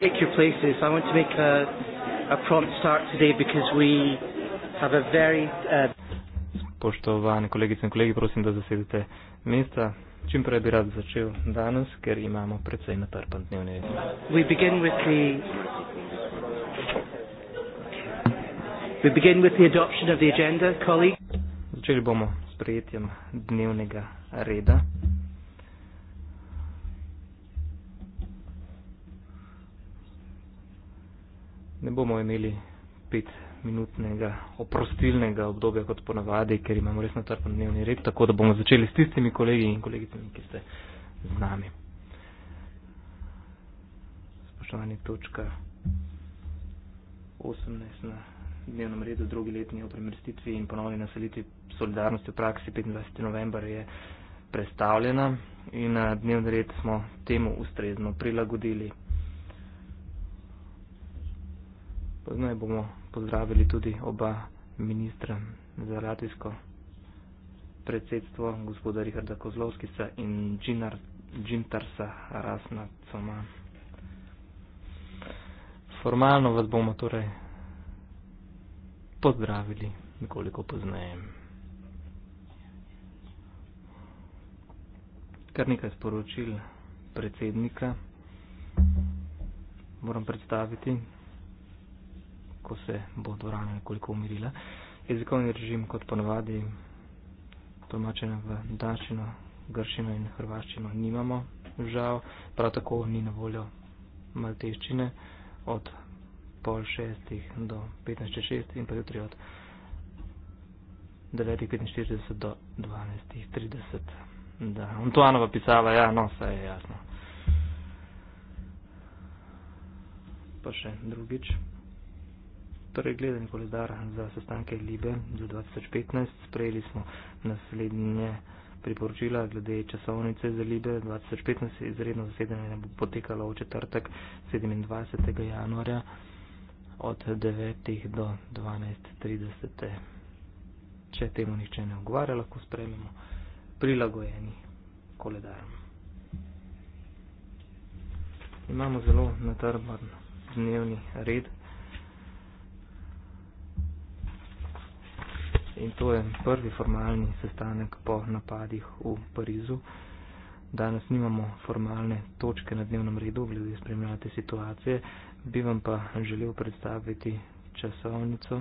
Take your places. I want to make a, a prompt start today because we have a very. Uh... Spoštovane kolegice in kolegi, prosim, da zasedete mesta. Čim prej bi rad začel danes, ker imamo predvsej natrpan dnevni red. We begin with the. We begin with the adoption of the agenda, colleague. Začeli bomo s prijetjem dnevnega reda. ne bomo imeli petminutnega oprostilnega obdobja kot ponavadi, ker imamo res natrpen dnevni red, tako da bomo začeli s tistimi kolegi in kolegicami, ki ste z nami. Spoštovani točka 18 na dnevnem redu drugi letni o premestitvi in ponovni naselitvi solidarnosti v praksi 25. november je predstavljena in na eh, dnevni red smo temu ustrezno prilagodili. Poznaj bomo pozdravili tudi oba ministra za latvijsko predsedstvo, gospoda Riharda Kozlovskisa in Džinar, Džintarsa Rasna Coma. Formalno vas bomo torej pozdravili nekoliko poznaje. Kar nekaj sporočil predsednika moram predstaviti ko se bo dvorana nekoliko umirila. Jezikovni režim, kot ponavadi, tolmačen v danščino, grščino in hrvaščino nimamo, žal, prav tako ni na voljo malteščine od pol šestih do 15.6 in pa jutri od 9.45 do 12.30. Da, Antoanova pisava, ja, no, vse je jasno. Pa še drugič. Torej, gleden koledar za sestanke Libe za 2015 sprejeli smo naslednje priporočila glede časovnice za Libe. 2015 je izredno zasedanje bo potekalo v četrtek 27. januarja od 9. do 12.30. Če temu nihče ne ogovarja, lahko sprejmemo prilagojeni koledar. Imamo zelo natrban dnevni red. in to je prvi formalni sestanek po napadih v Parizu. Danes nimamo formalne točke na dnevnem redu, glede spremljate situacije, bi vam pa želel predstaviti časovnico.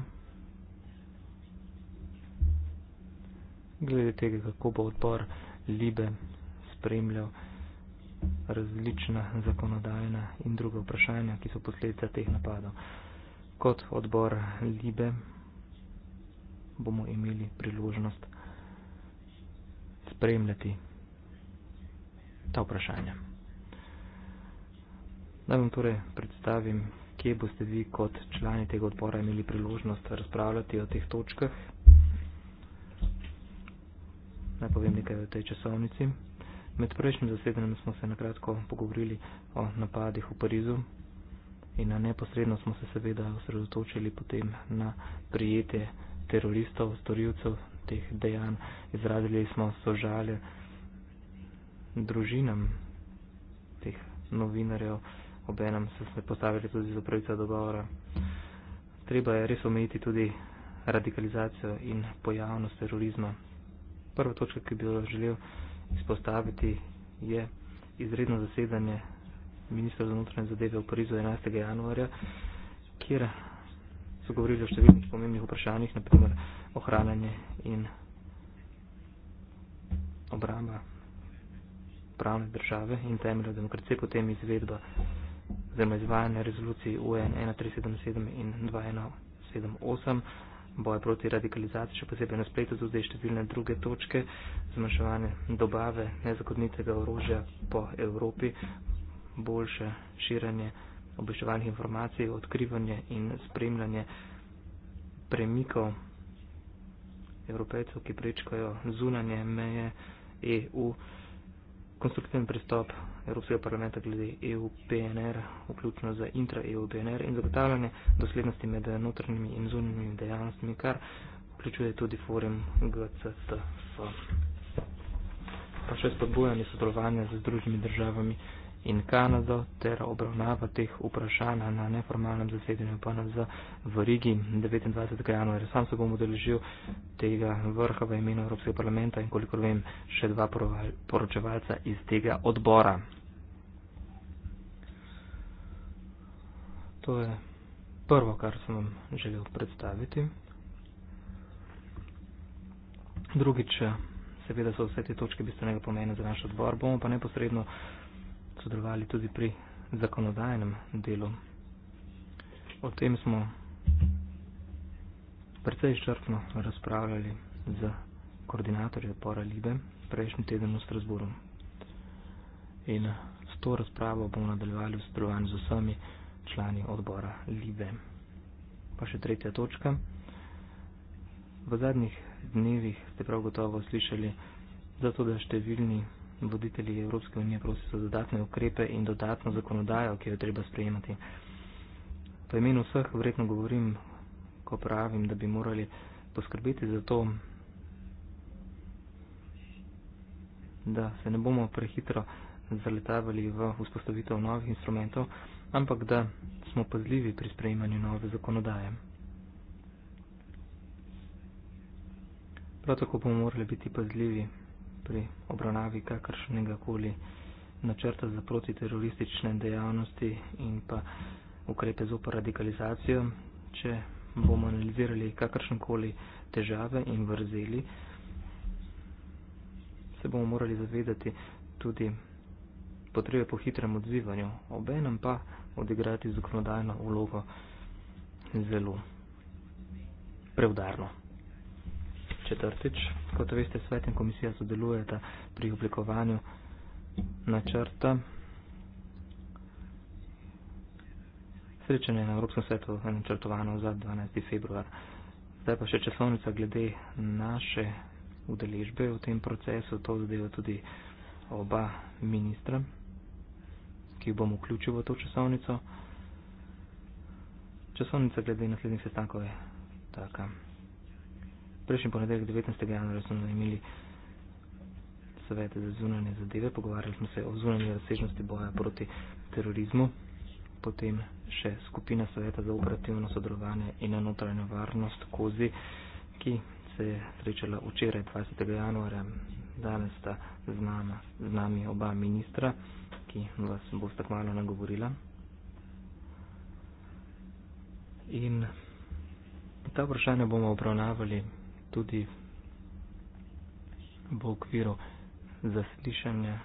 Glede tega, kako bo odbor Libe spremljal različna zakonodajna in druga vprašanja, ki so posledica teh napadov. Kot odbor Libe bomo imeli priložnost spremljati ta vprašanja. Naj vam torej predstavim, kje boste vi kot člani tega odbora imeli priložnost razpravljati o teh točkah. Naj povem nekaj o tej časovnici. Med prejšnjim zasedanjem smo se nakratko pogovorili o napadih v Parizu in na neposredno smo se seveda osredotočili potem na prijete teroristov, storilcev teh dejanj. Izrazili smo sožalje družinam teh novinarjev, obenem so se postavili tudi za pravico dogovora. Treba je res omejiti tudi radikalizacijo in pojavnost terorizma. Prva točka, ki bi jo želel izpostaviti, je izredno zasedanje ministra za notranje zadeve v Parizu 11. januarja, kjer so govorili o številnih pomembnih vprašanjih, naprimer ohranjanje in obramba pravne države in temelja demokracije, potem izvedba oziroma izvajanje rezolucij UN 1377 in 2178, boje proti radikalizaciji, še posebej na spletu tudi številne druge točke, zmanjševanje dobave nezakonitega orožja po Evropi, boljše širanje obveščevalnih informacij, odkrivanje in spremljanje premikov evropejcev, ki prečkajo zunanje meje EU, konstruktiven pristop Evropskega parlamenta glede EU PNR, vključno za intra EU PNR in zagotavljanje doslednosti med notranjimi in zunanjimi dejavnostmi, kar vključuje tudi forum GCTF. Pa še spodbujanje sodelovanja z združenimi državami in Kanado ter obravnava teh vprašanj na neformalnem zasedanju PNZ v Rigi 29. januarja. Sam se bom odeležil tega vrha v imenu Evropskega parlamenta in kolikor vem še dva poročevalca iz tega odbora. To je prvo, kar sem vam želel predstaviti. Drugič, seveda so vse te točke bistvenega pomena za naš odbor, bomo pa neposredno sodelovali tudi pri zakonodajnem delu. O tem smo precej izčrpno razpravljali z koordinatorjem Pora Libe prejšnji teden v Strasburu. In s to razpravo bomo nadaljevali v sodelovanju z vsemi člani odbora Libe. Pa še tretja točka. V zadnjih dnevih ste prav gotovo slišali, zato da številni voditelji Evropske unije prosi za dodatne ukrepe in dodatno zakonodajo, ki jo treba sprejemati. Po imenu vseh vredno govorim, ko pravim, da bi morali poskrbeti za to, da se ne bomo prehitro zaletavali v vzpostavitev novih instrumentov, ampak da smo pazljivi pri sprejemanju nove zakonodaje. Prav tako bomo morali biti pazljivi pri obravnavi kakršnega koli načrta za protiteroristične dejavnosti in pa ukrepe z operadikalizacijo, če bomo analizirali kakršnekoli težave in vrzeli, se bomo morali zavedati tudi potrebe po hitrem odzivanju, obenem pa odigrati zakonodajno vlogo zelo preudarno četrtič. Kot veste, svet in komisija sodelujeta pri oblikovanju načrta. Srečanje na Evropskem svetu je načrtovano za 12. februar. Zdaj pa še časovnica glede naše udeležbe v tem procesu. To zadeva tudi oba ministra, ki bom vključil v to časovnico. Časovnica glede naslednjih sestankov je taka prejšnji ponedeljek 19. januarja smo imeli svete za zunanje zadeve, pogovarjali smo se o zunanje razsežnosti boja proti terorizmu, potem še skupina sveta za operativno sodelovanje in notranjo varnost Kozi, ki se je srečala včeraj 20. januarja. Danes sta z, nama, z nami oba ministra, ki vas bo tako malo nagovorila. In ta vprašanja bomo obravnavali tudi v okviru zaslišanja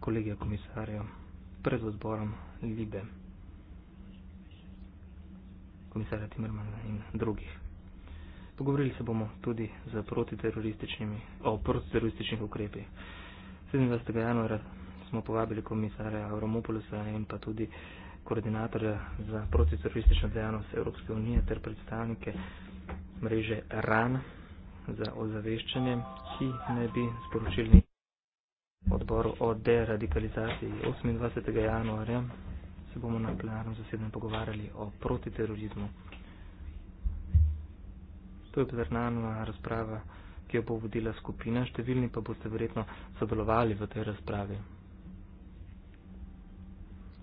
kolegija komisarja pred odborom Libe, komisarja Timrmana in drugih. Pogovorili se bomo tudi z protiterorističnimi, o protiterorističnih ukrepi. 27. januarja smo povabili komisarja Avromopolisa in pa tudi koordinatorja za protiteroristično dejavnost Evropske unije ter predstavnike mreže RAN za ozaveščanje, ki naj bi sporočilni odboru o deradikalizaciji 28. januarja se bomo na plenarnem zasedanju pogovarjali o protiterorizmu. To je plenarna razprava, ki jo bo vodila skupina, številni pa boste verjetno sodelovali v tej razpravi.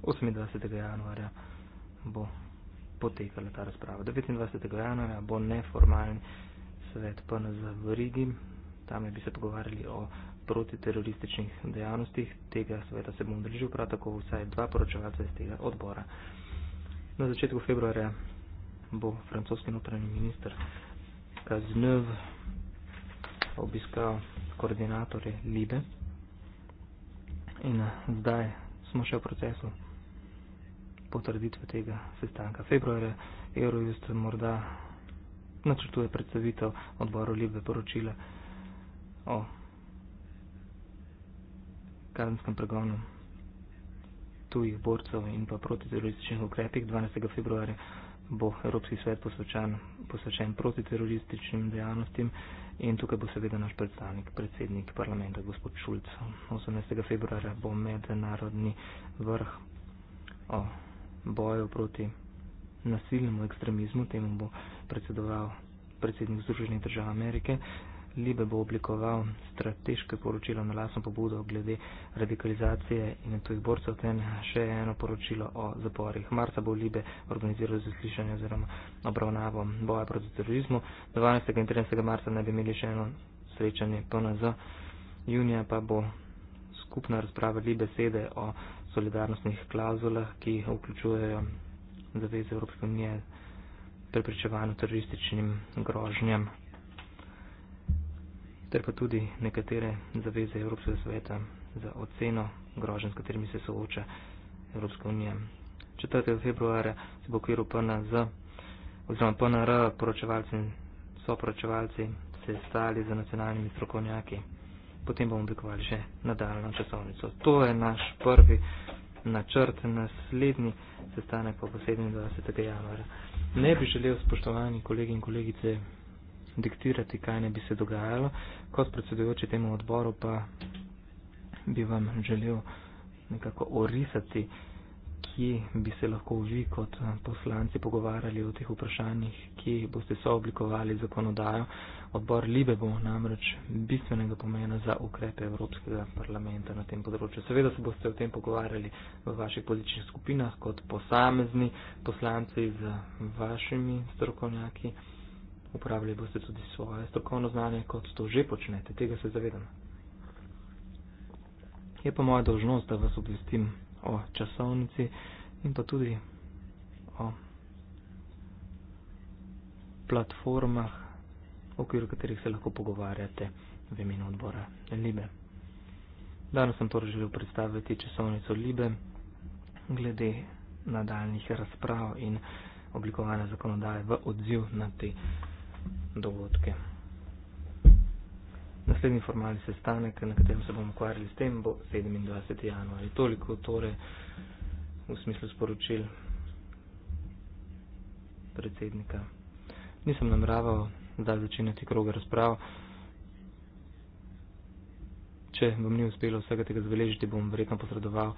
28. januarja bo potekala ta razprava. 29. januarja bo neformalen svet PNZ v Rigi, tam bi se pogovarjali o protiterorističnih dejavnostih. Tega sveta se bom držal prav tako vsaj dva poročevalca iz tega odbora. Na začetku februarja bo francoski notranji minister Kaznev obiskal koordinatore Libe. In zdaj smo še v procesu potrditve tega sestanka. Februarja Eurojust morda načrtuje predstavitev odboru Libe poročila o kazenskem pregonu tujih borcev in pa protiterorističnih ukrepih. 12. februarja bo Evropski svet posvečen, posvečen protiterorističnim dejavnostim in tukaj bo seveda naš predstavnik, predsednik parlamenta, gospod Šulc. 18. februarja bo mednarodni vrh o oh boju proti nasilnemu ekstremizmu, temu bo predsedoval predsednik Združenje držav Amerike. Libe bo oblikoval strateške poročilo na lasno pobudo glede radikalizacije in tujih borcev, ter še eno poročilo o zaporih. Marca bo Libe organiziral zaslišanje oziroma obravnavo boja proti terorizmu. 12. in 13. marca naj bi imeli še eno srečanje PNZ. Junija pa bo skupna razprava Libe sede o solidarnostnih klauzulah, ki vključujejo zaveze Evropske unije preprečevanju terorističnim grožnjam, ter pa tudi nekatere zaveze Evropskega sveta za oceno grožen, s katerimi se sooča Evropska unija. 4. februarja se bo v okviru PNZ oziroma PNR poročevalci in soporočevalci se stali za nacionalnimi strokovnjaki potem bomo oblikovali še nadaljno časovnico. To je naš prvi načrt, naslednji sestanek pa bo 27. januara. Ne bi želel, spoštovani kolegi in kolegice, diktirati, kaj ne bi se dogajalo. Kot predsedujoči temu odboru pa bi vam želel nekako orisati, kje bi se lahko vi kot eh, poslanci pogovarjali o teh vprašanjih, kje boste sooblikovali zakonodajo. Odbor Libe bo namreč bistvenega pomena za ukrepe Evropskega parlamenta na tem področju. Seveda se boste o tem pogovarjali v vaših političnih skupinah kot posamezni poslanci z vašimi strokovnjaki. Upravljali boste tudi svoje strokovno znanje, kot to že počnete. Tega se zavedam. Je pa moja dožnost, da vas obvestim o časovnici in pa tudi o platformah, v okviru katerih se lahko pogovarjate v imenu odbora Libe. Danes sem torej želel predstaviti časovnico Libe glede nadaljnih razprav in oblikovanja zakonodaje v odziv na te dogodke. Naslednji formalni sestanek, na katerem se bomo ukvarjali s tem, bo 27. januar. Toliko torej v smislu sporočil predsednika. Nisem nameraval da začinati kroga razprav. Če vam ni uspelo vsega tega zbeležiti, bom verjetno posredoval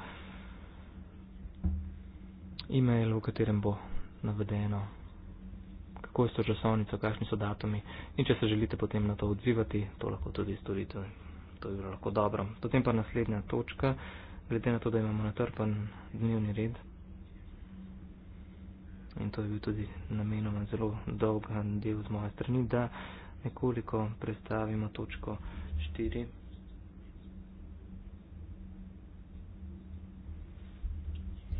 e-mail, v katerem bo navedeno kako je s to časovnico, kakšni so datumi in če se želite potem na to odzivati, to lahko tudi storite. To je bilo lahko dobro. Potem pa naslednja točka, glede na to, da imamo natrpan dnevni red. In to je bil tudi namenoma zelo dolg del z moje strani, da nekoliko predstavimo točko 4.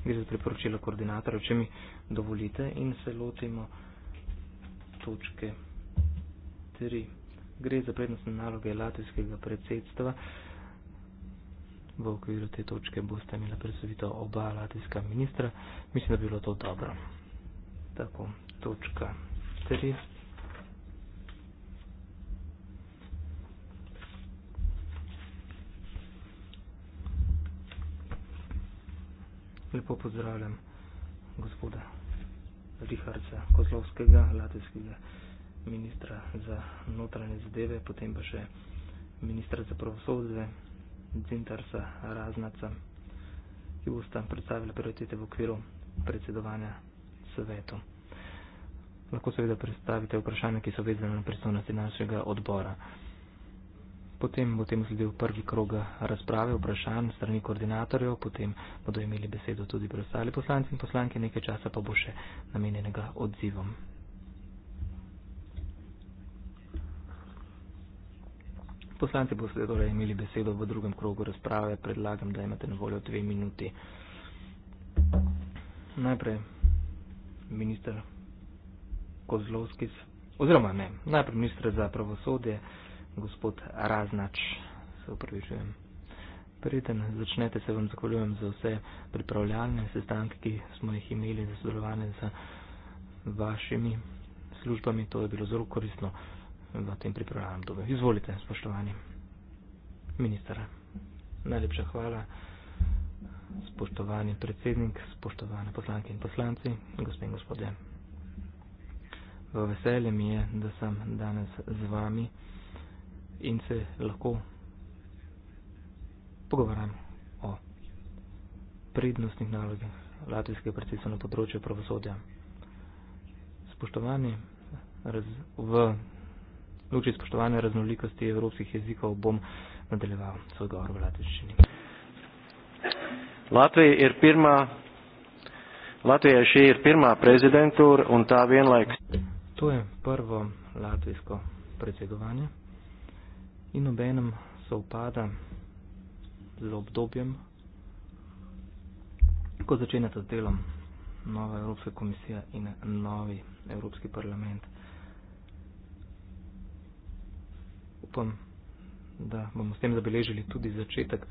Gre za priporočilo koordinatorja, če mi dovolite, in se lotimo točke 3. Gre za prednostne naloge latvijskega predsedstva. V okviru te točke boste imela predstavitev oba latvijska ministra. Mislim, da bi bilo to dobro. Tako, točka 3. Lepo pozdravljam gospoda Richarda Kozlovskega, latvijskega ministra za notranje zadeve, potem pa še ministra za pravosodje Dzintarsa Raznaca, ki bo sta predstavila prioritete v okviru predsedovanja svetu. Lahko seveda predstavite vprašanja, ki so vezane na pristojnosti našega odbora potem bo tem sledil prvi krog razprave, vprašanj strani koordinatorjev, potem bodo imeli besedo tudi preostali poslanci in poslanke, nekaj časa pa bo še namenjenega odzivom. Poslanci boste torej imeli besedo v drugem krogu razprave, predlagam, da imate na voljo dve minuti. Najprej minister Kozlovskis, oziroma ne, najprej minister za pravosodje gospod Raznač, se upravičujem. Preden začnete, se vam zahvaljujem za vse pripravljalne sestanke, ki smo jih imeli za sodelovanje z vašimi službami. To je bilo zelo koristno v tem pripravljalnem dobu. Izvolite, spoštovani minister. Najlepša hvala, spoštovani predsednik, spoštovane poslanke in poslanci, gospe in gospodje. V veselje mi je, da sem danes z vami in se lahko pogovarjamo o prednostnih nalogih latvijskega predsedstva na področju pravosodja. Spoštovani, raz, v luči spoštovanja raznolikosti evropskih jezikov bom nadaljeval svoj govor v latviščini. Latvija je prva Latvija je še prva prezidentur in ta vienlaik. To je prvo latvijsko predsedovanje in obenem sovpada z obdobjem, ko začenjata z delom nova Evropska komisija in novi Evropski parlament. Upam, da bomo s tem zabeležili tudi začetek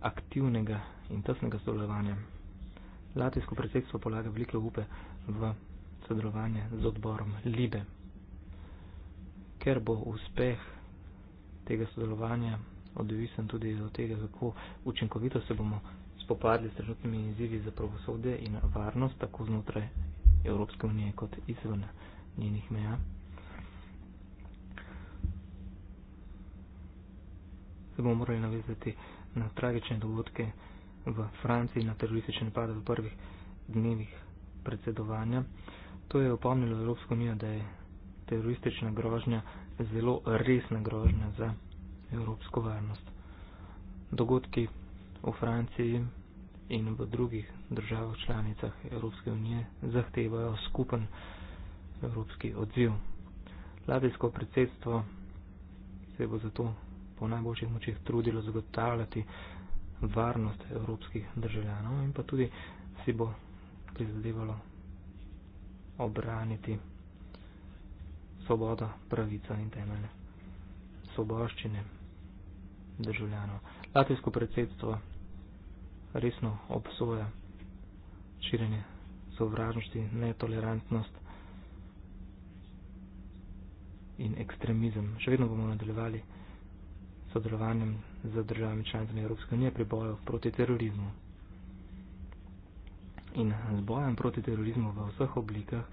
aktivnega in tesnega sodelovanja. Latvijsko predsedstvo polaga velike upe v sodelovanje z odborom LIBE. Ker bo uspeh tega sodelovanja odvisen tudi od tega, kako učinkovito se bomo spopadli s trenutnimi izzivi za pravosodje in varnost, tako znotraj Evropske unije kot izven njenih meja. Se bomo morali navezati na tragične dogodke v Franciji, na teroristične napade v prvih dnevih predsedovanja. To je opomnilo Evropsko unijo, da je teroristična grožnja zelo resne grožnje za evropsko varnost. Dogodki v Franciji in v drugih državah članicah Evropske unije zahtevajo skupen evropski odziv. Latvijsko predsedstvo se bo zato po najboljših močeh trudilo zagotavljati varnost evropskih državljanov in pa tudi si bo prizadevalo obraniti svoboda, pravica in temelje svoboščine državljanov. Latvijsko predsedstvo resno obsoja širjenje sovražnosti, netolerantnost in ekstremizem. Še vedno bomo nadaljevali sodelovanjem z državami članicami Evropske unije pri boju proti terorizmu. In z bojem proti terorizmu v vseh oblikah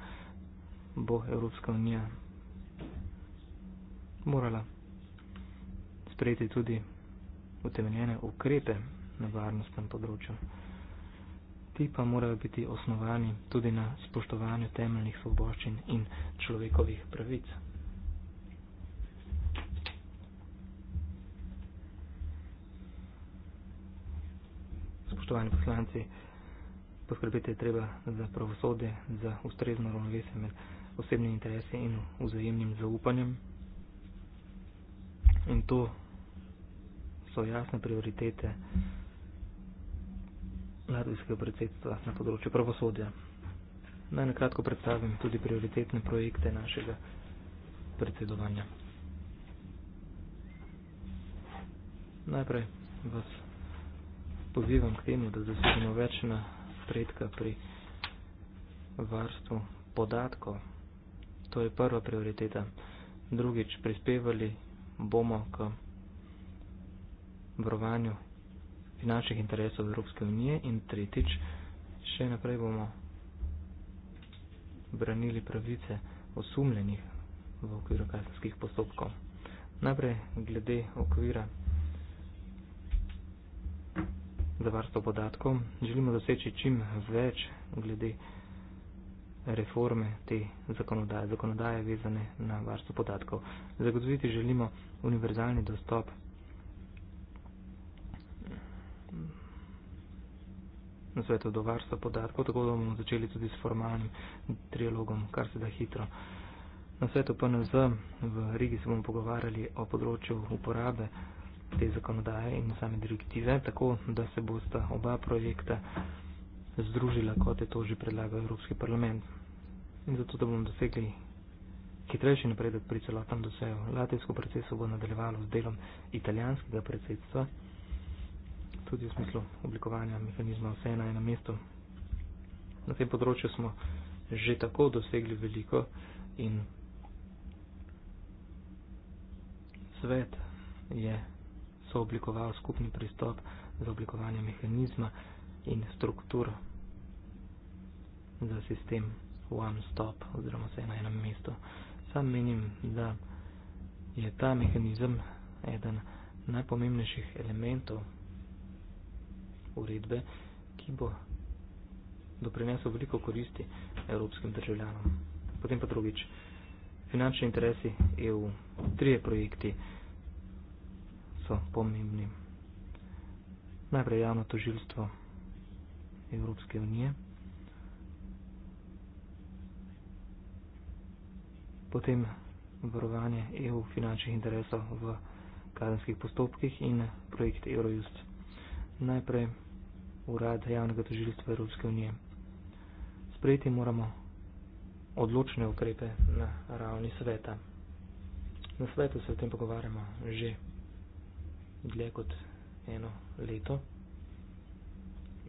bo Evropska unija morala sprejeti tudi utemeljene ukrepe na varnostnem področju. Ti pa morajo biti osnovani tudi na spoštovanju temeljnih svoboščin in človekovih pravic. Spoštovani poslanci, poskrbite treba za pravosodje, za ustrezno ravnovesje med osebnimi interesi in vzajemnim zaupanjem in to so jasne prioritete latvijskega predsedstva na področju pravosodja. Naj nekratko predstavim tudi prioritetne projekte našega predsedovanja. Najprej vas pozivam k temu, da zasedimo več na predka pri varstvu podatkov. To je prva prioriteta. Drugič, prispevali bomo k varovanju finančnih interesov Evropske unije in tretjič, še naprej bomo branili pravice osumljenih v okviru kazenskih postopkov. Najprej glede okvira za varstvo podatkov. Želimo doseči čim več glede reforme te zakonodaje, zakonodaje vezane na varstvo podatkov. Zagotoviti želimo univerzalni dostop na svetu do varstva podatkov, tako da bomo začeli tudi s formalnim trialogom, kar se da hitro. Na svetu PNZ v Rigi se bomo pogovarjali o področju uporabe te zakonodaje in same direktive, tako da se bosta oba projekta združila, kot je to že predlagal Evropski parlament in zato, da bomo dosegli hitrejši napredek pri celotnem dosegu. Latinsko predsedstvo bo nadaljevalo z delom italijanskega predsedstva, tudi v smislu oblikovanja mehanizma vse na enem mestu. Na tem področju smo že tako dosegli veliko in svet je sooblikoval skupni pristop za oblikovanje mehanizma in struktur za sistem one stop oziroma vse na enem mestu. Sam menim, da je ta mehanizem eden najpomembnejših elementov uredbe, ki bo doprinesel veliko koristi evropskim državljanom. Potem pa drugič, finančni interesi EU, trije projekti so pomembni. Najprej javno tožilstvo Evropske unije. potem varovanje EU finančnih interesov v kazenskih postopkih in projekt Eurojust. Najprej urad javnega tožilstva Evropske unije. Sprejeti moramo odločne ukrepe na ravni sveta. Na svetu se o tem pogovarjamo že dlje kot eno leto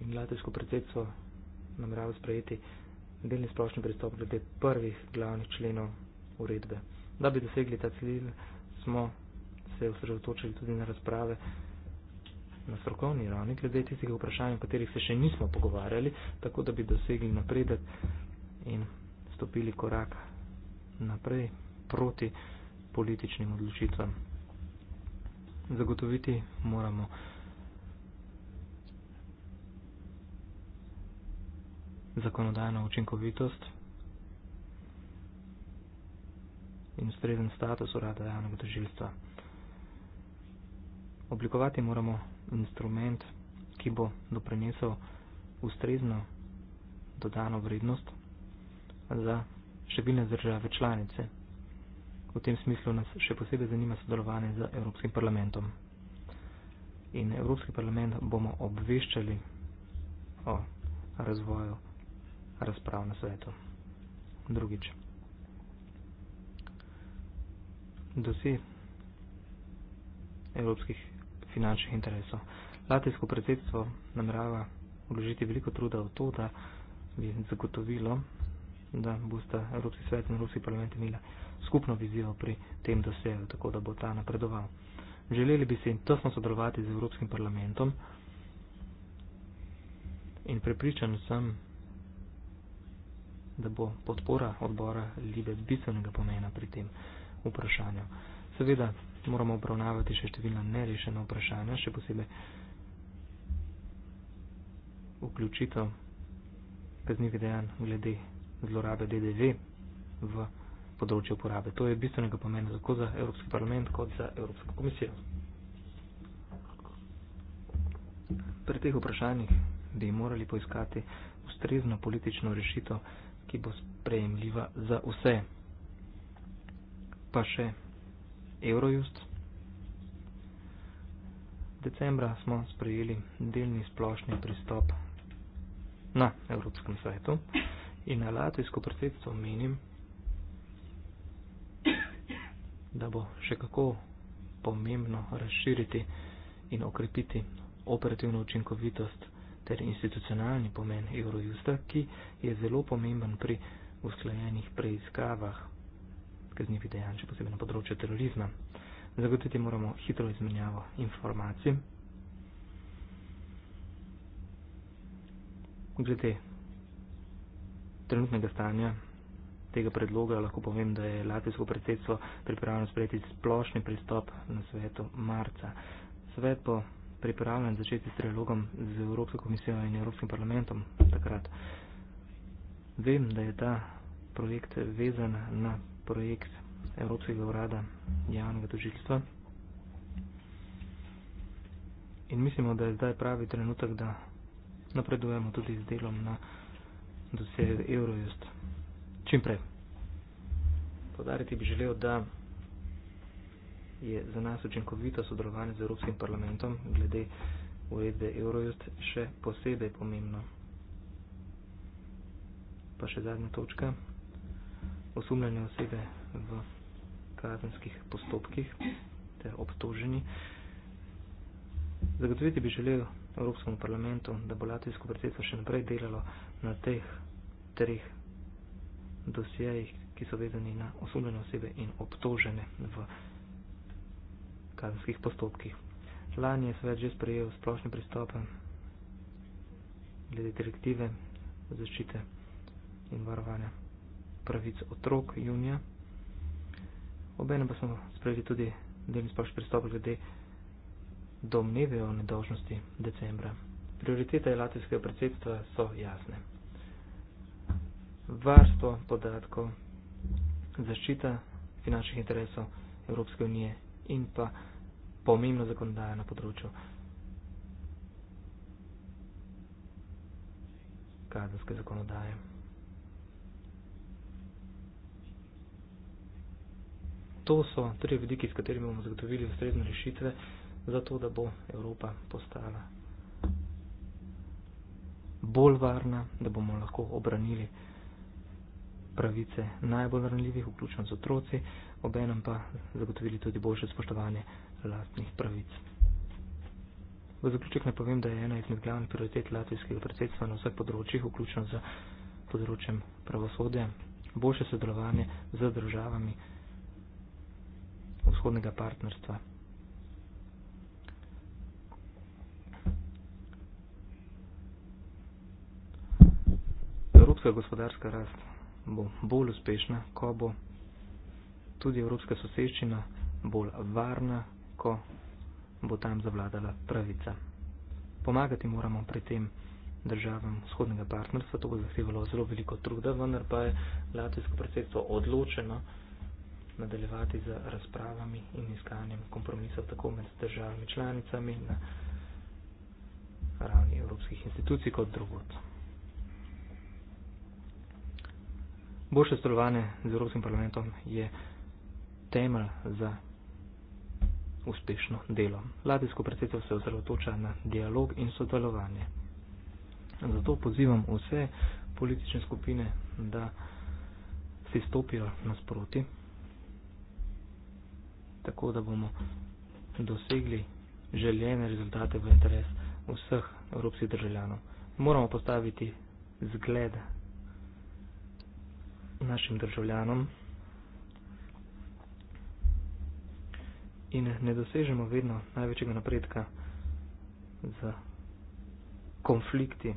in latvijsko predsedstvo namerava sprejeti delni splošni pristop glede prvih glavnih členov uredbe. Da bi dosegli ta cilj, smo se osredotočili tudi na razprave na strokovni ravni, glede tistih vprašanj, o katerih se še nismo pogovarjali, tako da bi dosegli napredek in stopili korak naprej proti političnim odločitvam. Zagotoviti moramo zakonodajno učinkovitost in ustrezen status urada javnega tožilstva. Oblikovati moramo instrument, ki bo doprinesel ustrezno dodano vrednost za številne države članice. V tem smislu nas še posebej zanima sodelovanje z Evropskim parlamentom. In Evropski parlament bomo obveščali o razvoju razprav na svetu. Drugič. dosje evropskih finančnih interesov. Latvijsko predsedstvo namerava vložiti veliko truda v to, da bi zagotovilo, da bosta Evropski svet in Evropski parlament imela skupno vizijo pri tem dosegu, tako da bo ta napredoval. Želeli bi se in tesno sodelovati z Evropskim parlamentom in prepričan sem, da bo podpora odbora Libe bistvenega pomena pri tem vprašanja. Seveda moramo obravnavati še številna nerešena vprašanja, še posebej vključitev kaznjivih dejanj glede zlorabe DDV v področje uporabe. To je bistvenega pomena tako za Evropski parlament kot za Evropsko komisijo. Pri teh vprašanjih bi morali poiskati ustrezno politično rešitev, ki bo sprejemljiva za vse pa še Eurojust. Decembra smo sprejeli delni splošni pristop na Evropskem svetu in na latvijsko predsedstvo menim, da bo še kako pomembno razširiti in okrepiti operativno učinkovitost ter institucionalni pomen Eurojusta, ki je zelo pomemben pri usklajenih preiskavah kaznjivih dejanj, še posebej na področju terorizma. Zagotoviti moramo hitro izmenjavo informacij. Glede trenutnega stanja tega predloga lahko povem, da je Latvijsko predsedstvo pripravljeno sprejeti splošni pristop na svetu marca. Svet bo pripravljen začeti s trialogom z Evropsko komisijo in Evropskim parlamentom takrat. Vem, da je ta projekt vezan na projekt Evropskega urada javnega tožilstva. In mislimo, da je zdaj pravi trenutek, da napredujemo tudi z delom na dosegu Eurojust čim prej. Podariti bi želel, da je za nas učinkovito sodelovanje z Evropskim parlamentom glede uredbe Eurojust še posebej pomembno. Pa še zadnja točka osumljene osebe v kazenskih postopkih ter obtoženi. Zagotoviti bi želel Evropskemu parlamentu, da bo Latvijsko predsedstvo še naprej delalo na teh treh dosjejih, ki so vezani na osumljene osebe in obtožene v kazenskih postopkih. Lani je svet že sprejel splošne pristope glede direktive zaščite in varovanja pravic otrok junija. Obenem pa smo sprejeli tudi delni splošni pristop glede domneve o nedožnosti decembra. Prioritete latvijskega predsedstva so jasne. Varstvo podatkov, zaščita finančnih interesov Evropske unije in pa pomembno zakonodaja na področju kazenske zakonodaje. to so tri vidiki, s katerimi bomo zagotovili ustrezne rešitve za to, da bo Evropa postala bolj varna, da bomo lahko obranili pravice najbolj ranljivih, vključno z otroci, obenem pa zagotovili tudi boljše spoštovanje lastnih pravic. V zaključek ne povem, da je ena izmed glavnih prioritet latvijskega predsedstva na vseh področjih, vključno z področjem pravosodja, boljše sodelovanje z državami, vzhodnega partnerstva. Evropska gospodarska rast bo bolj uspešna, ko bo tudi evropska soseščina bolj varna, ko bo tam zavladala pravica. Pomagati moramo pri tem državam vzhodnega partnerstva, to bo zahtevalo zelo veliko truda, vendar pa je latvijsko predsedstvo odločeno, nadaljevati z razpravami in iskanjem kompromisov tako med državami članicami na ravni evropskih institucij kot drugot. Boljše sodelovanje z Evropskim parlamentom je temelj za uspešno delo. Latvijsko predsedstvo se osredotoča na dialog in sodelovanje. Zato pozivam vse politične skupine, da si stopijo nasproti tako da bomo dosegli željene rezultate v interes vseh evropskih državljanov. Moramo postaviti zgled našim državljanom in ne dosežemo vedno največjega napredka z konflikti.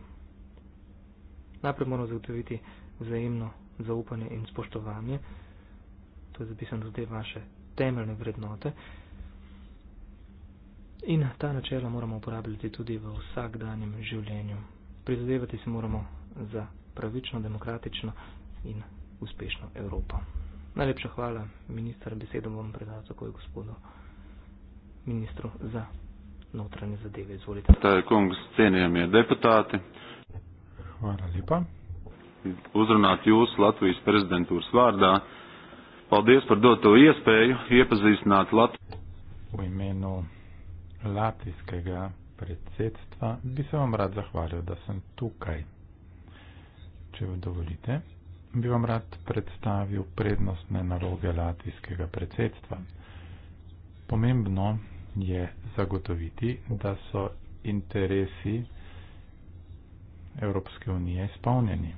Najprej moramo zagotoviti vzajemno zaupanje in spoštovanje. To je zapisano tudi vaše temeljne vrednote. In ta načela moramo uporabljati tudi v vsakdanjem življenju. Prizadevati se moramo za pravično, demokratično in uspešno Evropo. Najlepša hvala, ministr, besedo bom predal takoj gospodu ministru za notranje zadeve. Izvolite. Tako, cenim je deputati. Hvala lepa. Uzrunāt jūs Latvijas prezidentūras vārdā. Paldies par doto iespēju iepazīstināt Latviju. Latvijskega predsedstva bi se vam rad zahvalil, da sem tukaj. Če vam dovolite, bi vam rad predstavil prednostne naloge latvijskega predsedstva. Pomembno je zagotoviti, da so interesi Evropske unije izpolnjeni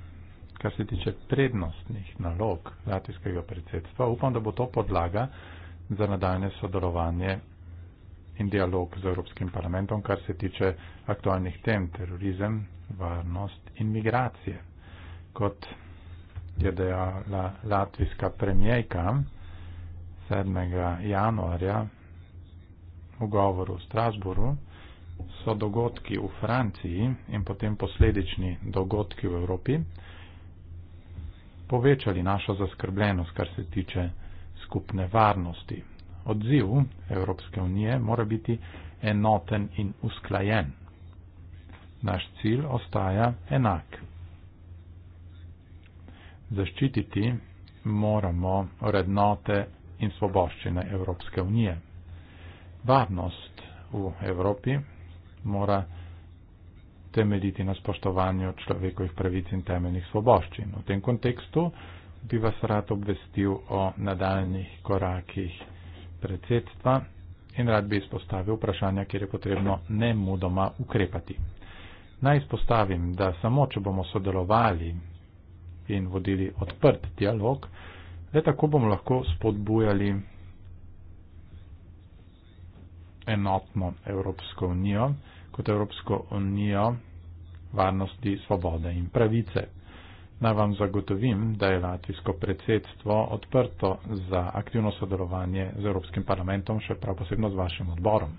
kar se tiče prednostnih nalog latvijskega predsedstva. Upam, da bo to podlaga za nadaljne sodelovanje in dialog z Evropskim parlamentom, kar se tiče aktualnih tem terorizem, varnost in migracije. Kot je dejala latvijska premijejka 7. januarja v govoru v Strasburu, so dogodki v Franciji in potem posledični dogodki v Evropi povečali našo zaskrbljenost, kar se tiče skupne varnosti. Odziv Evropske unije mora biti enoten in usklajen. Naš cilj ostaja enak. Zaščititi moramo vrednote in svoboščine Evropske unije. Varnost v Evropi mora biti temeljiti na spoštovanju človekovih pravic in temeljnih svoboščin. V tem kontekstu bi vas rad obvestil o nadaljnih korakih predsedstva in rad bi izpostavil vprašanja, kjer je potrebno ne mudoma ukrepati. Naj izpostavim, da samo če bomo sodelovali in vodili odprt dialog, le tako bomo lahko spodbujali enotno Evropsko unijo, kot Evropsko unijo varnosti, svobode in pravice. Naj vam zagotovim, da je latvijsko predsedstvo odprto za aktivno sodelovanje z Evropskim parlamentom, še prav posebno z vašim odborom.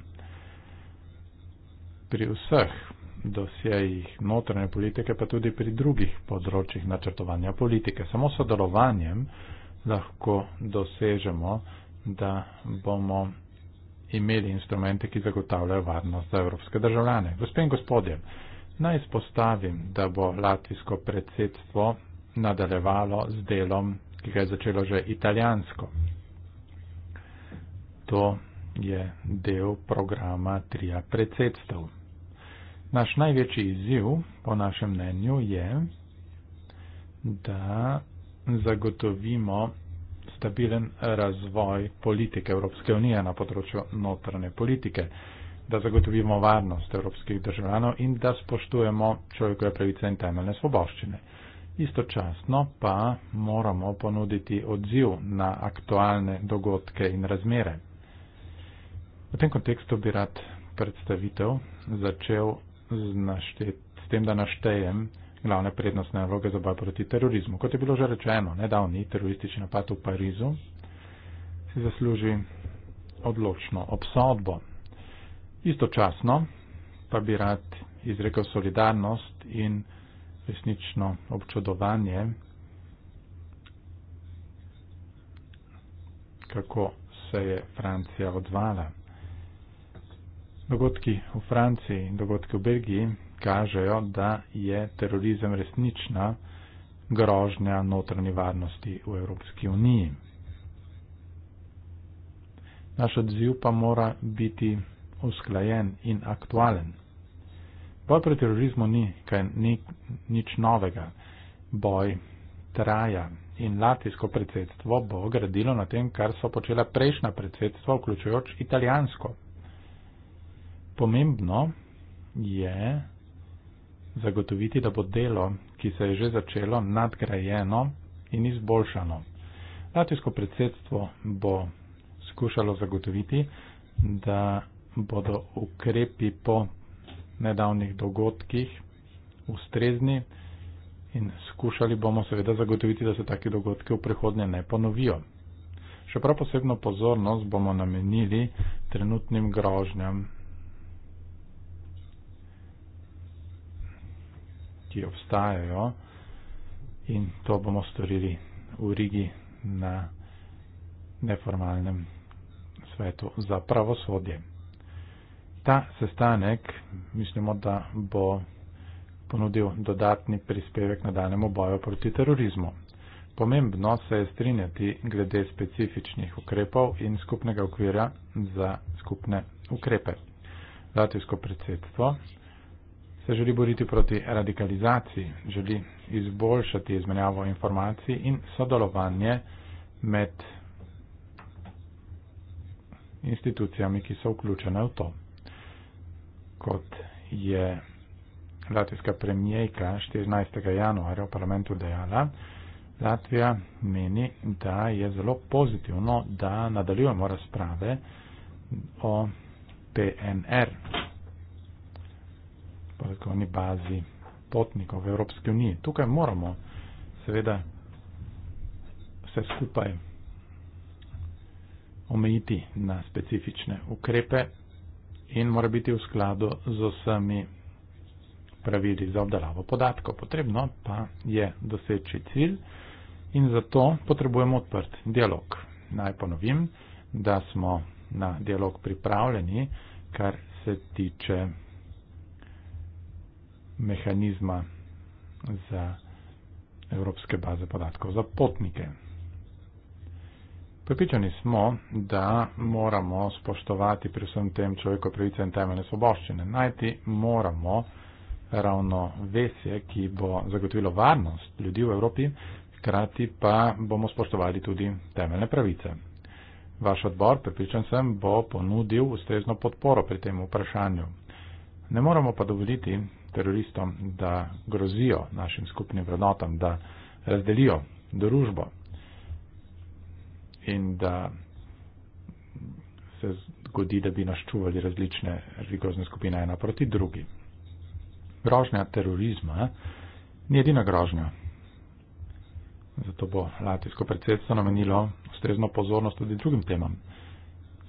Pri vseh dosjejih notranje politike, pa tudi pri drugih področjih načrtovanja politike. Samo sodelovanjem lahko dosežemo, da bomo imeli instrumente, ki zagotavljajo varnost za evropske državljane. Gospe in gospodje, naj spostavim, da bo latvijsko predsedstvo nadaljevalo z delom, ki ga je začelo že italijansko. To je del programa trija predsedstv. Naš največji izziv, po našem mnenju, je, da zagotovimo stabilen razvoj politike Evropske unije na področju notranje politike, da zagotovimo varnost evropskih državljanov in da spoštujemo človekove pravice in temeljne svoboščine. Istočasno pa moramo ponuditi odziv na aktualne dogodke in razmere. V tem kontekstu bi rad predstavitev začel z, naštet, s tem, da naštejem glavne prednostne naloge za boj proti terorizmu. Kot je bilo že rečeno, nedavni teroristični napad v Parizu si zasluži odločno obsodbo. Istočasno pa bi rad izrekel solidarnost in resnično občudovanje, kako se je Francija odvala. Dogodki v Franciji in dogodki v Belgiji kažejo, da je terorizem resnična grožnja notranji varnosti v Evropski uniji. Naš odziv pa mora biti usklajen in aktualen. Boj proti terorizmu ni, kaj, ni nič novega. Boj traja in latvijsko predsedstvo bo gradilo na tem, kar so počela prejšnja predsedstva, vključujoč italijansko. Pomembno je, zagotoviti, da bo delo, ki se je že začelo, nadgrajeno in izboljšano. Latvijsko predsedstvo bo skušalo zagotoviti, da bodo ukrepi po nedavnih dogodkih ustrezni in skušali bomo seveda zagotoviti, da se taki dogodki v prihodnje ne ponovijo. Še prav posebno pozornost bomo namenili trenutnim grožnjam ki obstajajo in to bomo storili v Rigi na neformalnem svetu za pravosodje. Ta sestanek mislimo, da bo ponudil dodatni prispevek na danemu boju proti terorizmu. Pomembno se je strinjati glede specifičnih ukrepov in skupnega okvira za skupne ukrepe. Latvijsko predsedstvo se želi boriti proti radikalizaciji, želi izboljšati izmenjavo informacij in sodelovanje med institucijami, ki so vključene v to. Kot je latvijska premijejka 14. januarja v parlamentu dejala, Latvija meni, da je zelo pozitivno, da nadaljujemo razprave o PNR podatkovni bazi potnikov v Evropski uniji. Tukaj moramo seveda vse skupaj omejiti na specifične ukrepe in mora biti v skladu z vsemi pravili za obdelavo podatkov. Potrebno pa je doseči cilj in zato potrebujemo odprt dialog. Naj ponovim, da smo na dialog pripravljeni, kar se tiče mehanizma za evropske baze podatkov za potnike. Pripričani smo, da moramo spoštovati pri vsem tem človeko pravice in temeljne svoboščine. Najti moramo ravno vesje, ki bo zagotovilo varnost ljudi v Evropi, hkrati pa bomo spoštovali tudi temeljne pravice. Vaš odbor, pripričan sem, bo ponudil ustrezno podporo pri tem vprašanju. Ne moramo pa dovoliti, teroristom, da grozijo našim skupnim vrednotam, da razdelijo družbo in da se zgodi, da bi naščuvali različne religiozne skupine ena proti drugi. Grožnja terorizma ni edina grožnja. Zato bo latijsko predsedstvo namenilo ustrezno pozornost tudi drugim temam.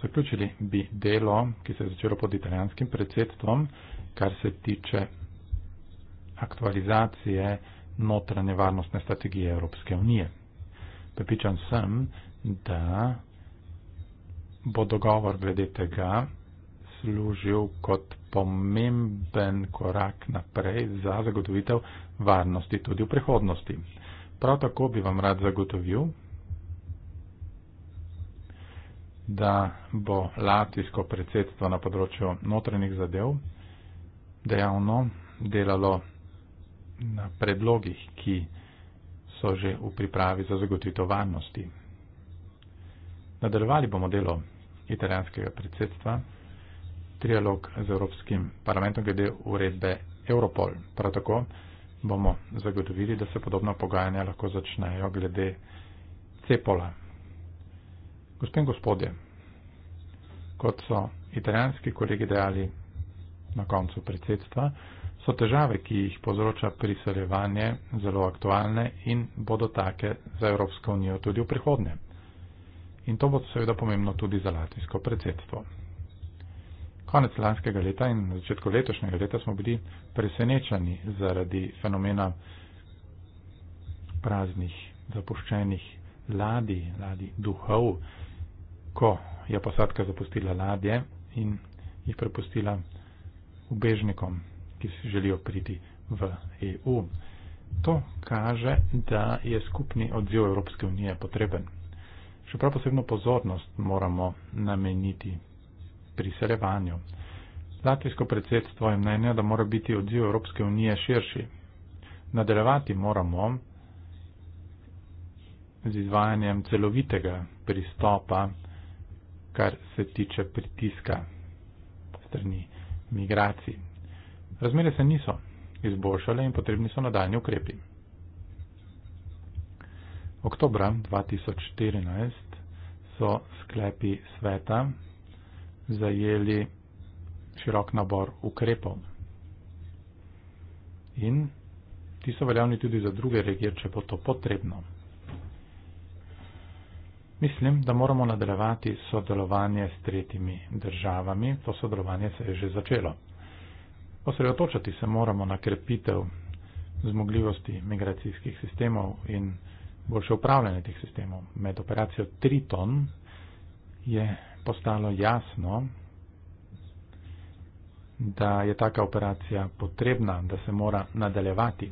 Zaključili bi delo, ki se je začelo pod italijanskim predsedstvom, kar se tiče aktualizacije notranje varnostne strategije Evropske unije. Prepričan sem, da bo dogovor glede tega služil kot pomemben korak naprej za zagotovitev varnosti tudi v prihodnosti. Prav tako bi vam rad zagotovil, da bo latvijsko predsedstvo na področju notranjih zadev dejavno delalo na predlogih, ki so že v pripravi za zagotovitev varnosti. Nadaljevali bomo delo italijanskega predsedstva, trialog z Evropskim parlamentom glede uredbe Europol. Prav tako bomo zagotovili, da se podobna pogajanja lahko začnejo glede Cepola. Gospod in gospodje, kot so italijanski kolegi dejali na koncu predsedstva, so težave, ki jih povzroča priseljevanje, zelo aktualne in bodo take za Evropsko unijo tudi v prihodnje. In to bo seveda pomembno tudi za latvijsko predsedstvo. Konec lanskega leta in na začetku letošnjega leta smo bili presenečeni zaradi fenomena praznih, zapuščenih ladi, ladi duhov, ko je posadka zapustila ladje in jih prepustila ubežnikom ki si želijo priti v EU. To kaže, da je skupni odziv Evropske unije potreben. Še prav posebno pozornost moramo nameniti priseljevanju. Latvijsko predsedstvo je mnenja, da mora biti odziv Evropske unije širši. Nadaljevati moramo z izvajanjem celovitega pristopa, kar se tiče pritiska strani migracij. Razmere se niso izboljšale in potrebni so nadaljni ukrepi. Oktobra 2014 so sklepi sveta zajeli širok nabor ukrepov. In ti so veljavni tudi za druge regije, če bo to potrebno. Mislim, da moramo nadaljevati sodelovanje s tretjimi državami. To sodelovanje se je že začelo. Osredotočati se moramo na krepitev zmogljivosti migracijskih sistemov in boljše upravljanje teh sistemov. Med operacijo Triton je postalo jasno, da je taka operacija potrebna, da se mora nadaljevati.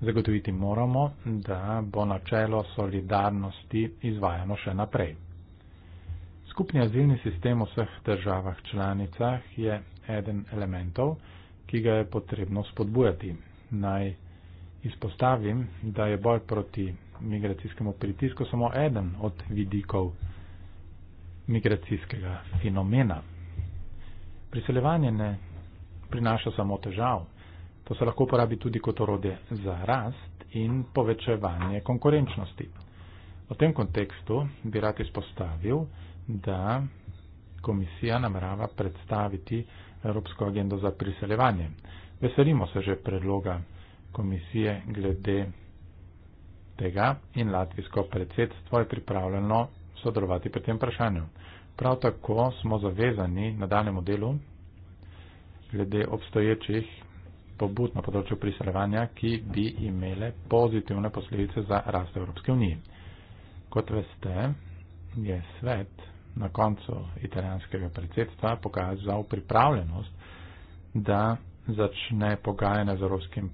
Zagotoviti moramo, da bo načelo solidarnosti izvajano še naprej. Skupni azilni sistem v vseh državah članicah je eden elementov, ki ga je potrebno spodbujati. Naj izpostavim, da je boj proti migracijskemu pritisku samo eden od vidikov migracijskega fenomena. Priseljevanje ne prinaša samo težav, to se lahko uporabi tudi kot orode za rast in povečevanje konkurenčnosti. V tem kontekstu bi rad izpostavil, da komisija namerava predstaviti Evropsko agendo za priseljevanje. Veselimo se že predloga komisije glede tega in latvijsko predsedstvo je pripravljeno sodelovati pri tem vprašanju. Prav tako smo zavezani na danem delu glede obstoječih pobud na področju priseljevanja, ki bi imele pozitivne posledice za rast Evropske unije. Kot veste, je svet na koncu italijanskega predsedstva pokazal pripravljenost, da začne pogajanja z Evropskim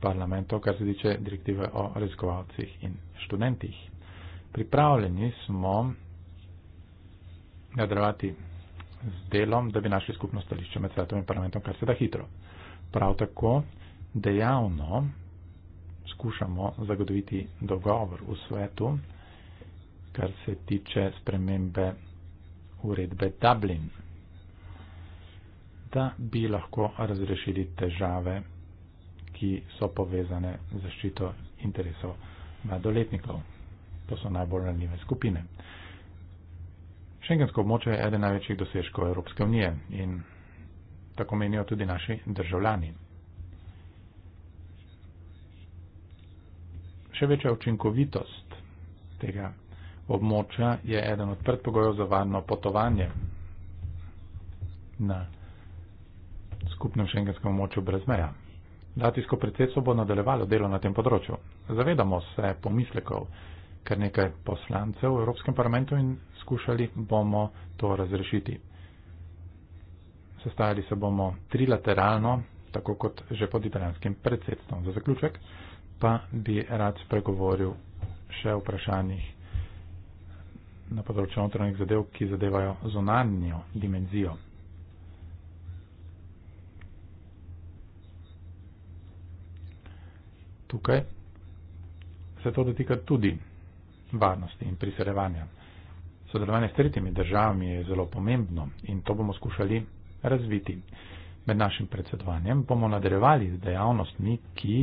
parlamentom, kar se tiče direktive o raziskovalcih in študentih. Pripravljeni smo nadaljevati z delom, da bi našli skupno stališče med svetom in parlamentom, kar se da hitro. Prav tako dejavno skušamo zagotoviti dogovor v svetu, kar se tiče spremembe uredbe Dublin, da bi lahko razrešili težave, ki so povezane z zaščito interesov mladoletnikov. To so najbolj ranljive skupine. Šengensko območje je eden največjih dosežkov Evropske unije in tako menijo tudi naši državljani. Še večja učinkovitost tega območja je eden od predpogojev za varno potovanje na skupnem šengenskem območju brez meja. Latijsko predsedstvo bo nadaljevalo delo na tem področju. Zavedamo se pomislekov, ker nekaj poslancev v Evropskem parlamentu in skušali bomo to razrešiti. Sestajali se bomo trilateralno, tako kot že pod italijanskim predsedstvom. Za zaključek pa bi rad spregovoril še o vprašanjih na področju notranjih zadev, ki zadevajo zonanjo dimenzijo. Tukaj se to dotika tudi varnosti in priseljevanja. Sodelovanje s tretjimi državami je zelo pomembno in to bomo skušali razviti. Med našim predsedovanjem bomo nadaljevali z dejavnostmi, ki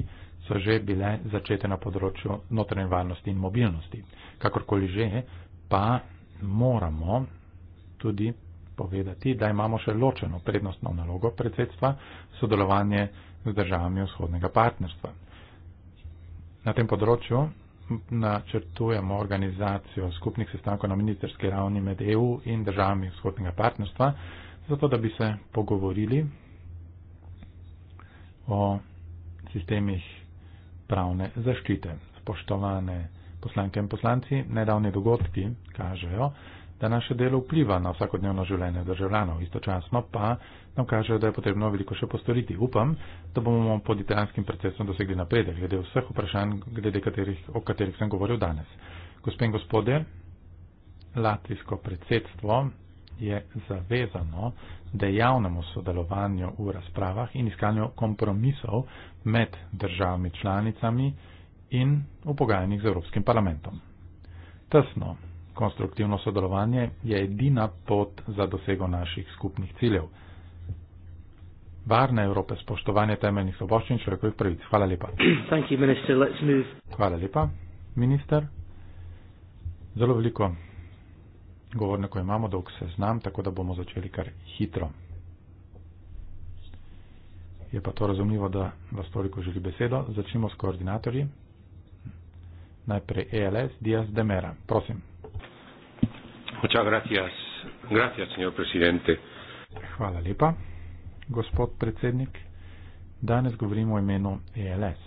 so že bile začete na področju notranje varnosti in mobilnosti. Kakorkoli že, pa moramo tudi povedati, da imamo še ločeno prednostno nalogo predsedstva sodelovanje z državami vzhodnega partnerstva. Na tem področju načrtujemo organizacijo skupnih sestankov na ministerski ravni med EU in državami vzhodnega partnerstva, zato da bi se pogovorili o sistemih pravne zaščite. Spoštovane poslanke in poslanci, nedavni dogodki kažejo, da naše delo vpliva na vsakodnevno življenje državljanov, istočasno pa nam kažejo, da je potrebno veliko še postoriti. Upam, da bomo pod italijanskim procesom dosegli napredek glede vseh vprašanj, glede katerih, o katerih sem govoril danes. Gospe in gospode, latvijsko predsedstvo je zavezano dejavnemu sodelovanju v razpravah in iskanju kompromisov med državami članicami, in v pogajanjih z Evropskim parlamentom. Tesno, konstruktivno sodelovanje je edina pot za dosego naših skupnih ciljev. Varne Evrope, spoštovanje temeljnih svoboščin človekovih pravic. Hvala lepa. Thank you, minister. Let's move. Hvala lepa, minister. Zelo veliko govornikov imamo, dolg se znam, tako da bomo začeli kar hitro. Je pa to razumljivo, da vas toliko želi besedo. Začnimo s koordinatorji najprej ELS Díaz de Mera. Prosim. Muchas gracias. Gracias, señor presidente. Hvala lepa, gospod predsednik. Danes govorimo o imenu ELS.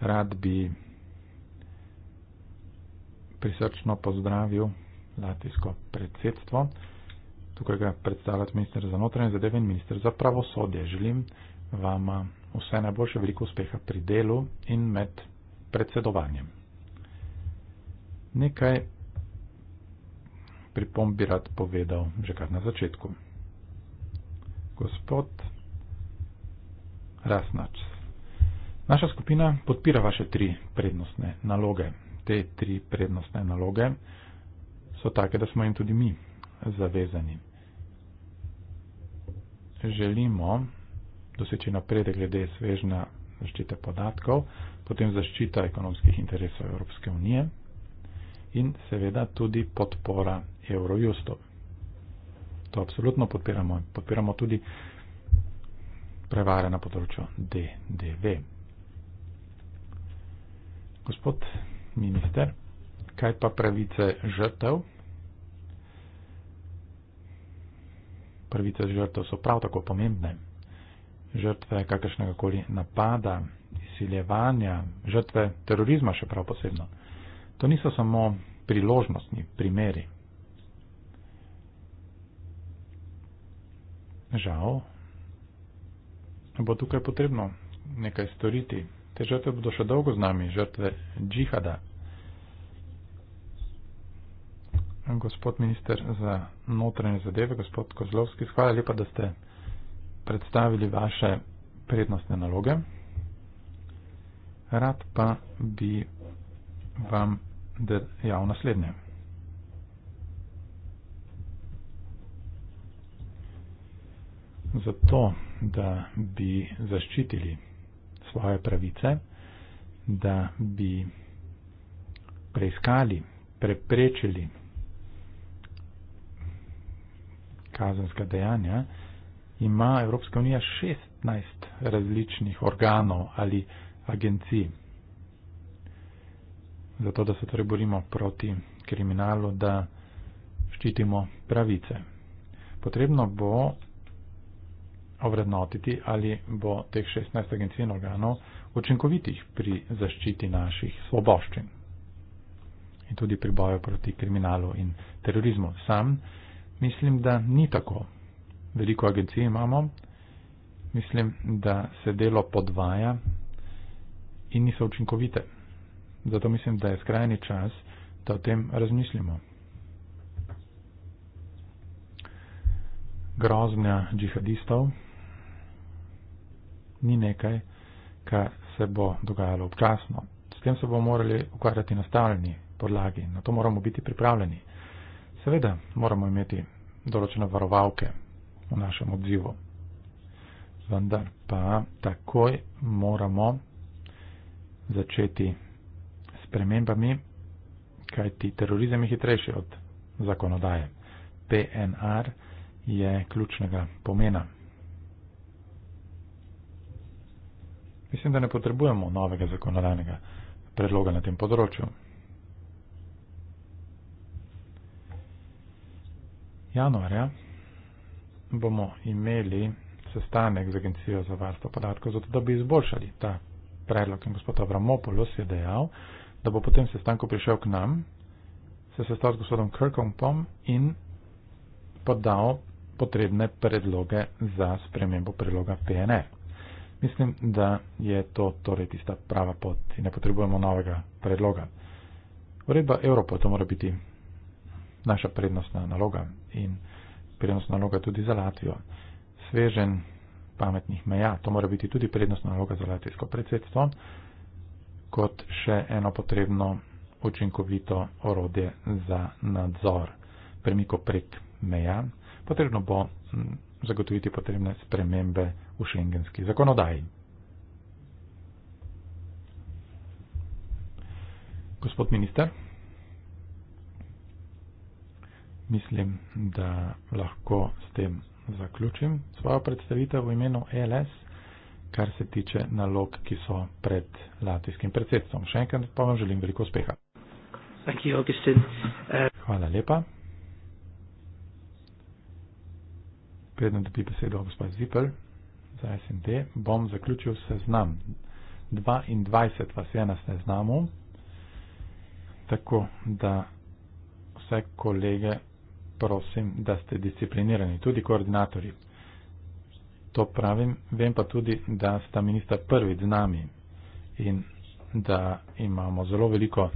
Rad bi prisrčno pozdravil latijsko predsedstvo. Tukaj ga predstavlja minister za notranje zadeve in minister za pravosodje. Želim vama vse najboljše, veliko uspeha pri delu in med predsedovanjem nekaj pripomb bi rad povedal že kar na začetku. Gospod Rasnač, naša skupina podpira vaše tri prednostne naloge. Te tri prednostne naloge so take, da smo jim tudi mi zavezani. Želimo doseči napredek glede svežna zaščite podatkov, potem zaščita ekonomskih interesov Evropske unije, in seveda tudi podpora Eurojustu. To absolutno podpiramo. Podpiramo tudi prevare na področju DDV. Gospod minister, kaj pa pravice žrtev? Pravice žrtev so prav tako pomembne. Žrtve kakršnega koli napada, izsiljevanja, žrtve terorizma še prav posebno. To niso samo priložnostni primeri. Žal bo tukaj potrebno nekaj storiti. Te žrtve bodo še dolgo z nami, žrtve džihada. Gospod minister za notranje zadeve, gospod Kozlovski, hvala lepa, da ste predstavili vaše prednostne naloge. Rad pa bi vam dejal naslednje. Zato, da bi zaščitili svoje pravice, da bi preiskali, preprečili kazenska dejanja, ima Evropska unija 16 različnih organov ali agencij zato da se torej borimo proti kriminalu, da ščitimo pravice. Potrebno bo ovrednotiti, ali bo teh 16 agencij in organov učinkovitih pri zaščiti naših svoboščin in tudi pri boju proti kriminalu in terorizmu. Sam mislim, da ni tako. Veliko agencij imamo, mislim, da se delo podvaja in niso učinkovite. Zato mislim, da je skrajni čas, da o tem razmislimo. Groznja džihadistov ni nekaj, kar se bo dogajalo občasno. S tem se bomo morali ukvarjati na stalni podlagi. Na to moramo biti pripravljeni. Seveda moramo imeti določene varovalke v našem odzivu. Vendar pa takoj moramo začeti spremembami, kajti terorizem je hitrejši od zakonodaje. PNR je ključnega pomena. Mislim, da ne potrebujemo novega zakonodajnega predloga na tem področju. Januarja bomo imeli sestanek z Agencijo za varstvo podatkov, zato da bi izboljšali ta predlog. In gospod Avramopoulos je dejal, da bo potem sestanku prišel k nam, se sestal s gospodom Kirkom Pom in podal potrebne predloge za spremembo predloga PNR. Mislim, da je to torej tista prava pot in ne potrebujemo novega predloga. Uredba Evropa to mora biti naša prednostna naloga in prednostna naloga tudi za Latvijo. Svežen pametnih meja, to mora biti tudi prednostna naloga za latvijsko predsedstvo kot še eno potrebno učinkovito orodje za nadzor premiko prek meja, potrebno bo zagotoviti potrebne spremembe v šengenski zakonodaji. Gospod minister, mislim, da lahko s tem zaključim svojo predstavitev v imenu ELS kar se tiče nalog, ki so pred latvijskim predsedstvom. Še enkrat pa vam želim veliko uspeha. Uh, Hvala lepa. Preden dobi besedo gospod Zipel za SND, bom zaključil seznam. 22 vas je na seznamu, tako da vse kolege prosim, da ste disciplinirani, tudi koordinatorji to pravim, vem pa tudi, da sta ministra prvi z nami in da imamo zelo veliko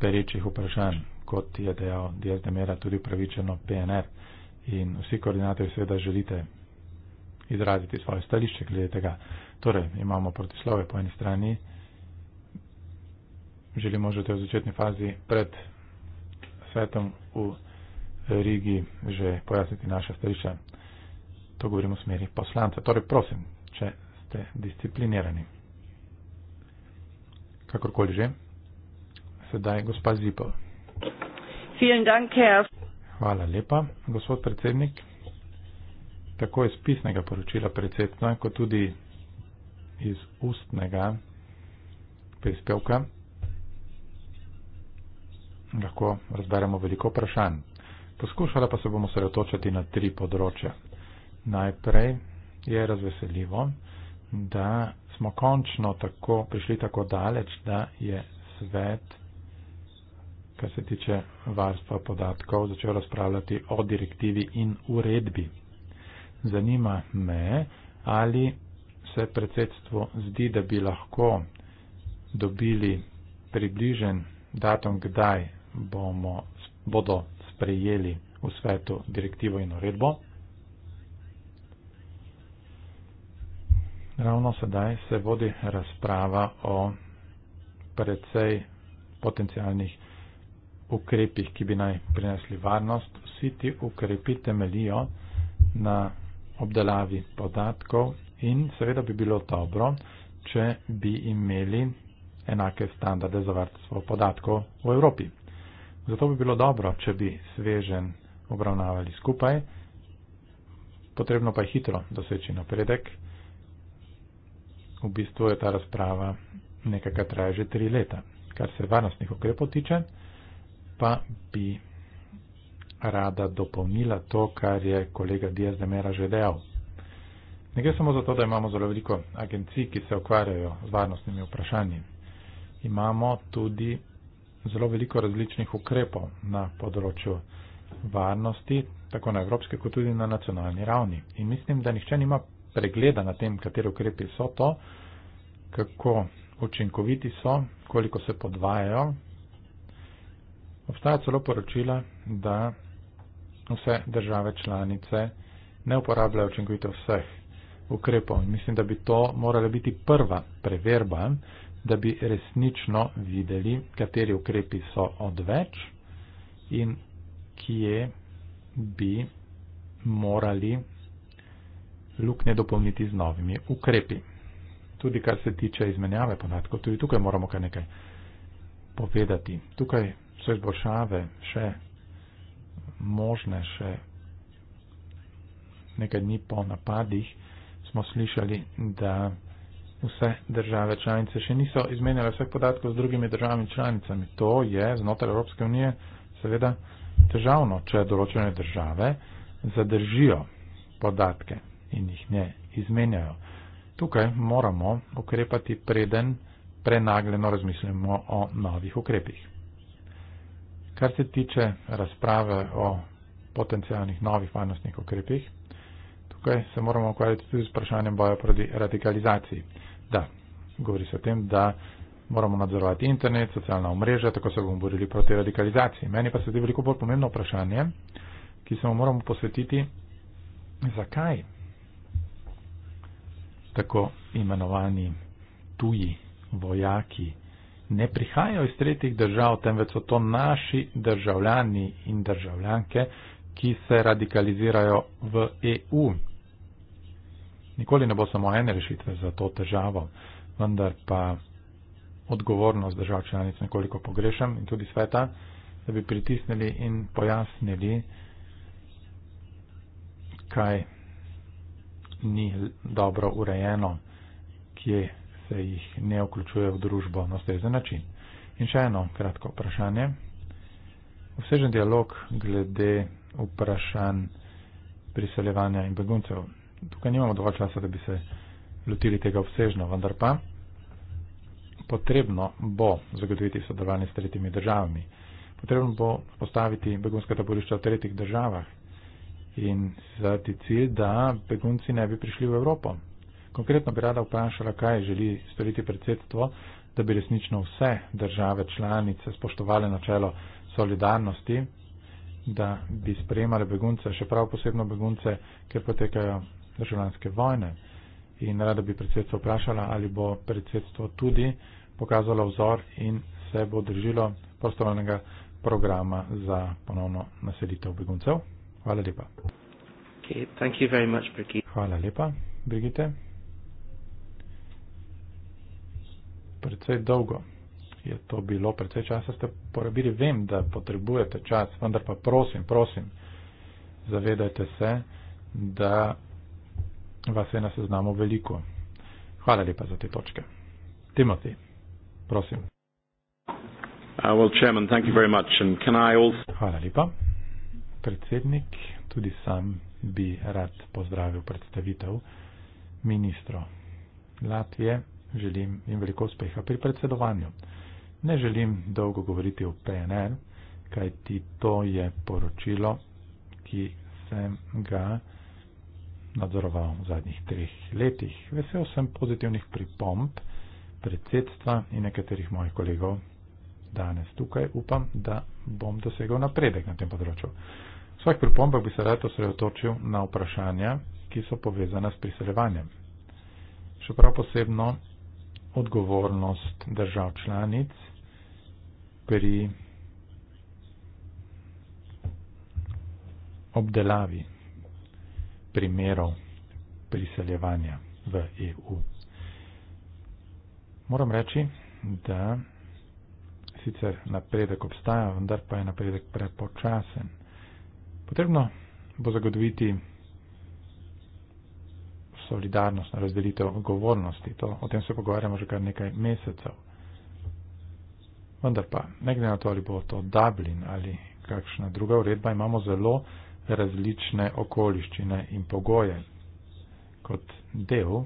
perečih vprašanj, kot je dejal Diaz de Mera, tudi upravičeno PNR. In vsi koordinatorji seveda želite izraziti svoje stališče glede tega. Torej, imamo protislove po eni strani, želimo že v začetni fazi pred svetom v Rigi že pojasniti naše stališče to govorimo v smeri poslanca. Torej, prosim, če ste disciplinirani. Kakorkoli že, sedaj gospa Zipel. Hvala lepa, gospod predsednik. Tako iz pisnega poročila predsednika, kot tudi iz ustnega prispevka lahko razberemo veliko vprašanj. Poskušala pa se bomo sredotočiti na tri področja najprej je razveseljivo, da smo končno tako prišli tako daleč, da je svet, kar se tiče varstva podatkov, začel razpravljati o direktivi in uredbi. Zanima me, ali se predsedstvo zdi, da bi lahko dobili približen datum, kdaj bomo, bodo sprejeli v svetu direktivo in uredbo. Ravno sedaj se vodi razprava o precej potencijalnih ukrepih, ki bi naj prinesli varnost. Vsi ti ukrepi temelijo na obdelavi podatkov in seveda bi bilo dobro, če bi imeli enake standarde za varstvo podatkov v Evropi. Zato bi bilo dobro, če bi svežen obravnavali skupaj, potrebno pa je hitro doseči napredek v bistvu je ta razprava nekaj, kar traja že tri leta. Kar se varnostnih okrepov tiče, pa bi rada dopolnila to, kar je kolega Diaz de Mera že dejal. Ne gre samo zato, da imamo zelo veliko agencij, ki se ukvarjajo z varnostnimi vprašanji. Imamo tudi zelo veliko različnih ukrepov na področju varnosti, tako na evropske, kot tudi na nacionalni ravni. In mislim, da nihče nima pregleda na tem, katero ukrepi so to, kako učinkoviti so, koliko se podvajajo. Obstaja celo poročila, da vse države članice ne uporabljajo učinkovito vseh ukrepov. Mislim, da bi to morala biti prva preverba, da bi resnično videli, kateri ukrepi so odveč in kje bi morali luknje dopolniti z novimi ukrepi. Tudi kar se tiče izmenjave podatkov, tudi tukaj moramo kar nekaj povedati. Tukaj so izboljšave še možne, še nekaj dni po napadih smo slišali, da vse države članice še niso izmenjale vseh podatkov z drugimi državami članicami. To je znotraj Evropske unije seveda težavno, če določene države zadržijo podatke in jih ne izmenjajo. Tukaj moramo ukrepati preden prenagljeno razmislimo o novih ukrepih. Kar se tiče razprave o potencijalnih novih varnostnih ukrepih, tukaj se moramo ukvarjati tudi z vprašanjem boja proti radikalizaciji. Da, govori se o tem, da moramo nadzorovati internet, socialna omrežja, tako se bomo borili proti radikalizaciji. Meni pa se zdi veliko bolj pomembno vprašanje, ki se mu moramo posvetiti, zakaj tako imenovani tuji vojaki ne prihajajo iz tretjih držav, temveč so to naši državljani in državljanke, ki se radikalizirajo v EU. Nikoli ne bo samo ene rešitve za to težavo, vendar pa odgovornost držav članic nekoliko pogrešam in tudi sveta, da bi pritisnili in pojasnili, kaj ni dobro urejeno, ki se jih ne vključuje v družbo na ustrezen način. In še eno kratko vprašanje. Vsežen dialog glede vprašanj priseljevanja in beguncev. Tukaj nimamo dovolj časa, da bi se lotili tega obsežno, vendar pa potrebno bo zagotoviti sodelovanje s tretjimi državami. Potrebno bo postaviti begunska taborišča v tretjih državah, in zati cilj, da begunci ne bi prišli v Evropo. Konkretno bi rada vprašala, kaj želi storiti predsedstvo, da bi resnično vse države članice spoštovali načelo solidarnosti, da bi sprejemali begunce, še prav posebno begunce, ker potekajo državljanske vojne. In rada bi predsedstvo vprašala, ali bo predsedstvo tudi pokazalo vzor in se bo držilo prostovoljnega programa za ponovno naselitev beguncev. Hvala lepa. Okay, much, Hvala lepa, Brigite. Predvsej dolgo je to bilo, predvsej časa ste porabili. Vem, da potrebujete čas, vendar pa prosim, prosim, zavedajte se, da vas je na seznamu veliko. Hvala lepa za te točke. Timothy, prosim. Uh, well, Chairman, thank you very much. And can I also... Hvala lepa predsednik, tudi sam bi rad pozdravil predstavitev ministro Latvije. Želim jim veliko uspeha pri predsedovanju. Ne želim dolgo govoriti o PNR, kajti to je poročilo, ki sem ga nadzoroval v zadnjih treh letih. Vesel sem pozitivnih pripomb predsedstva in nekaterih mojih kolegov danes tukaj. Upam, da bom dosegel napredek na tem področju vsak pripombah bi se rad osredotočil na vprašanja, ki so povezana s priseljevanjem. Še prav posebno odgovornost držav članic pri obdelavi primerov priseljevanja v EU. Moram reči, da sicer napredek obstaja, vendar pa je napredek prepočasen. Potrebno bo zagotoviti solidarnost, razdelitev govornosti. To, o tem se pogovarjamo že kar nekaj mesecev. Vendar pa, ne glede na to, ali bo to Dublin ali kakšna druga uredba, imamo zelo različne okoliščine in pogoje. Kot del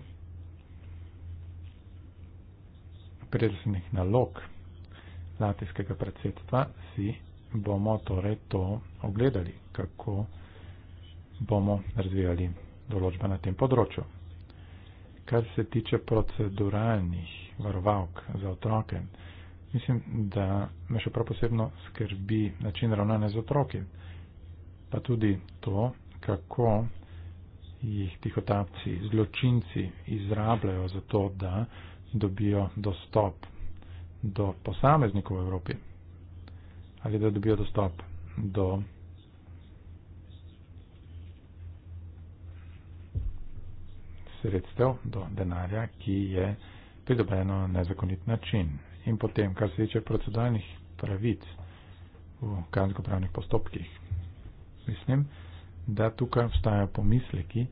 predsednih nalog latijskega predsedstva si bomo torej to ogledali kako bomo razvijali določbe na tem področju. Kar se tiče proceduralnih varovalk za otroke, mislim, da me še prav posebno skrbi način ravnanja z otroki, pa tudi to, kako jih tihotapci, zločinci izrabljajo za to, da dobijo dostop do posameznikov v Evropi ali da dobijo dostop do sredstev, do denarja, ki je pridobljeno na nezakonit način. In potem, kar se tiče proceduralnih pravic v kazenskopravnih postopkih, mislim, da tukaj obstajajo pomisleki,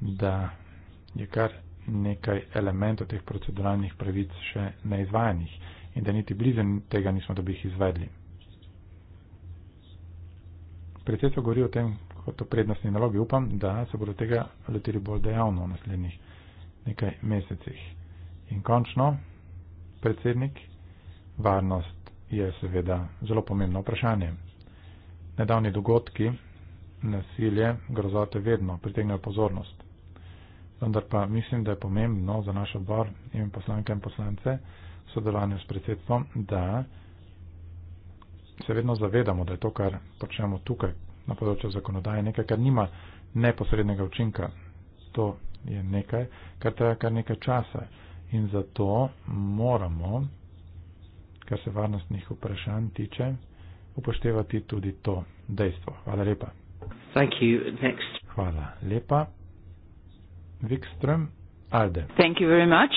da je kar nekaj elementov teh proceduralnih pravic še neizvajanih in da niti blizu tega nismo, da bi jih izvedli. Predsedstvo govori o tem, kot prednostni nalogi. Upam, da se bodo tega lotili bolj dejavno v naslednjih nekaj mesecih. In končno, predsednik, varnost je seveda zelo pomembno vprašanje. Nedavni dogodki, nasilje, grozote vedno pritegnejo pozornost. Vendar pa mislim, da je pomembno za naš odbor in poslanke in poslance v sodelovanju s predsedstvom, da se vedno zavedamo, da je to, kar počnemo tukaj, na področju zakonodaje, nekaj, kar nima neposrednega učinka. To je nekaj, kar traja kar nekaj časa. In zato moramo, kar se varnostnih vprašanj tiče, upoštevati tudi to dejstvo. Hvala lepa. Thank you. Next. Hvala lepa. Vikström Alde. Thank you very much.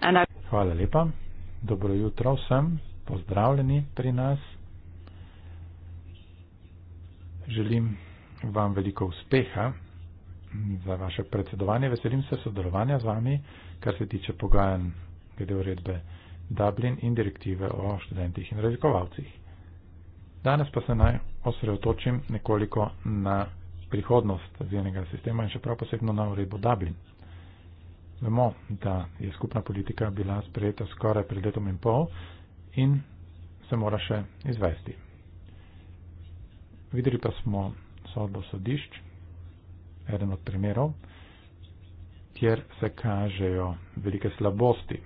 And I... Hvala lepa. Dobro jutro vsem. Pozdravljeni pri nas želim vam veliko uspeha za vaše predsedovanje. Veselim se sodelovanja z vami, kar se tiče pogajanj glede uredbe Dublin in direktive o študentih in raziskovalcih. Danes pa se naj osredotočim nekoliko na prihodnost azilnega sistema in še prav posebno na uredbo Dublin. Vemo, da je skupna politika bila sprejeta skoraj pred letom in pol in se mora še izvesti. Videli pa smo sodbo sodišč, eden od primerov, kjer se kažejo velike slabosti,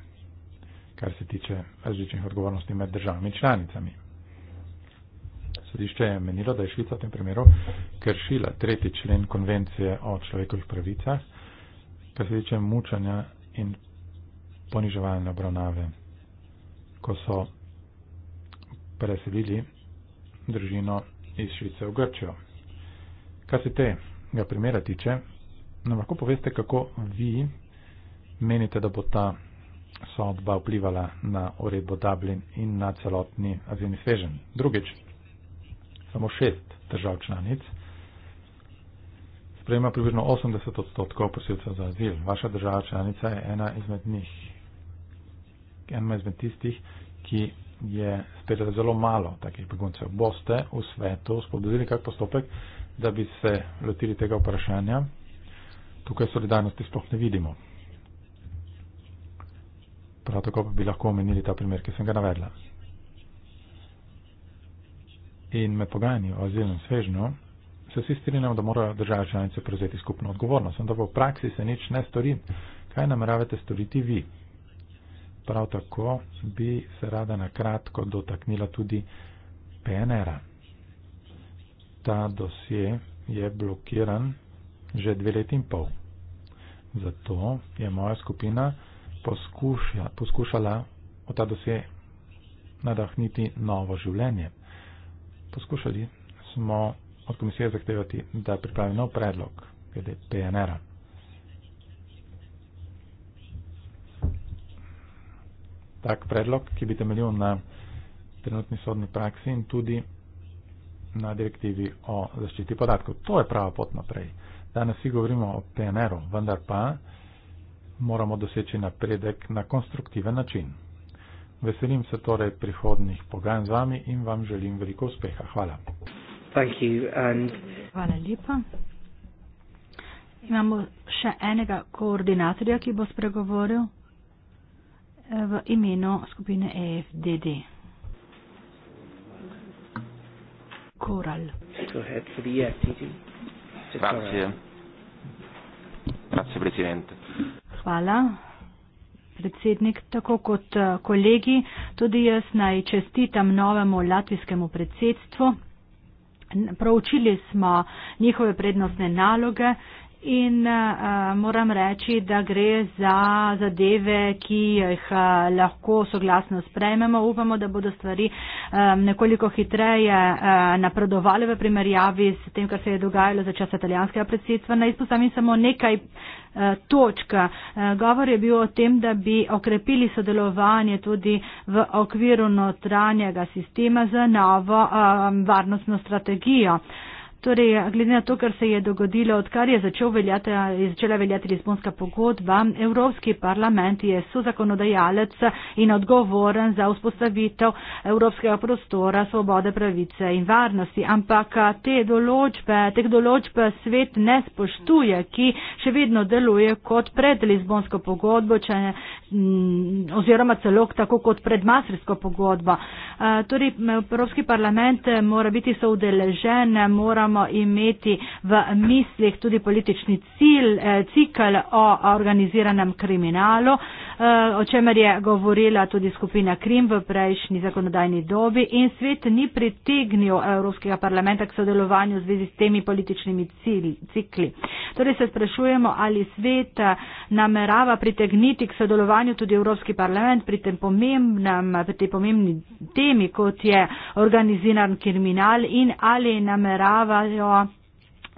kar se tiče različnih odgovornosti med državami članicami. Sodišče je menilo, da je Švica v tem primeru kršila tretji člen konvencije o človekovih pravicah, kar se tiče mučanja in poniževalne obravnave, ko so preselili družino iz Švice v Grčijo. Kar se tega primera tiče, nam lahko poveste, kako vi menite, da bo ta sodba vplivala na uredbo Dublin in na celotni azilni svežen. Drugič, samo šest držav članic sprejema približno 80 odstotkov prosilcev za azil. Vaša država članica je ena izmed njih, ena izmed tistih, ki je spet zelo malo takih beguncev. Boste v svetu spodbudili kak postopek, da bi se lotili tega vprašanja? Tukaj solidarnosti sploh ne vidimo. Prav tako bi lahko omenili ta primer, ki sem ga navedla. In med pogajanji o azilnem svežnju se vsi strinjamo, da morajo države članice prevzeti skupno odgovornost, da v praksi se nič ne stori. Kaj nameravate storiti vi? Prav tako bi se rada na kratko dotaknila tudi PNR-a. Ta dosje je blokiran že dve leti in pol. Zato je moja skupina poskuša, poskušala v ta dosje nadahniti novo življenje. Poskušali smo od komisije zahtevati, da pripravi nov predlog glede PNR-a. tak predlog, ki bi temeljil na trenutni sodni praksi in tudi na direktivi o zaščiti podatkov. To je prava pot naprej. Danes vsi govorimo o PNR-u, vendar pa moramo doseči napredek na konstruktiven način. Veselim se torej prihodnih pogajanj z vami in vam želim veliko uspeha. Hvala. Thank you and... Hvala lepa. Imamo še enega koordinatorja, ki bo spregovoril v imenu skupine EFDD. Koral. E Grazie. Grazie, Hvala. Predsednik, tako kot eh, kolegi, tudi jaz naj čestitam novemu latvijskemu predsedstvu. Proučili smo njihove prednostne naloge. In uh, moram reči, da gre za zadeve, ki jih uh, lahko soglasno sprejmemo. Upamo, da bodo stvari um, nekoliko hitreje uh, napredovali v primerjavi s tem, kar se je dogajalo za čas italijanskega predsedstva. Na izpostavim samo nekaj uh, točk. Uh, govor je bil o tem, da bi okrepili sodelovanje tudi v okviru notranjega sistema z novo uh, varnostno strategijo. Uh, Torej, glede na to, kar se je dogodilo, odkar je začel veljati, začela veljati Lisbonska pogodba, Evropski parlament je sozakonodajalec in odgovoren za vzpostavitev Evropskega prostora svobode, pravice in varnosti. Ampak te določbe, teh določb svet ne spoštuje, ki še vedno deluje kot pred Lisbonsko pogodbo, če, m, mm, oziroma celo tako kot pred Masrsko pogodbo. Eh, torej, Evropski parlament mora biti soudeležen, mora moramo imeti v mislih tudi politični cilj, eh, cikl o organiziranem kriminalu, eh, o čemer je govorila tudi skupina Krim v prejšnji zakonodajni dobi in svet ni pritegnil Evropskega parlamenta k sodelovanju v zvezi s temi političnimi cilj, cikli. Torej se sprašujemo, ali svet eh, namerava pritegniti k sodelovanju tudi Evropski parlament pri tem pomembnem, pri tej pomembni temi, kot je organiziran kriminal in ali namerava kažejo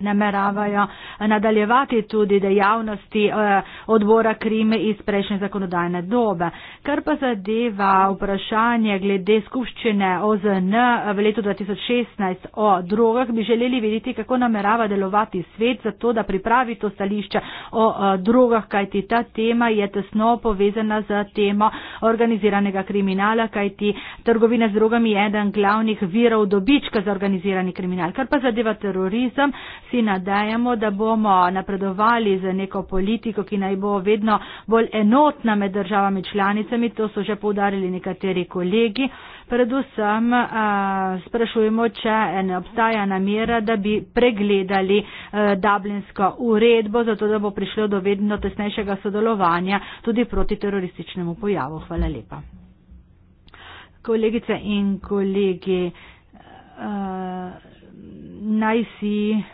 nameravajo nadaljevati tudi dejavnosti eh, odbora krime iz prejšnje zakonodajne dobe. Kar pa zadeva vprašanje glede skupščine OZN v letu 2016 o drogah, bi želeli vedeti, kako namerava delovati svet za to, da pripravi to stališče o eh, drogah, kajti ta tema je tesno povezana z temo organiziranega kriminala, kajti trgovina z drogami je eden glavnih virov dobička za organizirani kriminal. Kar pa zadeva terorizem, vsi nadajamo, da bomo napredovali z neko politiko, ki naj bo vedno bolj enotna med državami članicami, to so že povdarili nekateri kolegi. Predvsem uh, sprašujemo, če ne obstaja namera, da bi pregledali uh, dublinsko uredbo, zato da bo prišlo do vedno tesnejšega sodelovanja tudi proti terorističnemu pojavu. Hvala lepa. Kolegice in kolegi, uh, naj si.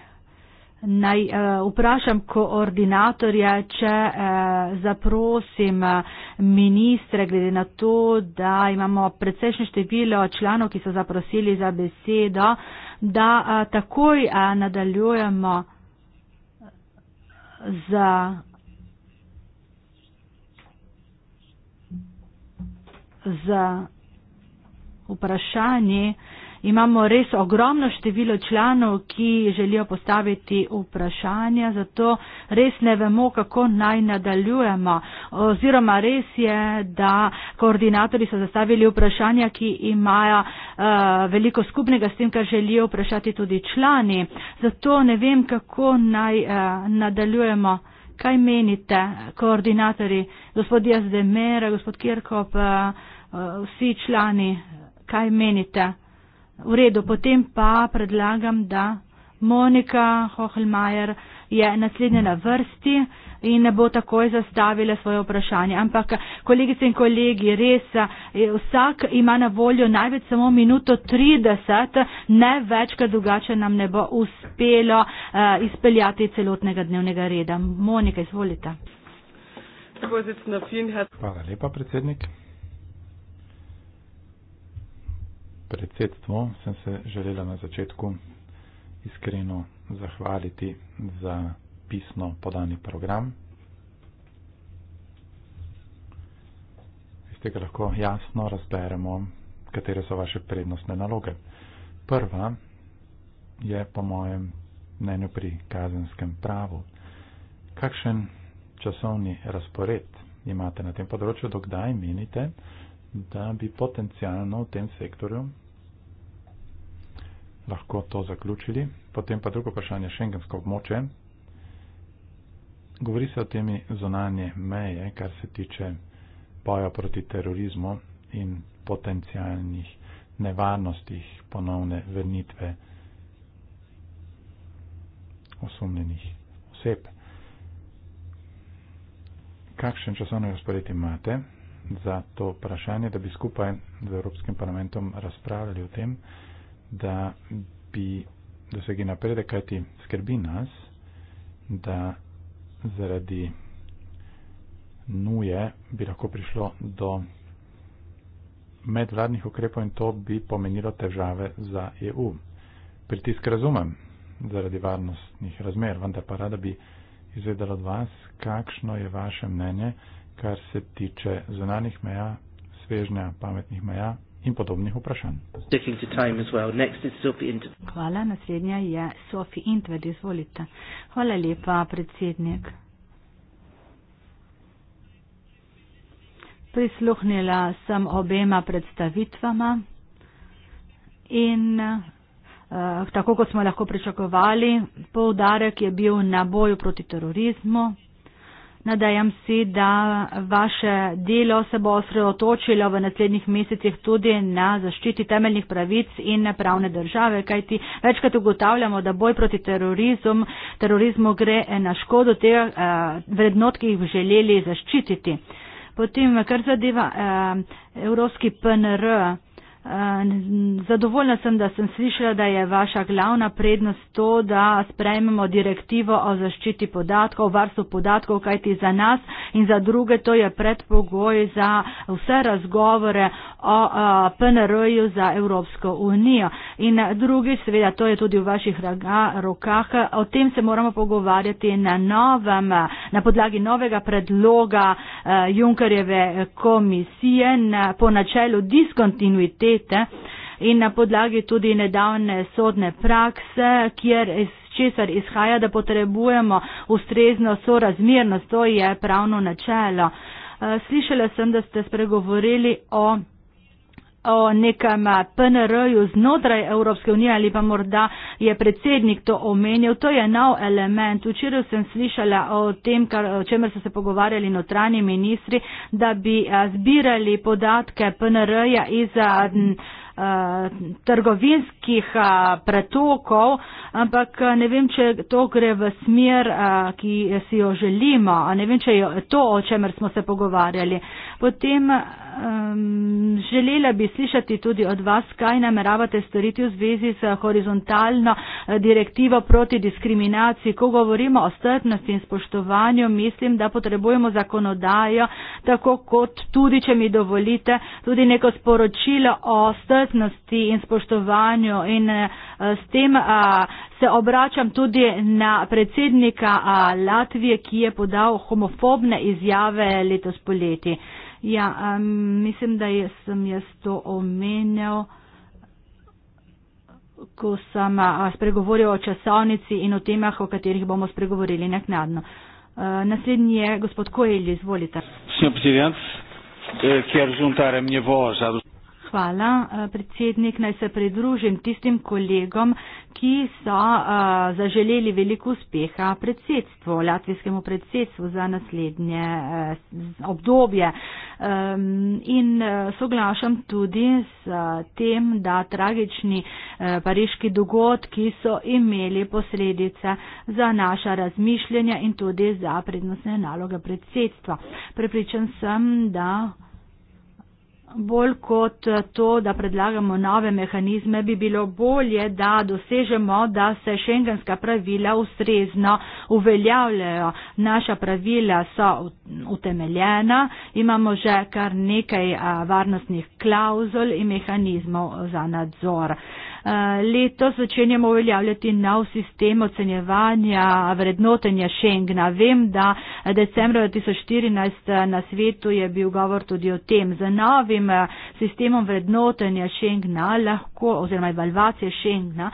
Naj uh, vprašam koordinatorja, če uh, zaprosim eh, ministre, glede na to, da imamo precejšnje število članov, ki so zaprosili za besedo, da uh, takoj uh, nadaljujemo z. z vprašanji imamo res ogromno število članov, ki želijo postaviti vprašanja, zato res ne vemo, kako naj nadaljujemo. Oziroma res je, da koordinatori so zastavili vprašanja, ki imajo uh, veliko skupnega s tem, kar želijo vprašati tudi člani. Zato ne vem, kako naj uh, nadaljujemo. Kaj menite, koordinatori, gospod Jazdemer, gospod Kirkop, eh, vsi člani, kaj menite? V redu, potem pa predlagam, da Monika Hohlmajer je naslednja na vrsti in ne bo takoj zastavila svoje vprašanje. Ampak, kolegice in kolegi, res, eh, vsak ima na voljo največ samo minuto 30, ne več, ker drugače nam ne bo uspelo uh, izpeljati celotnega dnevnega reda. Monika, izvolite. Hvala lepa, predsednik. predsedstvo sem se želela na začetku iskreno zahvaliti za pisno podani program. Iz tega lahko jasno razberemo, katere so vaše prednostne naloge. Prva je po mojem mnenju pri kazenskem pravu. Kakšen časovni razpored imate na tem področju, dokdaj menite, da da bi potencijalno v tem sektorju lahko to zaključili. Potem pa drugo vprašanje, šengensko območje. Govori se o temi zonanje meje, kar se tiče boja proti terorizmu in potencijalnih nevarnostih ponovne vrnitve osumljenih oseb. Kakšen časovni razpored imate? za to vprašanje, da bi skupaj z Evropskim parlamentom razpravljali o tem, da bi dosegli napredek, kajti skrbi nas, da zaradi nuje bi lahko prišlo do medvladnih ukrepov in to bi pomenilo težave za EU. Pritisk razumem zaradi varnostnih razmer, vendar pa rada bi izvedela od vas, kakšno je vaše mnenje kar se tiče zunanih meja, svežnja pametnih meja in podobnih vprašanj. Hvala, naslednja je Sofi Intved, izvolite. Hvala lepa, predsednik. Prisluhnila sem obema predstavitvama in eh, tako kot smo lahko pričakovali, poudarek je bil na boju proti terorizmu. Nadejam se, da vaše delo se bo osredotočilo v naslednjih mesecih tudi na zaščiti temeljnih pravic in pravne države, kajti večkrat ugotavljamo, da boj proti terorizm, terorizmu gre na škodo teh eh, vrednot, ki jih želeli zaščititi. Potem, kar zadeva eh, Evropski PNR, eh, Eh, zadovoljna sem, da sem slišala, da je vaša glavna prednost to, da sprejmemo direktivo o zaščiti podatkov, varstvu podatkov, kajti za nas in za druge to je predpogoj za vse razgovore o eh, PNR-ju za Evropsko unijo. In eh, drugi, seveda, to je tudi v vaših rokah, o tem se moramo pogovarjati na, novem, na podlagi novega predloga Junkerjeve komisije na, po načelu diskontinuitete lete in na podlagi tudi nedavne sodne prakse, kjer iz česar izhaja, da potrebujemo ustrezno sorazmernost, to je pravno načelo. Eh, slišala sem, da ste spregovorili o o nekem eh, PNR-ju znotraj Evropske unije ali pa morda je predsednik to omenil. To je nov element. Včeraj sem slišala o tem, kar, o čemer so se pogovarjali notranji ministri, da bi eh, zbirali podatke PNR-ja iz eh, trgovinskih pretokov, ampak ne vem, če to gre v smer, ki si jo želimo, ne vem, če je to, o čemer smo se pogovarjali. Potem Um, želela bi slišati tudi od vas, kaj nameravate storiti v zvezi s horizontalno eh, direktivo proti diskriminaciji. Ko govorimo o strpnosti in spoštovanju, mislim, da potrebujemo zakonodajo, tako kot tudi, če mi dovolite, tudi neko sporočilo o strpnosti in spoštovanju. In uh, s tem uh, se obračam tudi na predsednika uh, Latvije, ki je podal homofobne izjave letos poleti. Uh, Ja, um, mislim, da jaz, sem jaz to omenjal, ko sem spregovoril o časovnici in o temah, o katerih bomo spregovorili naknadno. E, naslednji je gospod Koelj, izvolite. Senjor predsednik, ker eh, zuntare mnje voža. Hvala, eh, predsednik. Naj se pridružim tistim kolegom, ki so eh, zaželeli veliko uspeha predsedstvu, latvijskemu predsedstvu za naslednje eh, obdobje. Ehm, in soglašam tudi s tem, da tragični pariški dogodki so imeli posledice za naša razmišljanja in tudi za prednostne naloge predsedstva. Prepričan sem, da bolj kot eh, to, da predlagamo nove mehanizme, bi bilo bolje, da dosežemo, da se šengenska pravila ustrezno uveljavljajo. Naša pravila so utemeljena, imamo že kar nekaj eh, varnostnih klauzul in mehanizmov za nadzor. Eh, letos začenjamo uveljavljati nov sistem ocenjevanja vrednotenja Schengna. Vem, da decembra 2014 eh, na svetu je bil govor tudi o tem. Z novim eh, sistemom vrednotenja Schengna lahko, oziroma evalvacije Schengna,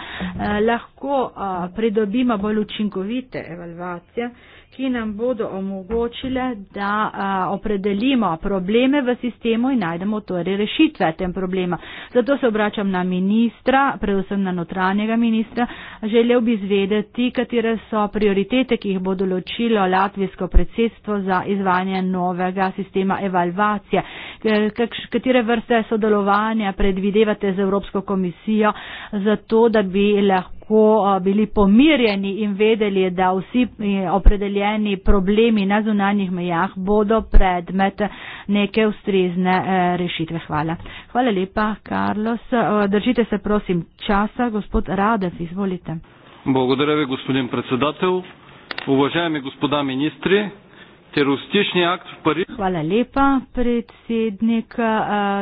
lahko pridobimo bolj učinkovite evalvacije ki nam bodo omogočile, da a, opredelimo probleme v sistemu in najdemo torej rešitve tem problema. Zato se obračam na ministra predvsem na notranjega ministra. Želel bi izvedeti, katere so prioritete, ki jih bo določilo latvijsko predsedstvo za izvajanje novega sistema evalvacije. Katere vrste sodelovanja predvidevate z Evropsko komisijo, zato da bi lahko lahko bili pomirjeni in vedeli, da vsi e, opredeljeni problemi na zunanjih mejah bodo predmet neke ustrezne e, rešitve. Hvala. Hvala lepa, Carlos. E, držite se, prosim, časa. Gospod Radev, izvolite. Благодаря ви, господин председател. Уважаеми господа министри, терористични акт в Париж... Хвала лепа, председник.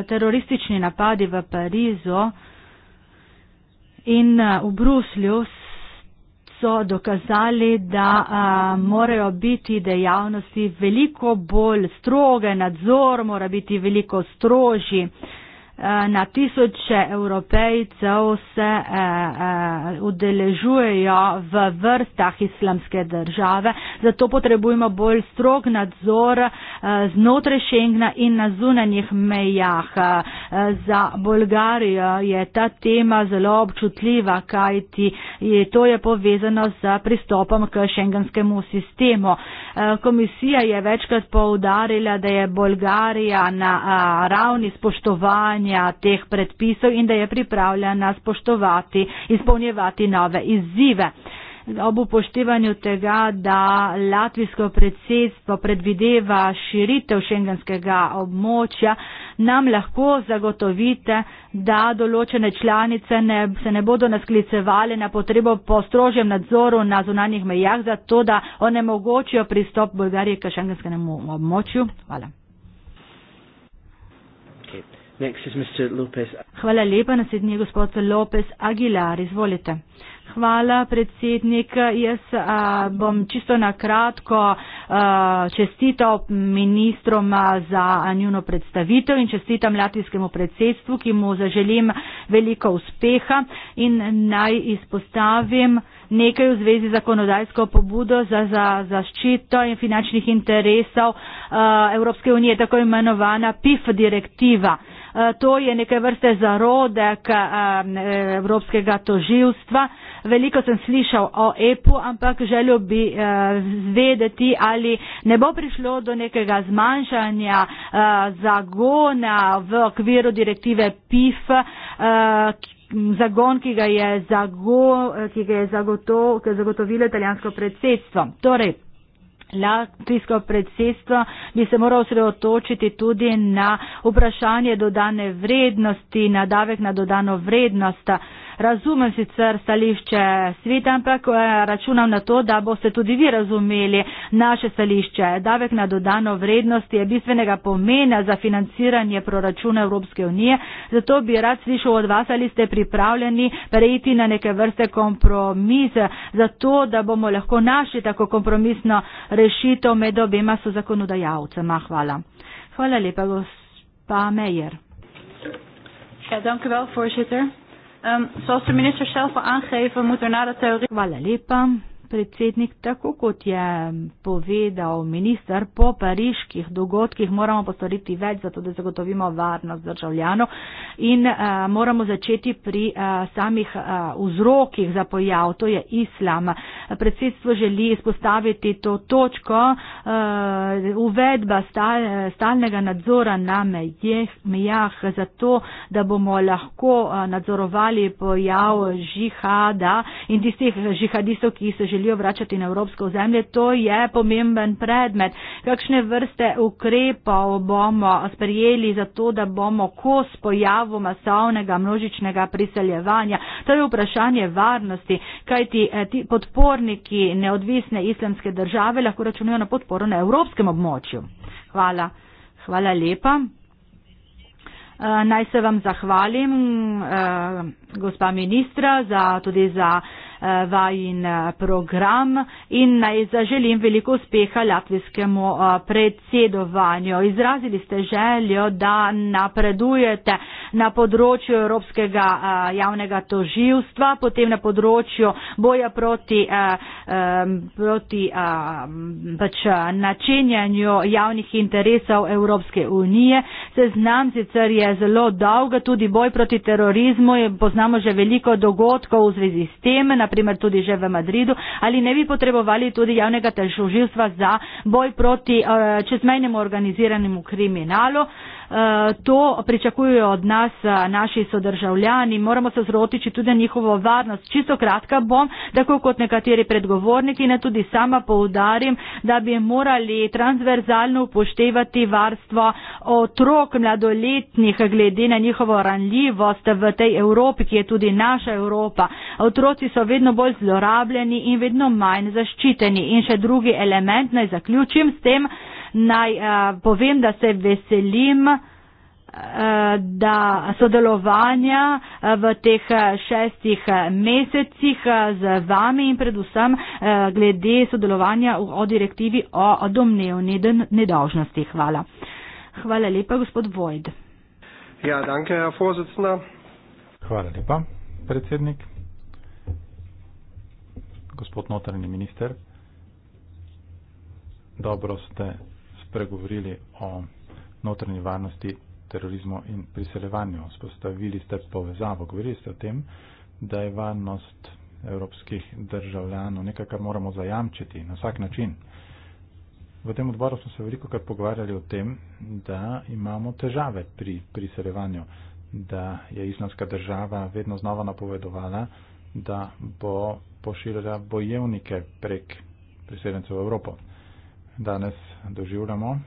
Терористични напади в Паризо... In eh, v Bruslju so dokazali, da a, eh, morajo biti dejavnosti veliko bolj stroge, nadzor mora biti veliko strožji. Eh, na tisoče evropejcev se eh, eh, udeležujejo v vrstah islamske države. Zato potrebujemo bolj strog nadzor eh, znotraj Schengna in na zunanjih mejah. Eh, za Bolgarijo je ta tema zelo občutljiva, kajti je, to je povezano z pristopom k šengenskemu sistemu. Eh, komisija je večkrat poudarila, da je Bolgarija na eh, ravni spoštovanja izvajanja teh predpisov in da je pripravljena spoštovati, izpolnjevati nove izzive. Ob upoštevanju tega, da latvijsko predsedstvo predvideva širitev šengenskega območja, nam lahko zagotovite, da določene članice ne, se ne bodo nasklicevali na potrebo po strožjem nadzoru na zunanjih mejah, zato da onemogočijo pristop Bolgarije k šengenskemu območju. Hvala. Next is Mr. Lopez. Hvala lepa, naslednji je gospod Lopez Aguilar, izvolite. Hvala predsednik, jaz a, bom čisto na kratko čestital ministrom za njuno predstavitev in čestitam latvijskemu predsedstvu, ki mu zaželim veliko uspeha in naj izpostavim nekaj v zvezi z zakonodajsko pobudo za zaščito za in finančnih interesov a, Evropske unije, tako imenovana PIF direktiva to je neke vrste zarodek eh, Evropskega toživstva. Veliko sem slišal o EPU, ampak želel bi eh, vedeti, ali ne bo prišlo do nekega zmanjšanja eh, zagona v okviru direktive PIF, zagon, ki ga je, zago, ki ga je, zagotov, ki je zagotovilo italijansko predsedstvo. Torej, latvijsko predsedstvo bi se moral sredotočiti tudi na vprašanje dodane vrednosti, na davek na dodano vrednost razumem sicer stališče sveta, ampak eh, računam na to, da boste tudi vi razumeli naše stališče. Davek na dodano vrednost je bistvenega pomena za financiranje proračuna Evropske unije, zato bi rad slišal od vas, ali ste pripravljeni prejiti na neke vrste kompromise, zato da bomo lahko našli tako kompromisno rešitev med obema so zakonodajalcema. Hvala. Hvala lepa, gospa Mejer. Ja, dank u wel, voorzitter. Um, zoals de minister zelf al aangeven, moet er na de terrorisme. Hvala lepa predsednik, tako kot je povedal minister, po pariških dogodkih moramo postoriti več, zato da zagotovimo varnost državljanov in a, eh, moramo začeti pri a, eh, samih a, eh, vzrokih za pojav, to je islam. Predsedstvo želi izpostaviti to točko a, uvedba stal, stalnega nadzora na mejeh, mejah, zato da bomo lahko a, nadzorovali pojav žihada in tistih žihadistov, ki se želijo želijo vračati na evropsko zemlje. To je pomemben predmet. Kakšne vrste ukrepov bomo sprejeli za to, da bomo kos pojavu masovnega množičnega priseljevanja? To je vprašanje varnosti, kajti eh, ti podporniki neodvisne islamske države lahko računajo na podporo na evropskem območju. Hvala. Hvala lepa. Eh, naj se vam zahvalim, eh, gospa ministra, za, tudi za vajin eh, program in naj zaželim veliko uspeha latvijskemu eh, predsedovanju. Izrazili ste željo, da napredujete na področju Evropskega eh, javnega toživstva, potem na področju boja proti, proti pač načenjanju javnih interesov Evropske unije. Seznam sicer je zelo dolg, tudi boj proti terorizmu, poznamo že veliko dogodkov v zvezi s tem, naprej naprimer tudi že v Madridu, ali ne bi potrebovali tudi javnega težoživstva za boj proti eh, čezmejnemu organiziranemu kriminalu. Eh, to pričakujejo od nas eh, naši sodržavljani. Moramo se zrotiči tudi na njihovo varnost. Čisto kratka bom, tako kot nekateri predgovorniki, ne tudi sama poudarim, da bi morali transverzalno upoštevati varstvo otrok mladoletnih glede na njihovo ranljivost v tej Evropi, ki je tudi naša Evropa. Otroci so vedno bolj zlorabljeni in vedno manj zaščiteni. In še drugi element, naj zaključim s tem, naj uh, povem, da se veselim eh, da sodelovanja eh, v teh šestih mesecih z vami in predvsem glede sodelovanja v, o direktivi o domnevni nedolžnosti. Hvala. Hvala lepa, gospod Vojd. Ja, danke, Fozicna. Hvala lepa, predsednik. Gospod notranji minister, dobro ste spregovorili o notranji varnosti, terorizmu in priseljevanju. Spostavili ste povezavo, govorili ste o tem, da je varnost evropskih državljanov nekaj, kar moramo zajamčiti na vsak način. V tem odboru smo se veliko krat pogovarjali o tem, da imamo težave pri priseljevanju, da je islamska država vedno znova napovedovala, da bo pošiljala bojevnike prek priseljencev v Evropo. Danes doživljamo.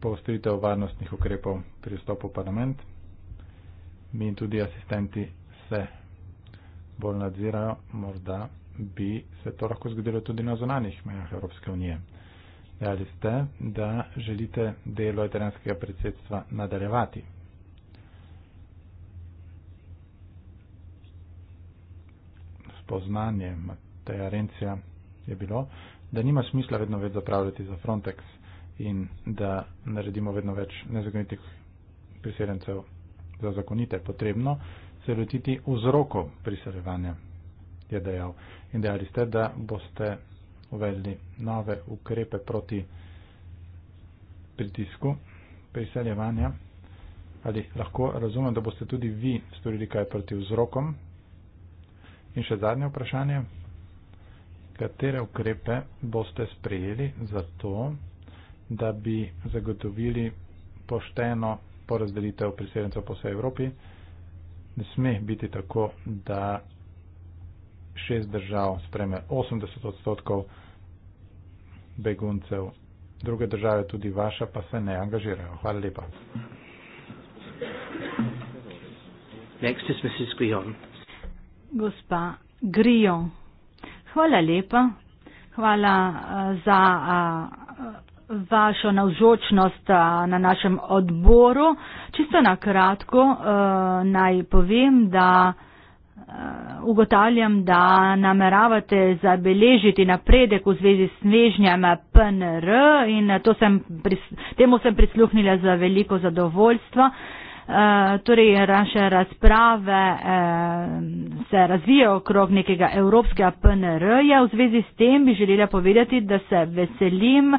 Poostritev varnostnih ukrepov pri vstopu v parlament. Mi in tudi asistenti se bolj nadzirajo, morda bi se to lahko zgodilo tudi na zonanih mejah Evropske unije. Dali ste, da želite delo italijanskega predsedstva nadaljevati. Spoznanje Mateja Rencija je bilo, da nima smisla vedno več zapravljati za Frontex in da naredimo vedno več nezakonitih priseljencev za zakonite. Potrebno se lotiti vzrokov priseljevanja, je dejal. In dejali ste, da boste uvedli nove ukrepe proti pritisku priseljevanja. Ali lahko razumem, da boste tudi vi storili kaj proti vzrokom? In še zadnje vprašanje, katere ukrepe boste sprejeli za to, da bi zagotovili pošteno porazdelitev priseljencev po vsej Evropi. Ne sme biti tako, da šest držav spreme 80 odstotkov beguncev, druge države tudi vaša pa se ne angažirajo. Hvala lepa. Next is Mrs. Grion. Gospa Grion. Hvala lepa. Hvala uh, za uh, vašo navzočnost uh, na našem odboru. Čisto na kratko uh, naj povem, da uh, ugotavljam, da nameravate zabeležiti napredek v zvezi s snežnjem PNR in sem pris, temu sem prisluhnila za veliko zadovoljstvo. Uh, Eh, torej naše razprave eh, se razvijajo okrog nekega evropskega PNR-ja. V zvezi s tem bi želela povedati, da se veselim eh,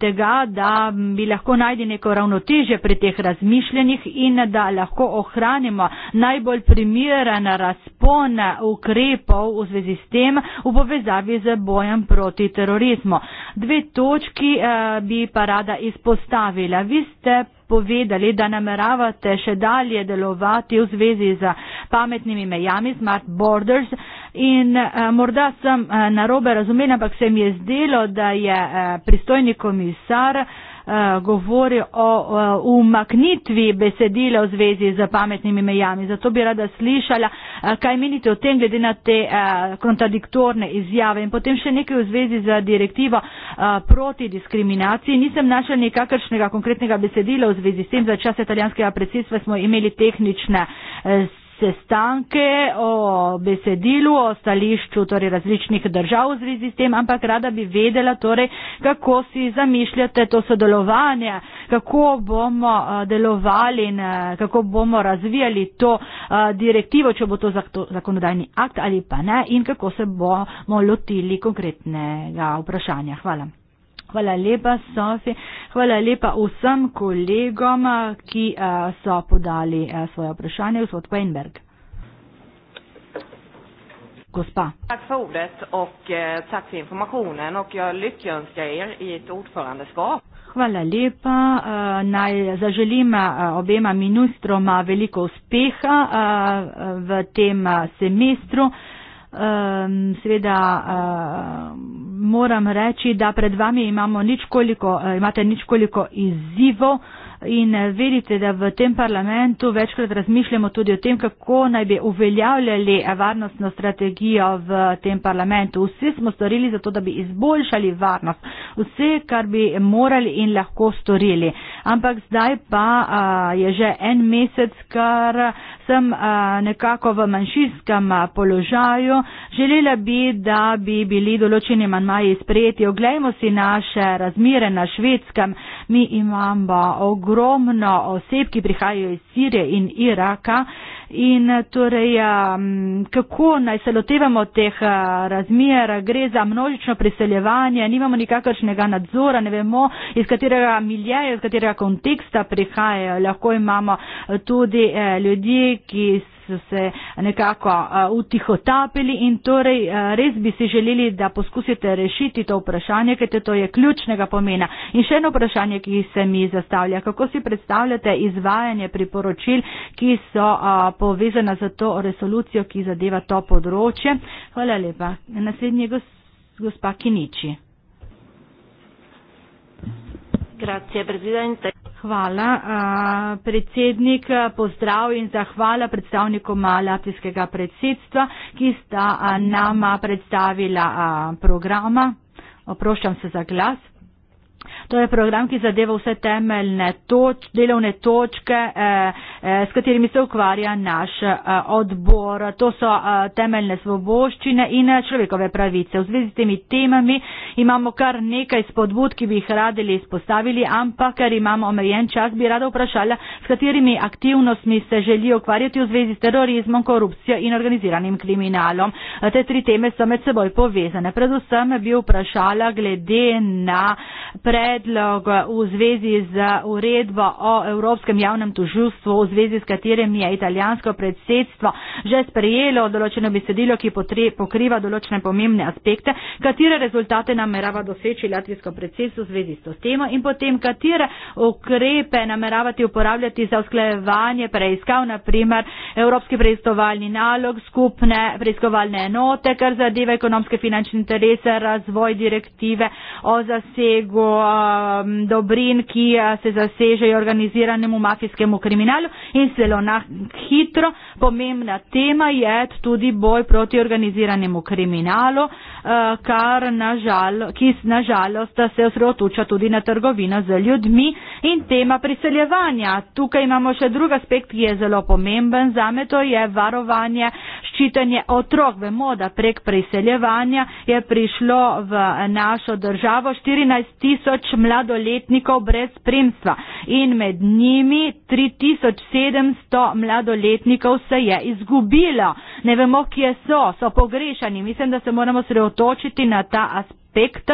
tega, da bi lahko najdi neko ravnotežje pri teh razmišljenjih in da lahko ohranimo najbolj primeren razpon ukrepov v zvezi s tem v povezavi z bojem proti terorizmu. Dve točki bi pa rada izpostavila. Vi ste povedali, da nameravate še dalje delovati v zvezi z pametnimi mejami, smart borders. In eh, morda sem eh, narobe razumela, ampak se mi je zdelo, da je eh, pristojni komisar eh, Eh, govori o eh, umaknitvi besedila v zvezi z pametnimi mejami. Zato bi rada slišala, eh, kaj menite o tem, glede na te kontradiktorne izjave. In potem še nekaj v zvezi z direktivo proti diskriminaciji. Nisem našel nekakršnega konkretnega besedila v zvezi s tem. Za čas italijanskega predsedstva smo imeli tehnične sestanke o besedilu, o stališču torej, različnih držav v zvezi s tem, ampak rada bi vedela, torej, kako si zamišljate to sodelovanje, kako bomo delovali in kako bomo razvijali to direktivo, če bo to zakonodajni akt ali pa ne in kako se bomo lotili konkretnega vprašanja. Hvala. Hvala lepa, Sofi. Hvala lepa vsem kolegom, ki eh, so podali eh, svoje vprašanje. Gospod Weinberg. Gospa. Tak za ordet in eh, tak za informacijen. In jaz lykjenska er i et ordförandeskap. Hvala lepa. Naj zaželim obema ministroma veliko uspeha v tem semestru. Seveda moram reči, da pred vami imamo ničkoliko, eh, imate ničkoliko izzivo, in eh, vidite, da v tem parlamentu večkrat razmišljamo tudi o tem, kako naj bi uveljavljali eh, varnostno strategijo v tem parlamentu. Vsi smo storili za to, da bi izboljšali varnost, vse, kar bi morali in lahko storili. Ampak zdaj pa a, eh, je že en mesec, kar sem a, nekako v manjšinskem položaju. Želela bi, da bi bili določeni manjmaji sprejeti. Oglejmo si naše razmire na švedskem. Mi imamo ogromno oseb, ki prihajajo iz Sirije in Iraka. In torej, um, kako naj se lotevamo teh uh, razmer, gre za množično priseljevanje, nimamo nikakršnega nadzora, ne vemo, iz katerega milijaja, iz katerega konteksta prihajajo. Lahko imamo uh, tudi uh, ljudi, ki so se nekako eh, utihotapili in torej eh, res bi si želeli, da poskusite rešiti to vprašanje, ker to je ključnega pomena. In še eno vprašanje, ki se mi zastavlja. Kako si predstavljate izvajanje priporočil, ki so eh, povezana za to resolucijo, ki zadeva to področje? Hvala lepa. Naslednji gospa Kiniči. Grazie, Presidente. Hvala. Uh, predsednik, pozdrav in zahvala predstavnikom Latvijskega predsedstva, ki sta uh, nama predstavila uh, programa. Oproščam se za glas. To je program, ki zadeva vse temeljne toč, delovne točke, eh, eh, s katerimi se ukvarja naš eh, odbor. To so eh, temeljne svoboščine in eh, človekove pravice. V zvezi s temi temami imamo kar nekaj spodbud, ki bi jih radili izpostavili, ampak ker imamo omejen čas, bi rada vprašala, s katerimi aktivnostmi se želi ukvarjati v zvezi s terorizmom, korupcijo in organiziranim kriminalom. Eh, te tri teme so med seboj povezane. Predvsem bi vprašala glede na pred predlog v zvezi z uredbo o Evropskem javnem tužilstvu, v zvezi s katerim je italijansko predsedstvo že sprejelo določeno besedilo, ki pokriva določene pomembne aspekte, katere rezultate namerava doseči latvijsko predsedstvo v zvezi s to temo in potem katere ukrepe nameravati uporabljati za usklejevanje preiskav, naprimer Evropski preiskovalni nalog, skupne preiskovalne enote, kar zadeva ekonomske finančne interese, razvoj direktive o zasegu um, dobrin, ki uh, se zasežejo organiziranemu mafijskemu kriminalu in zelo na hitro. Pomembna tema je tudi boj proti organiziranemu kriminalu, uh, kar nažal, ki nažalost uh, se osrotuča tudi na trgovino z ljudmi in tema priseljevanja. Tukaj imamo še drug aspekt, ki je zelo pomemben za me, to je varovanje. Ščitanje otrok, vemo, da prek priseljevanja je prišlo v našo državo 14 tisoč mladoletnikov brez spremstva in med njimi 3700 mladoletnikov se je izgubilo. Ne vemo, kje so, so pogrešani. Mislim, da se moramo sreotočiti na ta aspekt aspekt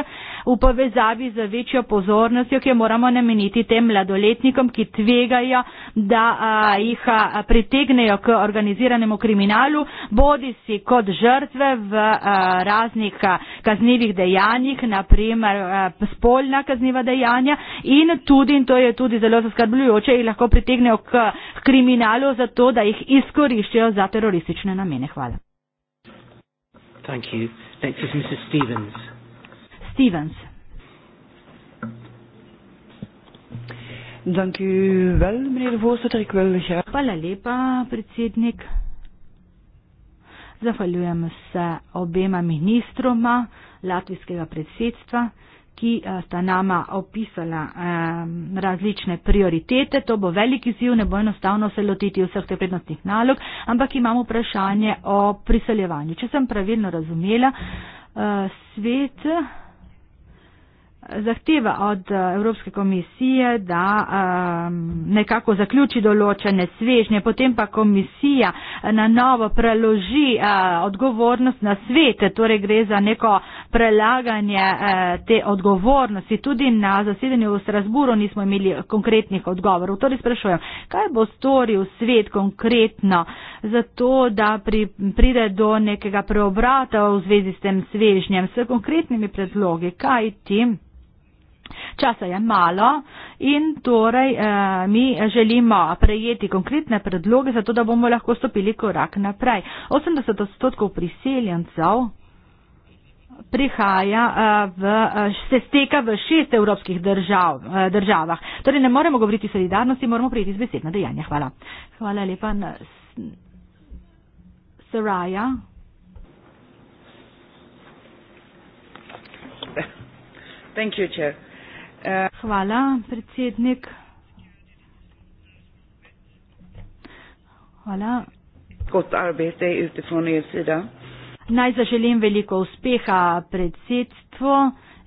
v povezavi z večjo pozornostjo, ki jo moramo nameniti tem mladoletnikom, ki tvegajo, da a, jih a, pritegnejo k organiziranemu kriminalu, bodi si kot žrtve v a, raznih a, kaznivih dejanjih, naprimer a, spolna kazniva dejanja in tudi, in to je tudi zelo zaskrbljujoče, jih lahko pritegnejo k kriminalu za to, da jih izkoriščajo za teroristične namene. Hvala. Thank you. Next is Mrs. Stevens. Stevens. Dank u wel, meneer de voorzitter. Ik wil graag. Hvala lepa, predsednik. Zahvaljujem se obema ministroma latvijskega predsedstva, ki eh, sta nama opisala eh, različne prioritete. To bo velik izziv, ne bo enostavno se lotiti vseh teh prednostnih nalog, ampak imamo vprašanje o priseljevanju. Če sem pravilno razumela, eh, svet. Eh, zahteva od eh, Evropske komisije, da um, nekako zaključi določene svežnje, potem pa komisija eh, na novo preloži uh, odgovornost na svete, torej gre za neko prelaganje uh, te odgovornosti. Tudi na zasedanju v Strasburu nismo imeli konkretnih odgovorov. Torej sprašujem, kaj bo storil svet konkretno za to, da pri, pride do nekega preobrata v zvezi s tem svežnjem, s konkretnimi predlogi, kaj tim? Časa je malo in torej eh, mi želimo prejeti konkretne predloge, zato da bomo lahko stopili korak naprej. 80 odstotkov priseljencev prihaja eh, v, eh, se steka v šest evropskih držav, eh, državah. Torej ne moremo govoriti o solidarnosti, moramo prijeti z besed na dejanja. Hvala. Hvala lepa. Saraja. Thank you, Chair. Hvala, predsednik. Hvala. Naj zaželim veliko uspeha predsedstvu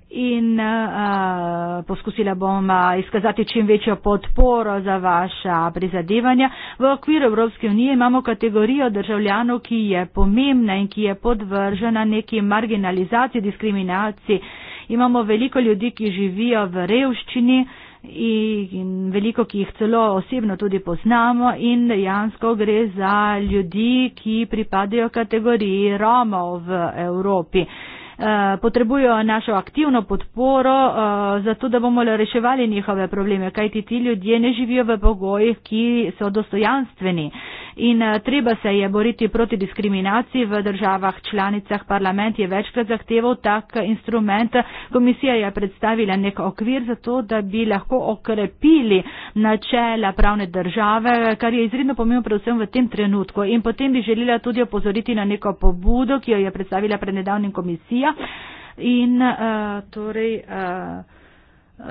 in uh, poskusila bom eh, izkazati čim večjo podporo za vaša prizadevanja. V okviru Evropske unije imamo kategorijo državljanov, ki je pomembna in ki je podvržena neki marginalizaciji, diskriminaciji imamo veliko ljudi, ki živijo v revščini in veliko, ki jih celo osebno tudi poznamo in dejansko gre za ljudi, ki pripadajo kategoriji Romov v Evropi. Eh, potrebujo našo aktivno podporo, eh, zato da bomo reševali njihove probleme, kajti ti ljudje ne živijo v pogojih, ki so dostojanstveni. In eh, treba se je boriti proti diskriminaciji v državah, članicah, parlament je večkrat zahteval tak instrument. Komisija je predstavila nek okvir za to, da bi lahko okrepili načela pravne države, kar je izredno pomembno predvsem v tem trenutku. In potem bi želila tudi opozoriti na neko pobudo, ki jo je predstavila prednedavnim komisija. In uh, torej, eh,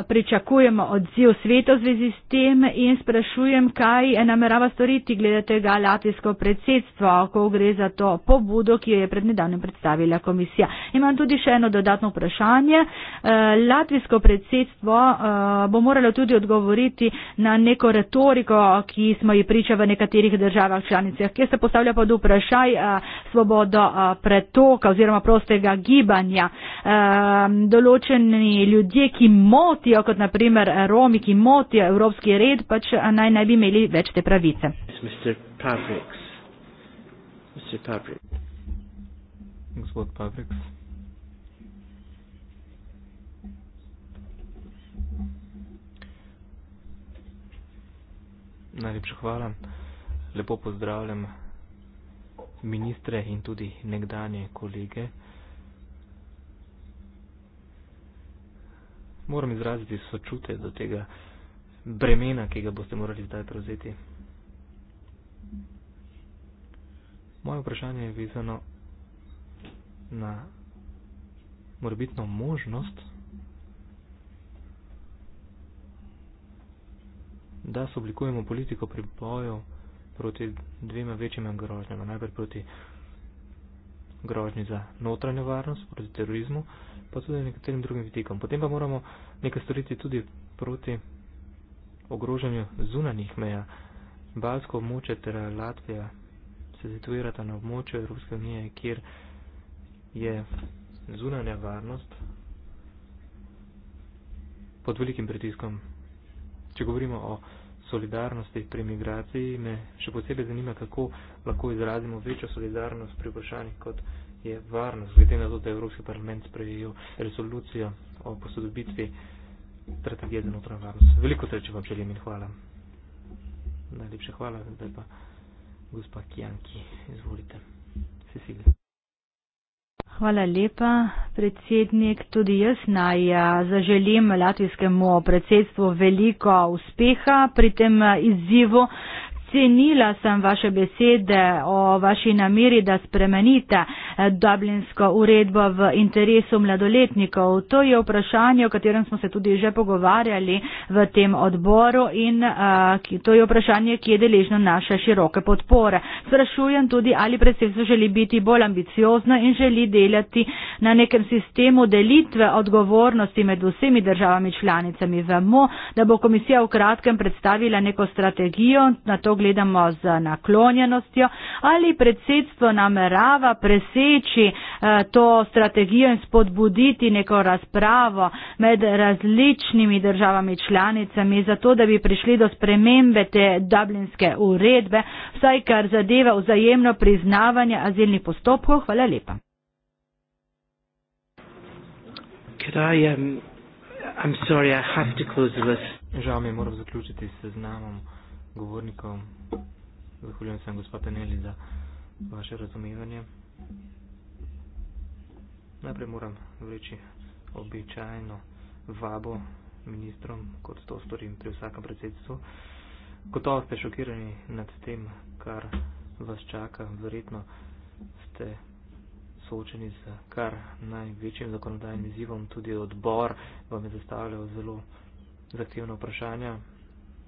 pričakujemo odziv sveta v zvezi s tem in sprašujem, kaj je namerava storiti glede tega latvijsko predsedstvo, ko gre za to pobudo, ki jo je pred nedavnim predstavila komisija. Imam tudi še eno dodatno vprašanje. Eh, latvijsko predsedstvo eh, bo moralo tudi odgovoriti na neko retoriko, ki smo ji priča v nekaterih državah članicah, kjer se postavlja pod vprašaj eh, svobodo pretoka oziroma prostega gibanja. Določeni ljudje, ki mo motijo, kot naprimer eh, Romi, ki motijo evropski red, pač eh, naj ne bi imeli več te pravice. Najlepša hvala. Lepo pozdravljam ministre in tudi nekdanje kolege. moram izraziti sočute do tega bremena, ki ga boste morali zdaj prevzeti. Moje vprašanje je vezano na morbitno možnost, da se oblikujemo politiko pri boju proti dvema večjima grožnjama, najprej proti grožnji za notranjo varnost, proti terorizmu, pa tudi nekaterim drugim vidikom. Potem pa moramo nekaj storiti tudi proti ogrožanju zunanih meja. Balsko območje ter Latvija se situirata na območju Evropske unije, kjer je zunanja varnost pod velikim pritiskom. Če govorimo o solidarnosti pri migraciji. Me še posebej zanima, kako lahko izrazimo večjo solidarnost pri vprašanjih, kot je varnost, glede na to, da je Evropski parlament sprejel resolucijo o posodobitvi strategije za notranjo varnost. Veliko sreče vam želim in hvala. Najlepša hvala, zdaj pa gospa Kijanki, izvolite. Cecilia. Hvala lepa, predsednik. Tudi jaz naj eh, zaželim latvijskemu predsedstvu veliko uspeha pri tem eh, izzivu. Cenila sem vaše besede o vaši nameri, da spremenite eh, dublinsko uredbo v interesu mladoletnikov. To je vprašanje, o katerem smo se tudi že pogovarjali v tem odboru in uh, to je vprašanje, ki je deležno naše široke podpore. Sprašujem tudi, ali predsedstvo želi biti bolj ambiciozno in želi delati na nekem sistemu delitve odgovornosti med vsemi državami članicami. Vemo, da bo komisija v kratkem predstavila neko strategijo, na to gledamo z naklonjenostjo, ali predsedstvo namerava preseči eh, to strategijo in spodbuditi neko razpravo med različnimi državami članicami, zato da bi prišli do spremembe te dublinske uredbe, vsaj kar zadeva vzajemno priznavanje azilnih postopkov. Hvala lepa. Um, Žal mi je, moram zaključiti seznamom govornikom zahvaljujem se gospod Eneli za vaše razumevanje. Najprej moram vreči običajno vabo ministrom, kot to storim pri vsakem predsedstvu. Gotovo ste šokirani nad tem, kar vas čaka. Verjetno ste soočeni z kar največjim zakonodajnim izzivom. Tudi odbor vam je zastavljal zelo zahtevna vprašanja.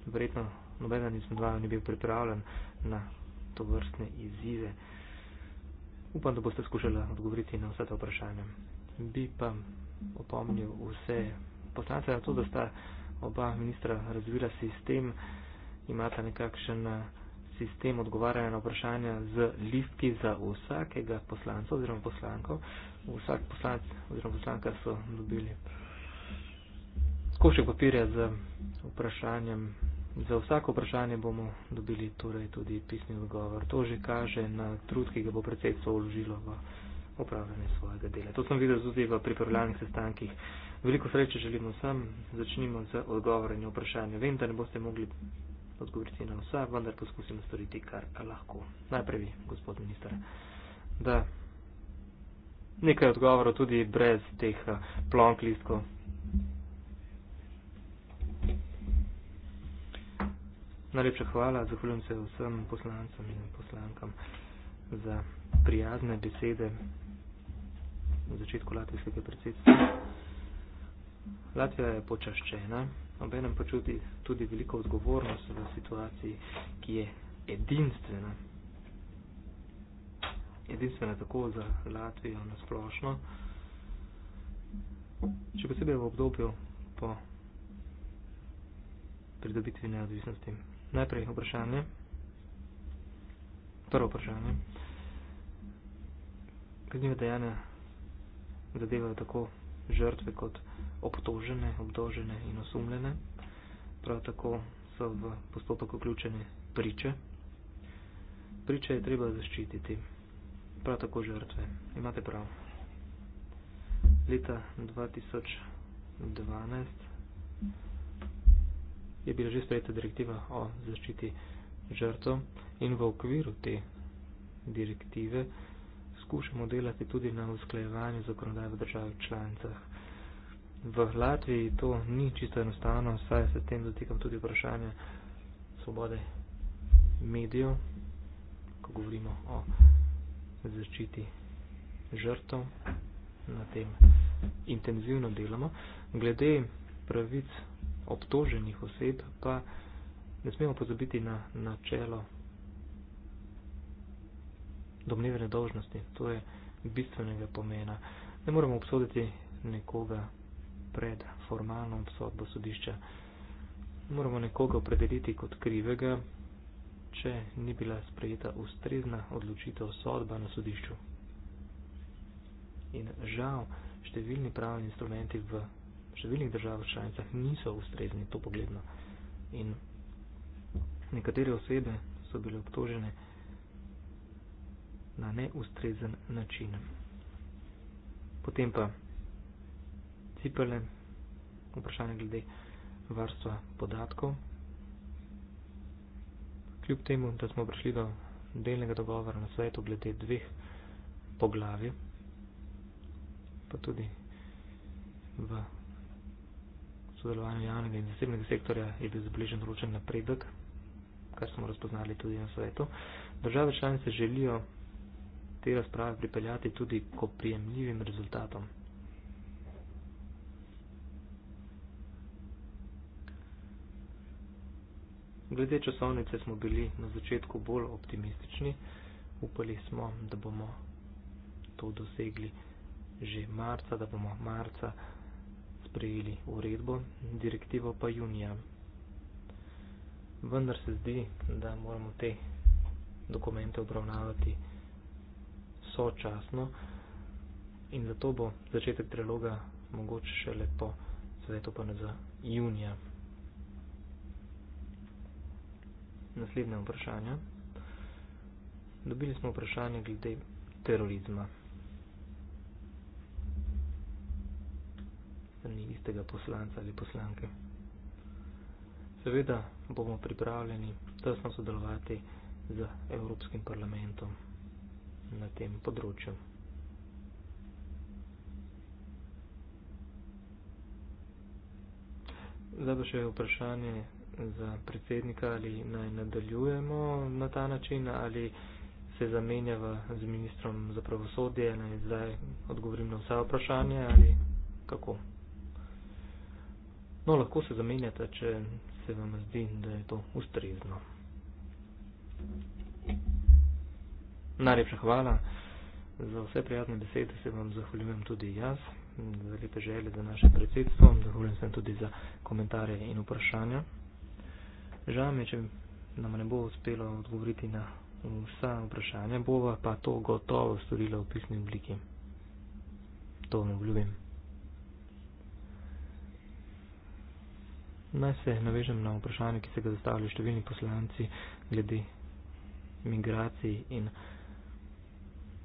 Verjetno nobeden izmed vaju ni bil pripravljen na to vrstne izzive. Upam, da boste skušali odgovoriti na vse te vprašanja. Bi pa opomnil vse poslance na to, da sta oba ministra razvila sistem, imata nekakšen eh, sistem odgovarjanja na vprašanja z listki za vsakega poslanca oziroma poslanko. Vsak poslanc oziroma poslanka so dobili košek papirja z vprašanjem Za vsako vprašanje bomo dobili torej tudi pisni odgovor. To že kaže na trud, ki ga bo predsedstvo vložilo v opravljanje svojega dela. To sem videl tudi v pripravljanih sestankih. Veliko sreče želimo vsem. Začnimo z odgovorjenje vprašanja. Vem, da ne boste mogli odgovoriti na vsa, vendar poskusimo storiti, kar lahko. Najprej, gospod minister, da nekaj odgovorov tudi brez teh eh, plonk listkov. Najlepša hvala, zahvaljujem se vsem poslancem in poslankam za prijazne besede na začetku latvijskega predsedstva. Latvija je počaščena, obenem pa čuti tudi veliko odgovornost v situaciji, ki je edinstvena. Edinstvena tako za Latvijo nasplošno, še posebej v obdobju po pridobitvi neodvisnosti Najprej vprašanje. Prvo vprašanje. Kaznive dejanja zadevajo tako žrtve kot obtožene, obdožene in osumljene. Prav tako so v postopek vključene priče. Priče je treba zaščititi. Prav tako žrtve. Imate prav. Leta 2012 je bila že sprejeta direktiva o zaščiti žrtev in v okviru te direktive skušamo delati tudi na usklajevanju zakonodaje v državah članicah. V Latviji to ni čisto enostavno, saj se s tem dotikam tudi vprašanja svobode medijev, ko govorimo o zaščiti žrtev, na tem intenzivno delamo. Glede pravic obtoženih oseb, pa ne smemo pozabiti na načelo domnevne dožnosti. To je bistvenega pomena. Ne moremo obsoditi nekoga pred formalno obsodbo sodišča. Ne moramo nekoga opredeliti kot krivega, če ni bila sprejeta ustrezna odločitev sodba na sodišču. In žal, številni pravni instrumenti v številnih državah članicah niso ustrezni to pogledno. In nekatere osebe so bile obtožene na neustrezen način. Potem pa ciprle vprašanje glede varstva podatkov. Kljub temu, da smo prišli do delnega dogovora na svetu glede dveh poglavij, pa tudi v sodelovanju javnega in zasebnega sektorja je bil zabeležen ročen napredek, kar smo razpoznali tudi na svetu. Države članice želijo te razprave pripeljati tudi ko prijemljivim rezultatom. Glede časovnice smo bili na začetku bolj optimistični. Upali smo, da bomo to dosegli že marca, da bomo marca sprejeli uredbo, direktivo pa junija. Vendar se zdi, da moramo te dokumente obravnavati sočasno in zato bo začetek triloga mogoče še lepo, sedaj to pa ne za junija. Naslednje vprašanje. Dobili smo vprašanje glede terorizma. strani istega poslanca ali poslanke. Seveda bomo pripravljeni tesno sodelovati z Evropskim parlamentom na tem področju. Zdaj pa še vprašanje za predsednika, ali naj nadaljujemo na ta način, ali se zamenjava z ministrom za pravosodje, naj zdaj odgovorim na vsa vprašanja ali kako. No, lahko se zamenjate, če se vam zdi, da je to ustrezno. Najlepša hvala za vse prijatne besede, se vam zahvaljujem tudi jaz, za lepe želje za naše predsedstvo, zahvaljujem se tudi za komentarje in vprašanja. Žal mi je, če nam ne bo uspelo odgovoriti na vsa vprašanja, bova pa to gotovo storila v pisni obliki. To vam obljubim. Naj se navežem na vprašanje, ki se ga zastavljajo številni poslanci glede migracij in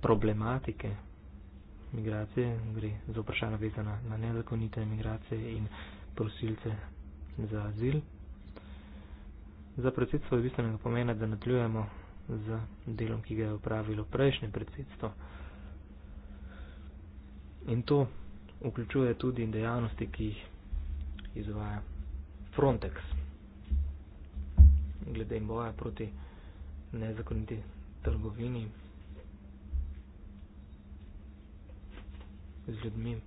problematike migracije. Gre za vprašanje vezana na nezakonite migracije in prosilce za azil. Za predsedstvo je bistvenega pomena, da nadaljujemo z delom, ki ga je upravilo prejšnje predsedstvo. In to vključuje tudi dejavnosti, ki jih izvaja Frontex. Glede boja proti nezakoniti trgovini z ljudmi.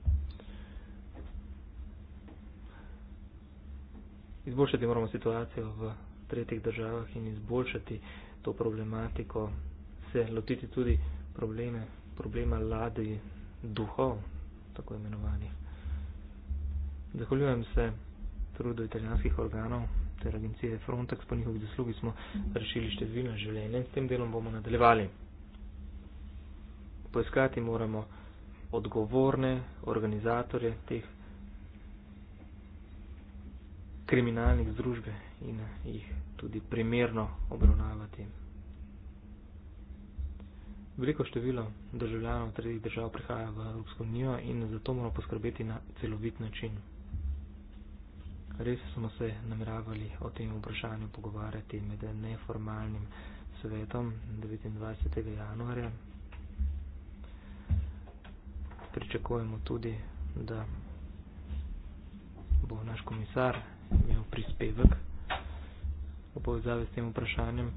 Izboljšati moramo situacijo v tretjih državah in izboljšati to problematiko, se lotiti tudi probleme, problema ladi duhov, tako imenovanih. Zahvaljujem se trudu italijanskih organov ter agencije Frontex po njihovih zaslugi smo rešili številne življenje in s tem delom bomo nadaljevali. Poiskati moramo odgovorne organizatorje teh kriminalnih združbe in jih tudi primerno obravnavati. Veliko število državljanov tretjih držav prihaja v Evropsko unijo in zato moramo poskrbeti na celovit način. Res smo se nameravali o tem vprašanju pogovarjati med neformalnim svetom 29. januarja. Pričakujemo tudi, da bo naš komisar imel prispevek v povezavi s tem vprašanjem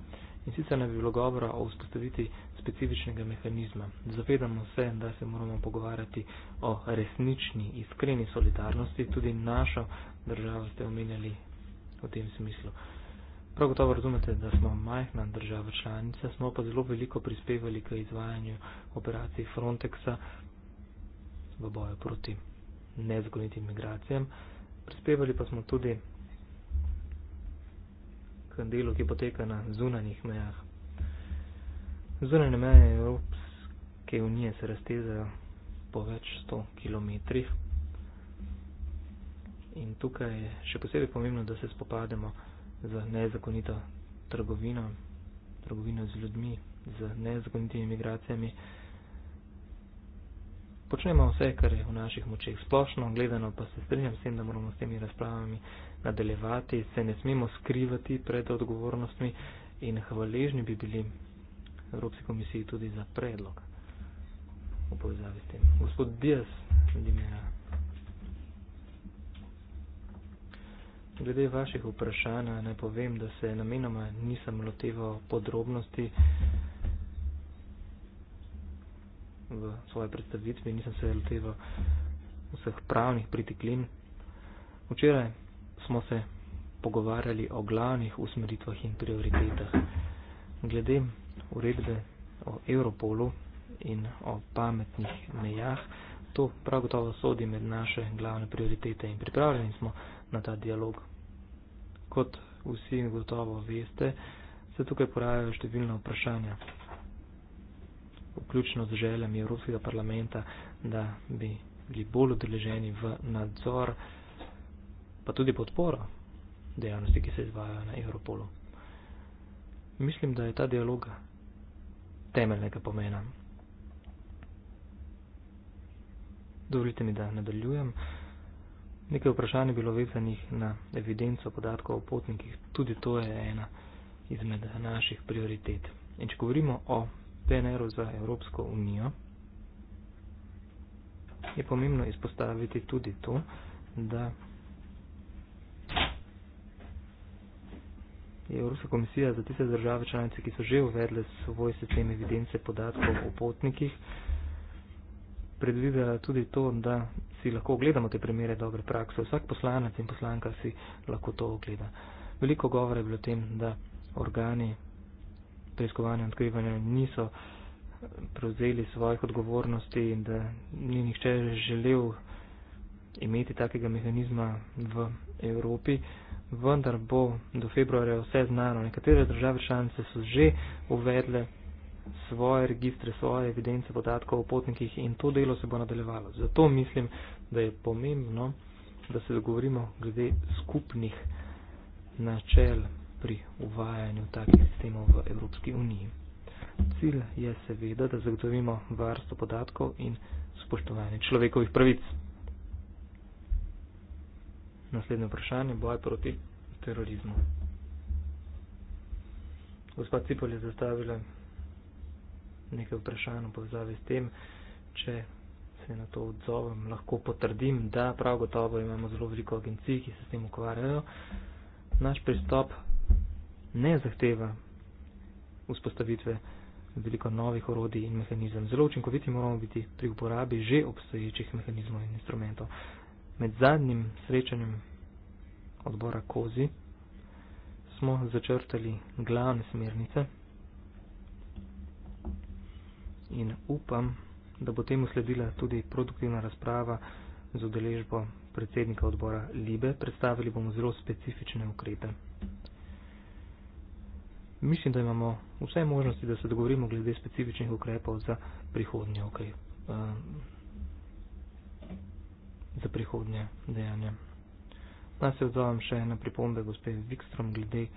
in sicer ne bi bilo govora o vzpostaviti specifičnega mehanizma. Zavedamo se, da se moramo pogovarjati o resnični, iskreni solidarnosti, tudi našo državo ste omenjali v tem smislu. Prav gotovo razumete, da smo majhna država članica, smo pa zelo veliko prispevali k izvajanju operacij Frontexa v boju proti nezakonitim migracijam. Prispevali pa smo tudi delu, ki poteka na zunanjih mejah. Zunanje meje Evropske unije se raztezajo po več sto kilometrih in tukaj je še posebej pomembno, da se spopademo z nezakonito trgovino, trgovino z ljudmi, z nezakonitimi migracijami počnemo vse, kar je v naših močeh splošno, gledano pa se strinjam s tem, da moramo s temi razpravami nadaljevati, se ne smemo skrivati pred odgovornostmi in hvaležni bi bili Evropski komisiji tudi za predlog v povezavi s tem. Gospod Dias, Dimera. Glede vaših vprašanj, naj povem, da se namenoma nisem loteval podrobnosti, v svoje predstavitvi, nisem se loteval vseh pravnih pritiklin. Včeraj smo se pogovarjali o glavnih usmeritvah in prioritetah. Glede uredbe o Europolu in o pametnih mejah, to prav gotovo sodi med naše glavne prioritete in pripravljeni smo na ta dialog. Kot vsi gotovo veste, se tukaj porajajo številna vprašanja vključno z željami Evropskega parlamenta, da bi bili bolj udeleženi v nadzor, pa tudi podporo dejavnosti, ki se izvajajo na Evropolu. Mislim, da je ta dialog temeljnega pomena. Dovolite mi, da nadaljujem. Nekaj vprašanj je bilo vezanih na evidenco podatkov o potnikih. Tudi to je ena izmed naših prioritet. In če govorimo o PNR-u za Evropsko unijo, je pomembno izpostaviti tudi to, da je Evropska komisija za tiste države članice, ki so že uvedle svoj sistem evidence podatkov o potnikih, predvidela tudi to, da si lahko ogledamo te primere dobre prakse. Vsak poslanec in poslanka si lahko to ogleda. Veliko govora je bilo o tem, da organi preiskovanja in odkrivanja niso prevzeli svojih odgovornosti in da ni nihče želel imeti takega mehanizma v Evropi. Vendar bo do februarja vse znano. Nekatere države članice so že uvedle svoje registre, svoje evidence podatkov o potnikih in to delo se bo nadaljevalo. Zato mislim, da je pomembno, da se dogovorimo glede skupnih načel pri uvajanju takih sistemov v Evropski uniji. Cilj je seveda, da zagotovimo varstvo podatkov in spoštovanje človekovih pravic. Naslednje vprašanje boj proti terorizmu. Gospa Cipol je zastavila nekaj vprašanj v povezavi s tem, če se na to odzovem, lahko potrdim, da prav gotovo imamo zelo veliko agencij, ki se s tem ukvarjajo. Naš pristop ne zahteva vzpostavitve veliko novih orodij in mehanizem. Zelo učinkoviti moramo biti pri uporabi že obstoječih mehanizmov in instrumentov. Med zadnjim srečanjem odbora Kozi smo začrtali glavne smernice in upam, da bo temu sledila tudi produktivna razprava z udeležbo predsednika odbora Libe. Predstavili bomo zelo specifične ukrepe mislim, da imamo vse možnosti, da se dogovorimo glede specifičnih ukrepov za prihodnje, okay, uh, um, za prihodnje dejanje. Naj se odzovem še na pripombe gospe Vikstrom glede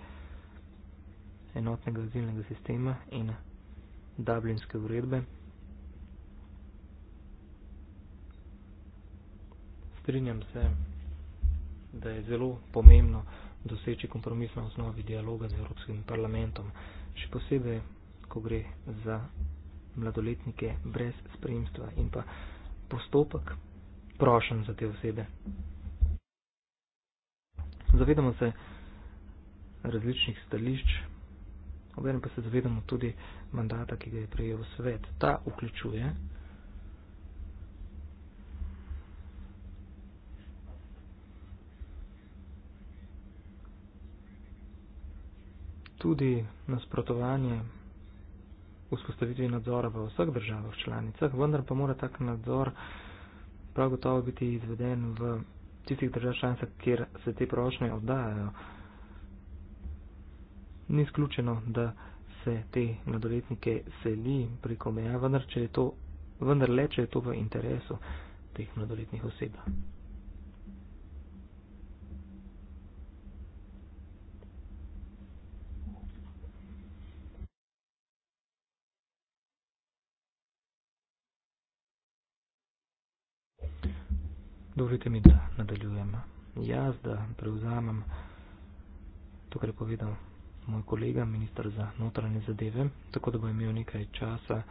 enotnega azilnega sistema in Dublinske uredbe. Strinjam se, da je zelo pomembno, doseči kompromis na osnovi dialoga z Evropskim parlamentom, še posebej, ko gre za mladoletnike brez spremstva in pa postopek prošen za te osebe. Zavedamo se različnih stališč, obenem pa se zavedamo tudi mandata, ki ga je prejel svet. Ta vključuje tudi nasprotovanje vzpostavitvi nadzora v vseh državah članicah, vendar pa mora tak nadzor prav gotovo biti izveden v tistih držav članicah, kjer se te prošnje oddajajo. Ni sključeno, da se te mladoletnike seli preko meja, vendar, če je to, vendar le, če je to v interesu teh mladoletnih oseb. Dovolite mi, da nadaljujem. Jaz, da prevzamem to, kar je povedal moj kolega, ministr za notranje zadeve, tako da bo imel nekaj časa,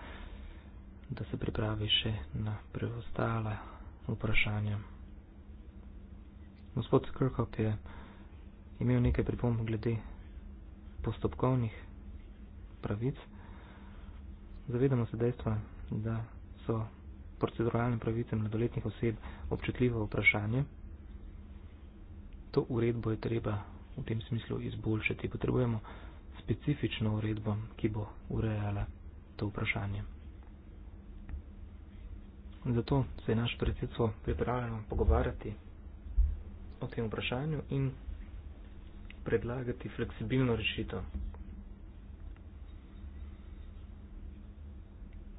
da se pripravi še na preostale vprašanja. Gospod Kirkhoff je imel nekaj pripomb glede postopkovnih pravic. Zavedamo se dejstva, da so proceduralnim pravicam mladoletnih oseb občutljivo vprašanje. To uredbo je treba v tem smislu izboljšati. Potrebujemo specifično uredbo, ki bo urejala to vprašanje. Zato se je naše predsedstvo pripravljeno pogovarjati o tem vprašanju in predlagati fleksibilno rešitev.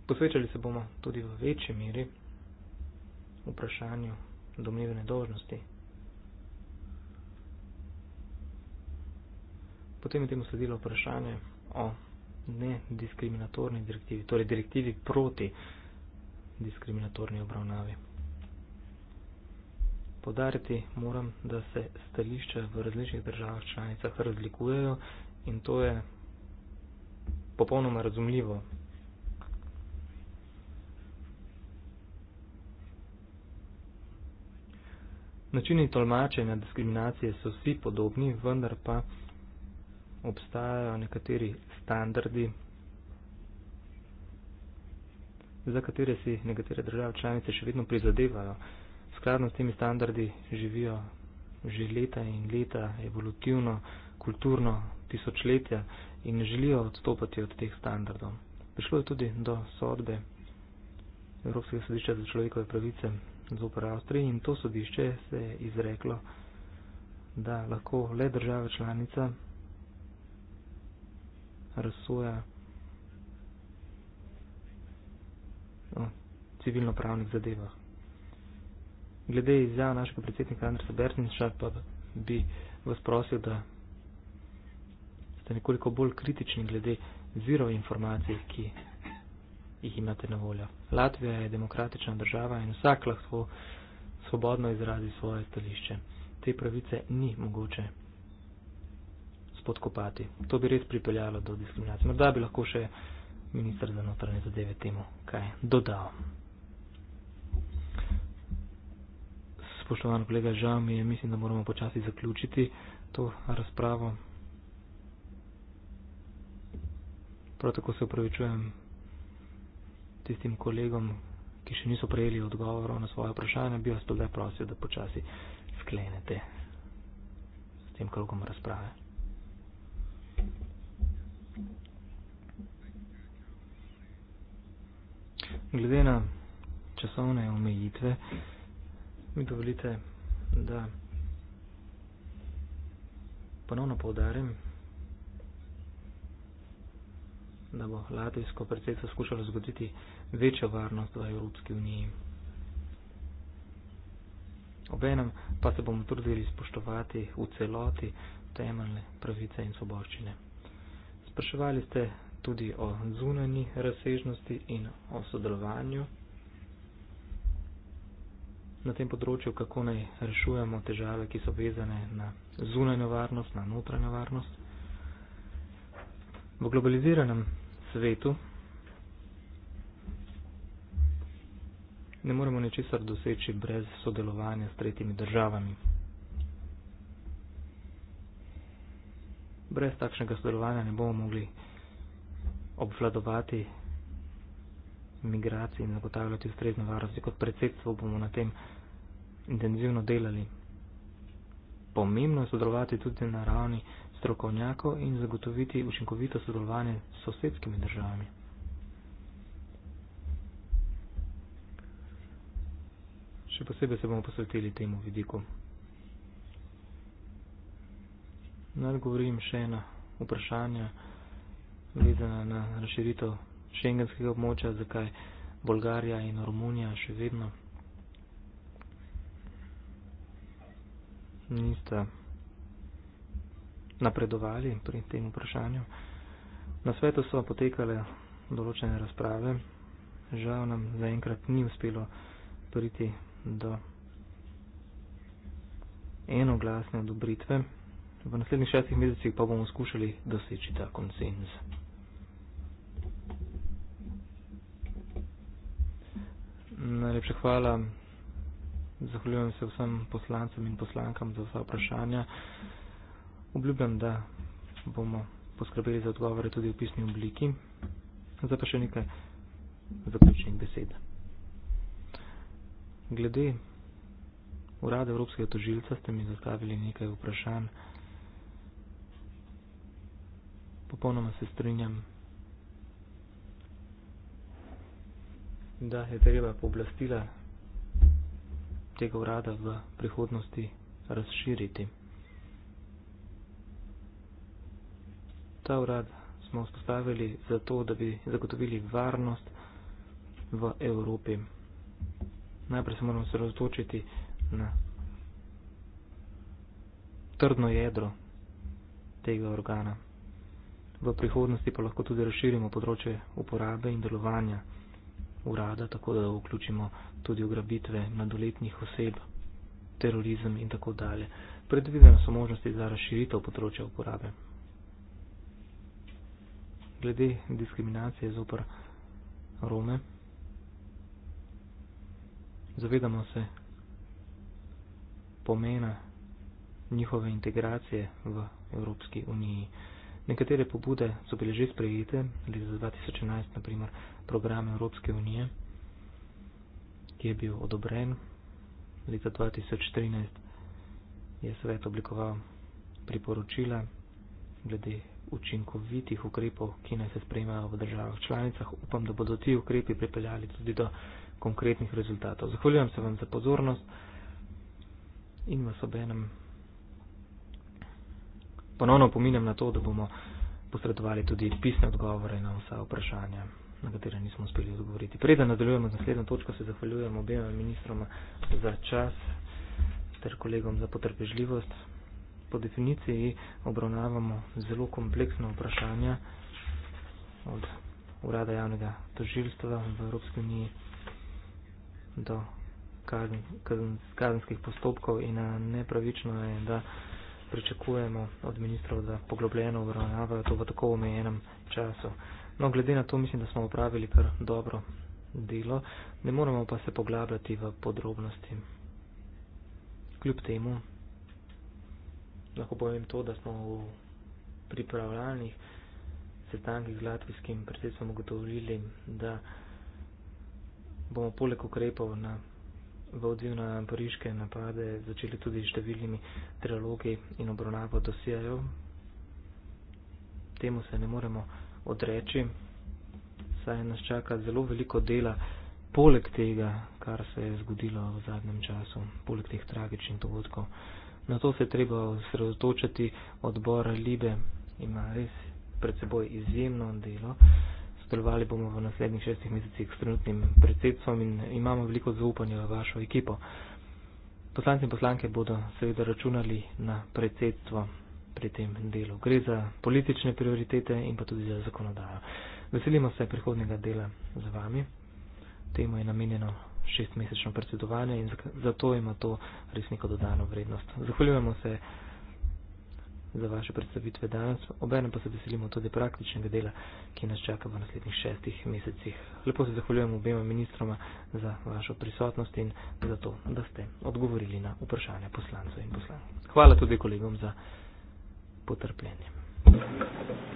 Posvečali se bomo tudi v večji meri vprašanju domnevne dožnosti. Potem je temu sledilo vprašanje o nediskriminatorni direktivi, torej direktivi proti diskriminatorni obravnavi. Podariti moram, da se stališče v različnih državah članicah razlikujejo in to je popolnoma razumljivo, Načini tolmačenja diskriminacije so vsi podobni, vendar pa obstajajo nekateri standardi, za katere si nekatere države članice še vedno prizadevajo. Skladno s temi standardi živijo že leta in leta evolutivno, kulturno tisočletja in ne želijo odstopati od teh standardov. Prišlo je tudi do sodbe Evropskega sodišča za človekove pravice zoper Avstrijo in to sodišče se je izreklo, da lahko le država članica razsoja o no, civilno-pravnih zadevah. Glede izjav našega predsednika Andresa Bertinša pa bi vas prosil, da ste nekoliko bolj kritični glede zirov informacij, ki jih imate na voljo. Latvija je demokratična država in vsak lahko svobodno izrazi svoje stališče. Te pravice ni mogoče spodkopati. To bi res pripeljalo do diskriminacije. Morda bi lahko še ministr za notranje zadeve temu kaj dodal. Spoštovan kolega, žal mi je, mislim, da moramo počasi zaključiti to razpravo. Prav tako se upravičujem tistim kolegom, ki še niso prejeli odgovorov na svoje vprašanje, bi vas tole prosil, da počasi sklenete s tem krogom razprave. Glede na časovne omejitve, mi dovolite, da ponovno povdarim, da bo Latvijsko predsedstvo skušalo zgoditi večjo varnost v Evropski uniji. Obenem pa se bomo trudili spoštovati v celoti temeljne pravice in soboščine. Spraševali ste tudi o zunanji razsežnosti in o sodelovanju na tem področju, kako naj rešujemo težave, ki so vezane na zunanjo varnost, na notranjo varnost. V globaliziranem svetu ne moremo ničesar doseči brez sodelovanja s tretjimi državami. Brez takšnega sodelovanja ne bomo mogli obvladovati migracij in zagotavljati ustrezne varnosti. Kot predsedstvo bomo na tem intenzivno delali. Pomembno je sodelovati tudi na ravni strokovnjakov in zagotoviti učinkovito sodelovanje s sosedskimi državami. še posebej se bomo posvetili temu vidiku. Naj govorim še ena vprašanja, vezana na razširitev šengenskega območja, zakaj Bolgarija in Romunija še vedno nista napredovali pri tem vprašanju. Na svetu so potekale določene razprave, žal nam zaenkrat ni uspelo priti do enoglasne odobritve. V naslednjih šestih mesecih pa bomo skušali doseči ta konsenz. Najlepša hvala. Zahvaljujem se vsem poslancem in poslankam za vsa vprašanja. Obljubljam, da bomo poskrbeli za odgovore tudi v pisni obliki. Zdaj pa še nekaj zaključnih besed. Glede urada Evropskega tožilca ste mi zastavili nekaj vprašanj. Popolnoma se strinjam, da je treba pooblastila tega urada v prihodnosti razširiti. Ta urad smo vzpostavili zato, da bi zagotovili varnost v Evropi najprej se moramo sredotočiti na trdno jedro tega organa. V prihodnosti pa lahko tudi razširimo področje uporabe in delovanja urada, tako da vključimo tudi ugrabitve mladoletnih oseb, terorizem in tako dalje. Predvidene so možnosti za razširitev področja uporabe. Glede diskriminacije zopr Rome zavedamo se pomena njihove integracije v Evropski uniji. Nekatere pobude so bile že sprejete, leta 2011, naprimer, program Evropske unije, ki je bil odobren, leta 2013 je svet oblikoval priporočila glede učinkovitih ukrepov, ki naj se sprejmejo v državah članicah. Upam, da bodo ti ukrepi pripeljali tudi do konkretnih rezultatov. Zahvaljujem se vam za pozornost in vas obenem ponovno pominjam na to, da bomo posredovali tudi pisne odgovore na vsa vprašanja, na katere nismo uspeli odgovoriti. Preden nadaljujemo z naslednjo točko, se zahvaljujem obema ministroma za čas ter kolegom za potrpežljivost. Po definiciji obravnavamo zelo kompleksna vprašanja od Urada javnega tožilstva v Evropski uniji do kazn, kazn, kazenskih postopkov in eh, nepravično je, da pričakujemo od ministrov, da poglobljeno obravnavajo to v tako omejenem času. No, glede na to mislim, da smo upravili kar dobro delo, ne moremo pa se poglabljati v podrobnosti. Kljub temu lahko povem to, da smo v pripravljalnih sestankih z latvijskim predsedstvom ugotovili, da bomo poleg ukrepov na, v odziv na pariške napade začeli tudi številnimi trilogi in obravnavo dosijajo. Temu se ne moremo odreči, saj nas čaka zelo veliko dela poleg tega, kar se je zgodilo v zadnjem času, poleg teh tragičnih dogodkov. Na to se je treba osredotočiti, odbor Libe ima res pred seboj izjemno delo sodelovali bomo v naslednjih šestih mesecih s trenutnim predsedstvom in imamo veliko zaupanja v vašo ekipo. Poslanci in poslanke bodo seveda računali na predsedstvo pri tem delu. Gre za politične prioritete in pa tudi za zakonodajo. Veselimo se prihodnega dela z vami. Temu je namenjeno šestmesečno predsedovanje in zato ima to res neko dodano vrednost. Zahvaljujemo se za vaše predstavitve danes. Obenem pa se veselimo tudi praktičnega dela, ki nas čaka v naslednjih šestih mesecih. Lepo se zahvaljujem obema ministroma za vašo prisotnost in za to, da ste odgovorili na vprašanja poslancev in poslancev. Hvala tudi kolegom za potrpljenje. Thank you.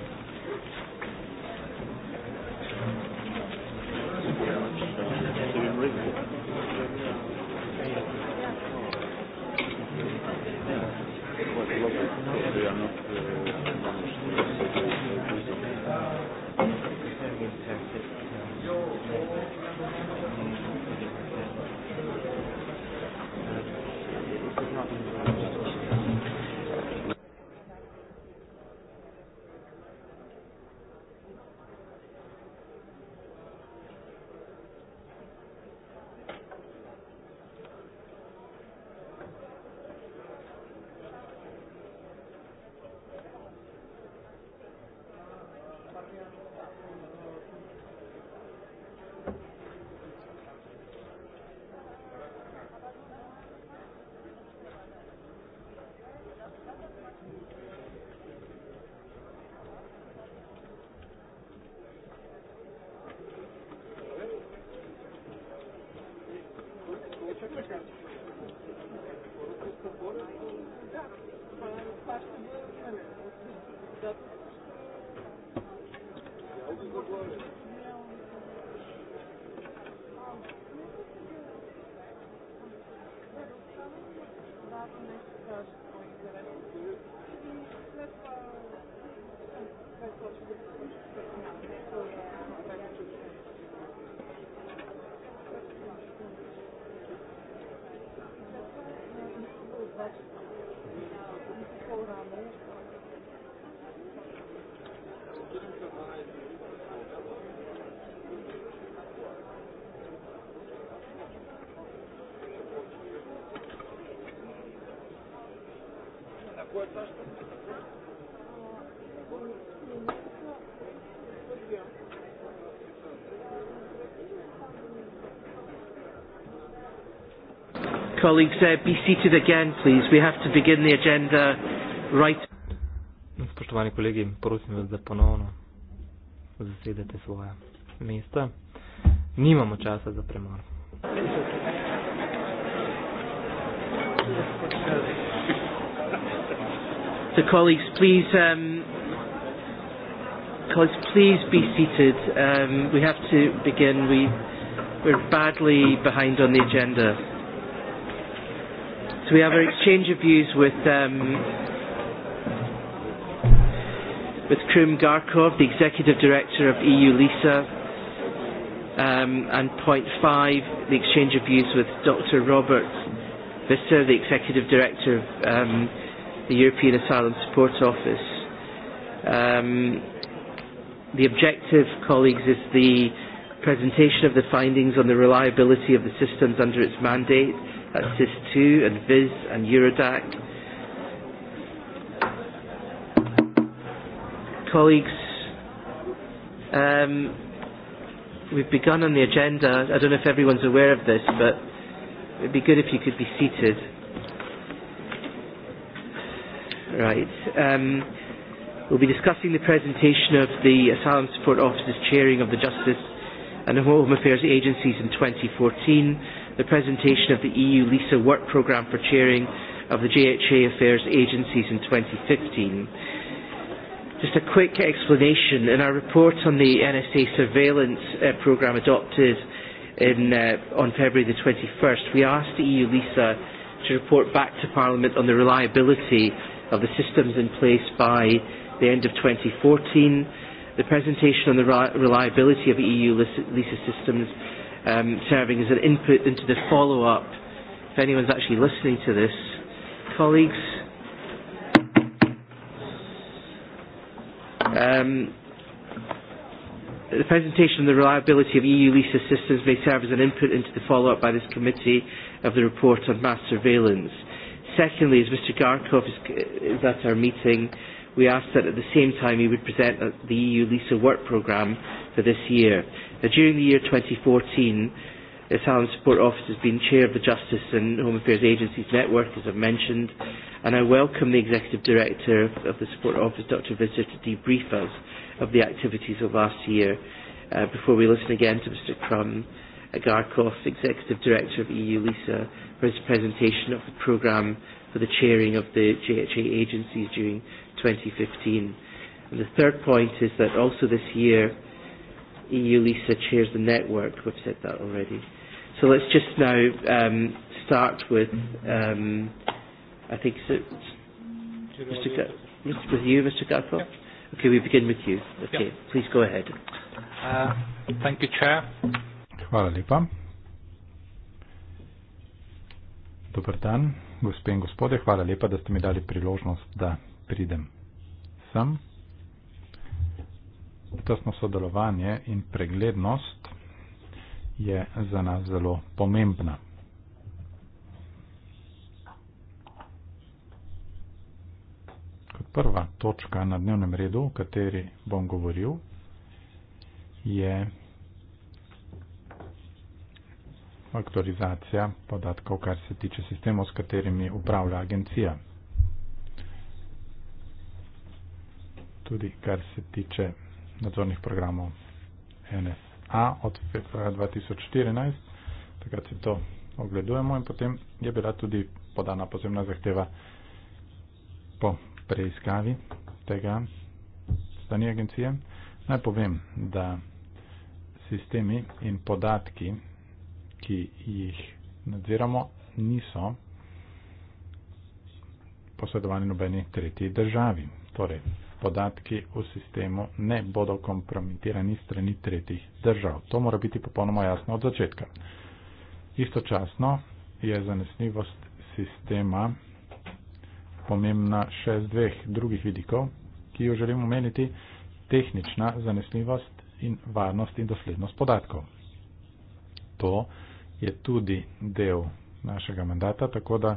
colleagues uh, be seated again, please? We have to begin the agenda right. Spoštovani kolegi, prosim vas, da ponovno zasedete svoje mesta. Nimamo časa za premor. The colleagues, please, um, colleagues, please be seated. Um, we have to begin. We, we're badly behind on the agenda. So we have an exchange of views with um, with Krum Garkov, the executive director of EU Lisa, um, and point five, the exchange of views with Dr. Robert Visser, the executive director of um, the European Asylum Support Office. Um, the objective, colleagues, is the presentation of the findings on the reliability of the systems under its mandate at SIS II and VIS and Eurodac. Colleagues, um, we've begun on the agenda. I don't know if everyone's aware of this, but it would be good if you could be seated. Right. Um, we'll be discussing the presentation of the Asylum Support Office's chairing of the Justice and Home Affairs Agencies in 2014 the presentation of the EU LISA work programme for chairing of the JHA affairs agencies in 2015. Just a quick explanation. In our report on the NSA surveillance uh, programme adopted in, uh, on February the 21st, we asked EU LISA to report back to Parliament on the reliability of the systems in place by the end of 2014. The presentation on the reliability of EU LISA systems um, serving as an input into the follow up. If anyone's actually listening to this, colleagues. Um, the presentation on the reliability of EU lease assistance may serve as an input into the follow up by this committee of the report on mass surveillance. Secondly, as Mr. Garkov is, is at our meeting, we ask that at the same time he would present the EU LISA work programme for this year. Now, during the year 2014, the Asylum Support Office has been chair of the Justice and Home Affairs Agency's network, as I've mentioned, and I welcome the Executive Director of the Support Office, Dr. Visser, to debrief us of the activities of last year uh, before we listen again to Mr. Crum Agarkov, uh, Executive Director of EU LISA, for his presentation of the programme for the chairing of the JHA agencies during 2015. And the third point is that also this year, EU LISA chairs the network. We've said that already. So let's just now um, start with, um, I think, so, Mr. Ga- Mr. with you, Mr. Gatho. Yep. Okay, we begin with you. Okay, yep. please go ahead. Uh, thank you, Chair. Hvala lepa. Dobar dan, gospe in gospode. Hvala lepa, da ste mi dali priložnost, da pridem sem tesno sodelovanje in preglednost je za nas zelo pomembna. Kot prva točka na dnevnem redu, o kateri bom govoril, je aktualizacija podatkov, kar se tiče sistemov, s katerimi upravlja agencija. Tudi kar se tiče nadzornih programov NSA e od februarja 2014. Takrat si to ogledujemo in potem je bila tudi podana posebna zahteva po preiskavi tega strani agencije. Naj povem, da sistemi in podatki, ki jih nadziramo, niso posedovani nobeni tretji državi. Torej, podatki v sistemu ne bodo kompromitirani strani tretjih držav. To mora biti popolnoma jasno od začetka. Istočasno je zanesljivost sistema pomembna še z dveh drugih vidikov, ki jo želim omeniti, tehnična zanesljivost in varnost in doslednost podatkov. To je tudi del našega mandata, tako da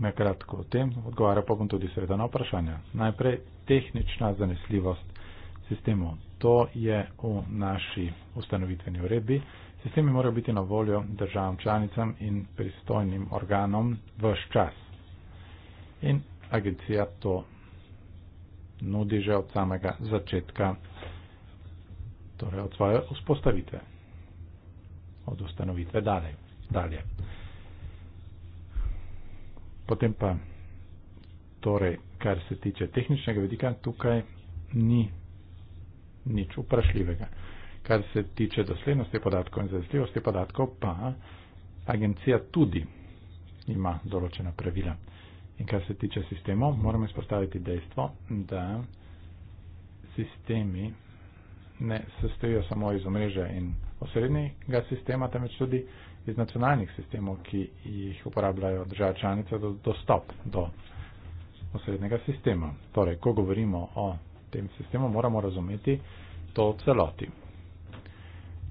na kratko o tem, odgovarjal pa bom tudi seveda na vprašanja. Najprej tehnična zanesljivost sistemov. To je v naši ustanovitveni uredbi. Sistemi morajo biti na voljo državam članicam in pristojnim organom v čas. In agencija to nudi že od samega začetka, torej od svoje vzpostavitve, od ustanovitve dalje. dalje. Potem pa, torej, kar se tiče tehničnega vedika, tukaj ni nič uprašljivega. Kar se tiče doslednosti podatkov in zazljivosti podatkov, pa agencija tudi ima določena pravila. In kar se tiče sistemov, moramo izpostaviti dejstvo, da sistemi ne sestojijo samo iz omrežja in osrednjega sistema, temveč tudi iz nacionalnih sistemov, ki jih uporabljajo države članice, do, dostop do osrednjega sistema. Torej, ko govorimo o tem sistemu, moramo razumeti to celoti.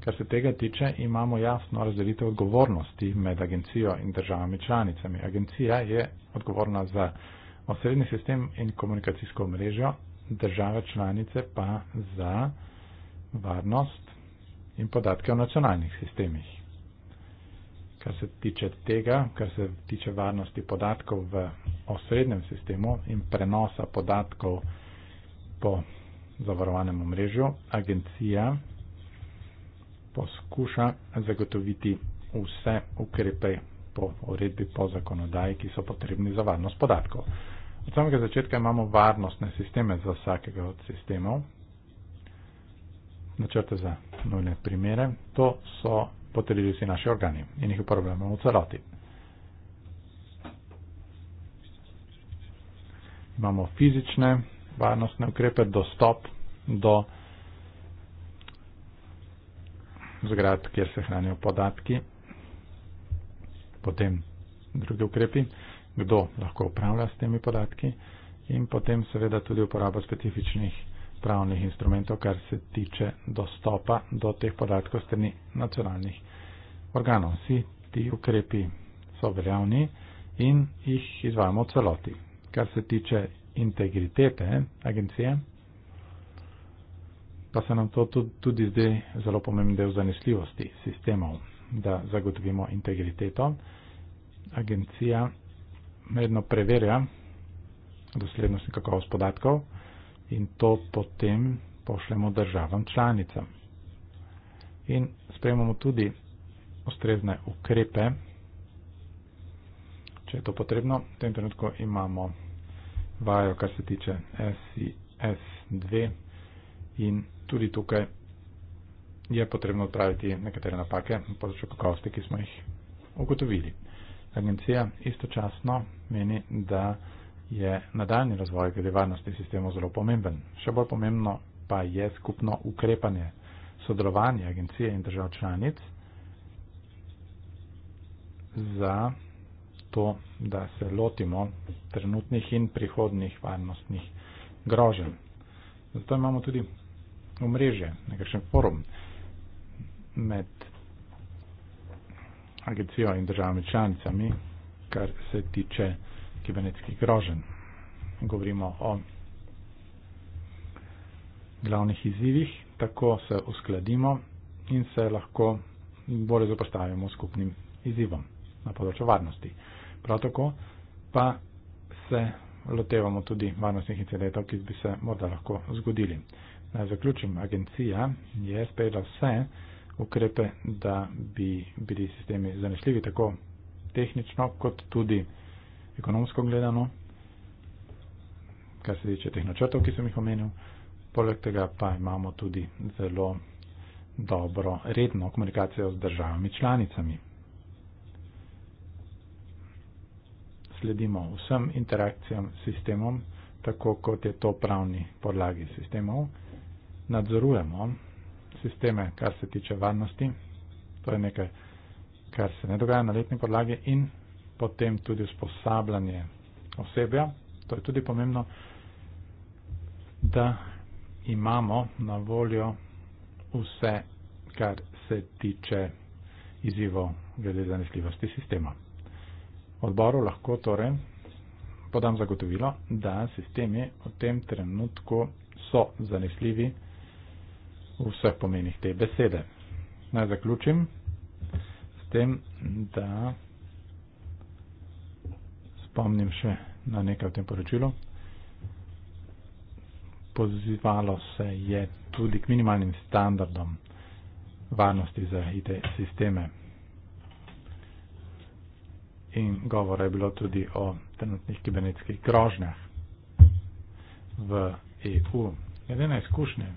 Kar se tega tiče, imamo jasno razdelitev odgovornosti med agencijo in državami članicami. Agencija je odgovorna za osrednji sistem in komunikacijsko mrežo, države članice pa za varnost in podatke o nacionalnih sistemih kar se tiče tega, kar se tiče varnosti podatkov v osrednjem sistemu in prenosa podatkov po zavarovanem omrežju, agencija poskuša zagotoviti vse ukrepe po uredbi, po zakonodaji, ki so potrebni za varnost podatkov. Od samega začetka imamo varnostne sisteme za vsakega od sistemov, načrte za nujne primere. To so potrebili vsi naši organi in jih uporabljamo v celoti. Imamo fizične varnostne ukrepe, dostop do zgrad, kjer se hranijo podatki, potem drugi ukrepi, kdo lahko upravlja s temi podatki in potem seveda tudi uporaba specifičnih pravnih instrumentov, kar se tiče dostopa do teh podatkov strani nacionalnih organov. Vsi ti ukrepi so veljavni in jih izvajamo v celoti. Kar se tiče integritete agencije, pa se nam to tudi zdaj zelo pomemben del zanesljivosti sistemov, da zagotovimo integriteto. Agencija medno preverja doslednost in kakovost podatkov, in to potem pošljemo državam članicam. In sprejemamo tudi ustrezne ukrepe, če je to potrebno. V tem trenutku imamo vajo, kar se tiče SIS-2 in tudi tukaj je potrebno odpraviti nekatere napake na področju kakovosti, ki smo jih ugotovili. Agencija istočasno meni, da je nadaljni razvoj glede varnosti sistemov zelo pomemben. Še bolj pomembno pa je skupno ukrepanje, sodelovanje agencije in držav članic za to, da se lotimo trenutnih in prihodnih varnostnih groženj. Zato imamo tudi omrežje, nekakšen forum med agencijo in državami članicami, kar se tiče kibernetskih groženj. Govorimo o glavnih izzivih, tako se uskladimo in se lahko bolje zapostavimo skupnim izzivom na področju varnosti. Prav tako pa se lotevamo tudi varnostnih incidentov, ki bi se morda lahko zgodili. Naj zaključim, agencija je sprejela vse ukrepe, da bi bili sistemi zanesljivi tako tehnično kot tudi ekonomsko gledano, kar se tiče teh načrtov, ki sem jih omenil. Poleg tega pa imamo tudi zelo dobro redno komunikacijo z državami članicami. Sledimo vsem interakcijam s sistemom, tako kot je to pravni podlagi sistemov. Nadzorujemo sisteme, kar se tiče varnosti, to je nekaj, kar se ne dogaja na letni podlagi in potem tudi usposabljanje osebja, to je tudi pomembno, da imamo na voljo vse, kar se tiče izzivo glede zanesljivosti sistema. Odboru lahko torej podam zagotovilo, da sistemi v tem trenutku so zanesljivi v vseh pomenih te besede. Naj zaključim s tem, da spomnim še na nekaj v tem poročilu. Pozivalo se je tudi k minimalnim standardom varnosti za IT sisteme. In govora je bilo tudi o trenutnih kibernetskih grožnjah v EU. Glede na izkušnje,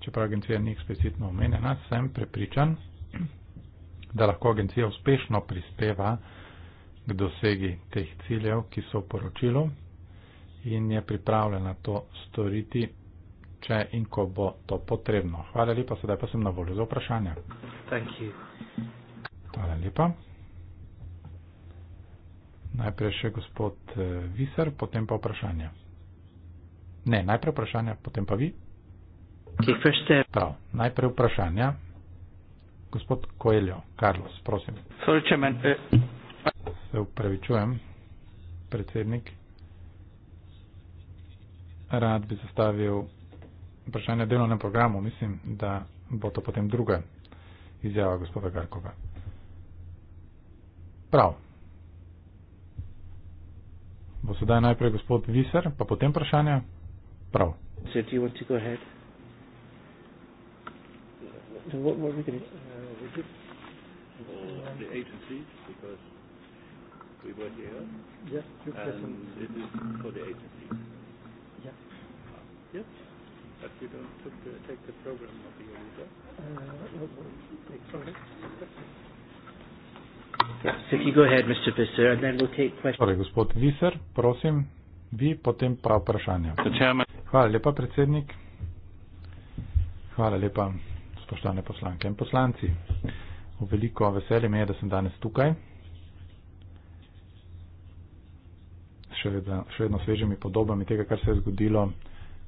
čeprav agencija ni eksplicitno omenjena, sem prepričan, da lahko agencija uspešno prispeva k dosegi teh ciljev, ki so v poročilu in je pripravljena to storiti, če in ko bo to potrebno. Hvala lepa, sedaj pa sem na voljo za vprašanja. Hvala lepa. Najprej še gospod eh, Visar, potem pa vprašanje. Ne, najprej vprašanje, potem pa vi. Eh, Prav, najprej vprašanje gospod Koeljo, Carlos, prosim. Sorry, man, eh. Se upravičujem, predsednik. Rad bi zastavil vprašanje o delovnem programu. Mislim, da bo to potem druga izjava gospoda Garkova. Prav. Bo sedaj najprej gospod Viser, pa potem vprašanje. Prav. Do you want to go ahead? What, what are we going to do? is it? Or yeah. Uh, the agency, because we were here. Yes, two questions. it is for the agency. Yeah. Uh, yes, but you don't took the, take the program of the user. Uh, sorry. Če ti gre, gospod Visser, in potem bomo imeli vprašanje. Torej, gospod Visser, prosim, vi potem pa vprašanje. Hvala lepa, predsednik. Hvala lepa spoštovane poslanke in poslanci. V veliko veselje mi je, da sem danes tukaj. Še vedno, še vedno svežimi podobami tega, kar se je zgodilo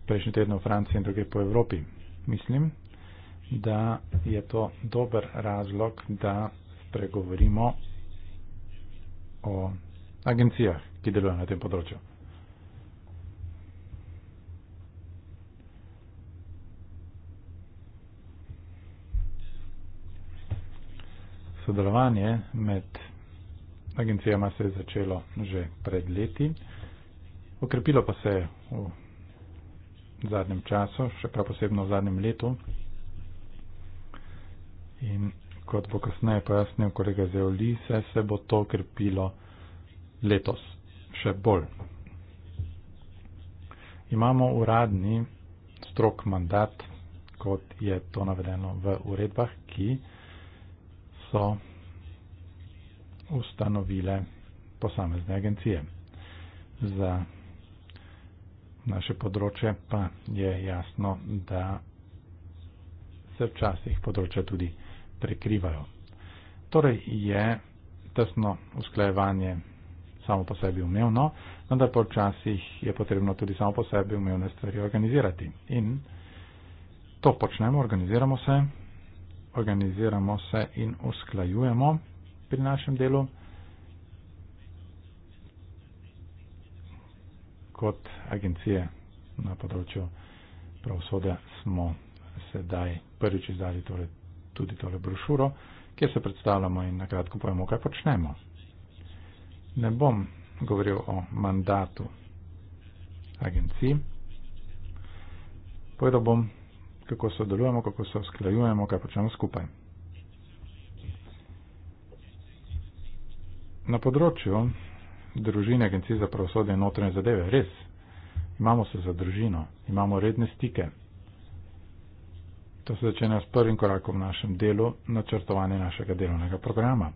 prejšnji teden v Franciji in druge po Evropi. Mislim, da je to dober razlog, da spregovorimo o agencijah, ki delujejo na tem področju. Sodelovanje med agencijama se je začelo že pred leti, okrepilo pa se je v zadnjem času, še prav posebno v zadnjem letu. In kot bo kasneje pojasnil kolega Zeoli, se, se bo to okrepilo letos še bolj. Imamo uradni strok mandat, kot je to navedeno v uredbah, ki so ustanovile posamezne agencije. Za naše področje pa je jasno, da se včasih področja tudi prekrivajo. Torej je tesno usklajevanje samo po sebi umevno, vendar pa včasih je potrebno tudi samo po sebi umevne stvari organizirati. In to počnemo, organiziramo se, organiziramo se in usklajujemo pri našem delu. Kot agencije na področju pravosodja smo sedaj prvič izdali tole, tudi tole brošuro, kjer se predstavljamo in na kratko povemo, kaj počnemo. Ne bom govoril o mandatu agencij. Povedal bom kako sodelujemo, kako se usklajujemo, kaj počnemo skupaj. Na področju družine Agencije za pravosodje in notranje zadeve, res, imamo se za družino, imamo redne stike. To se začenja s prvim korakom v našem delu, načrtovanje našega delovnega programa.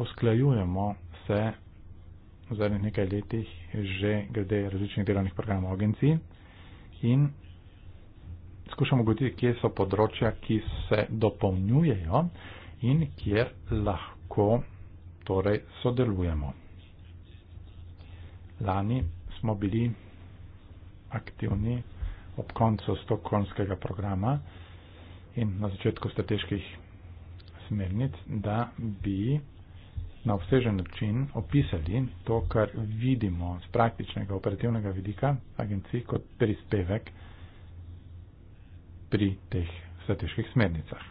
Osklajujemo se v zadnjih nekaj letih že glede različnih delovnih programov agencij in skušamo ugotoviti, kje so področja, ki se dopolnjujejo in kjer lahko torej sodelujemo. Lani smo bili aktivni ob koncu stokholmskega programa in na začetku strateških smernic, da bi na obsežen način opisali to, kar vidimo z praktičnega operativnega vidika agencij kot prispevek pri teh strateških smernicah.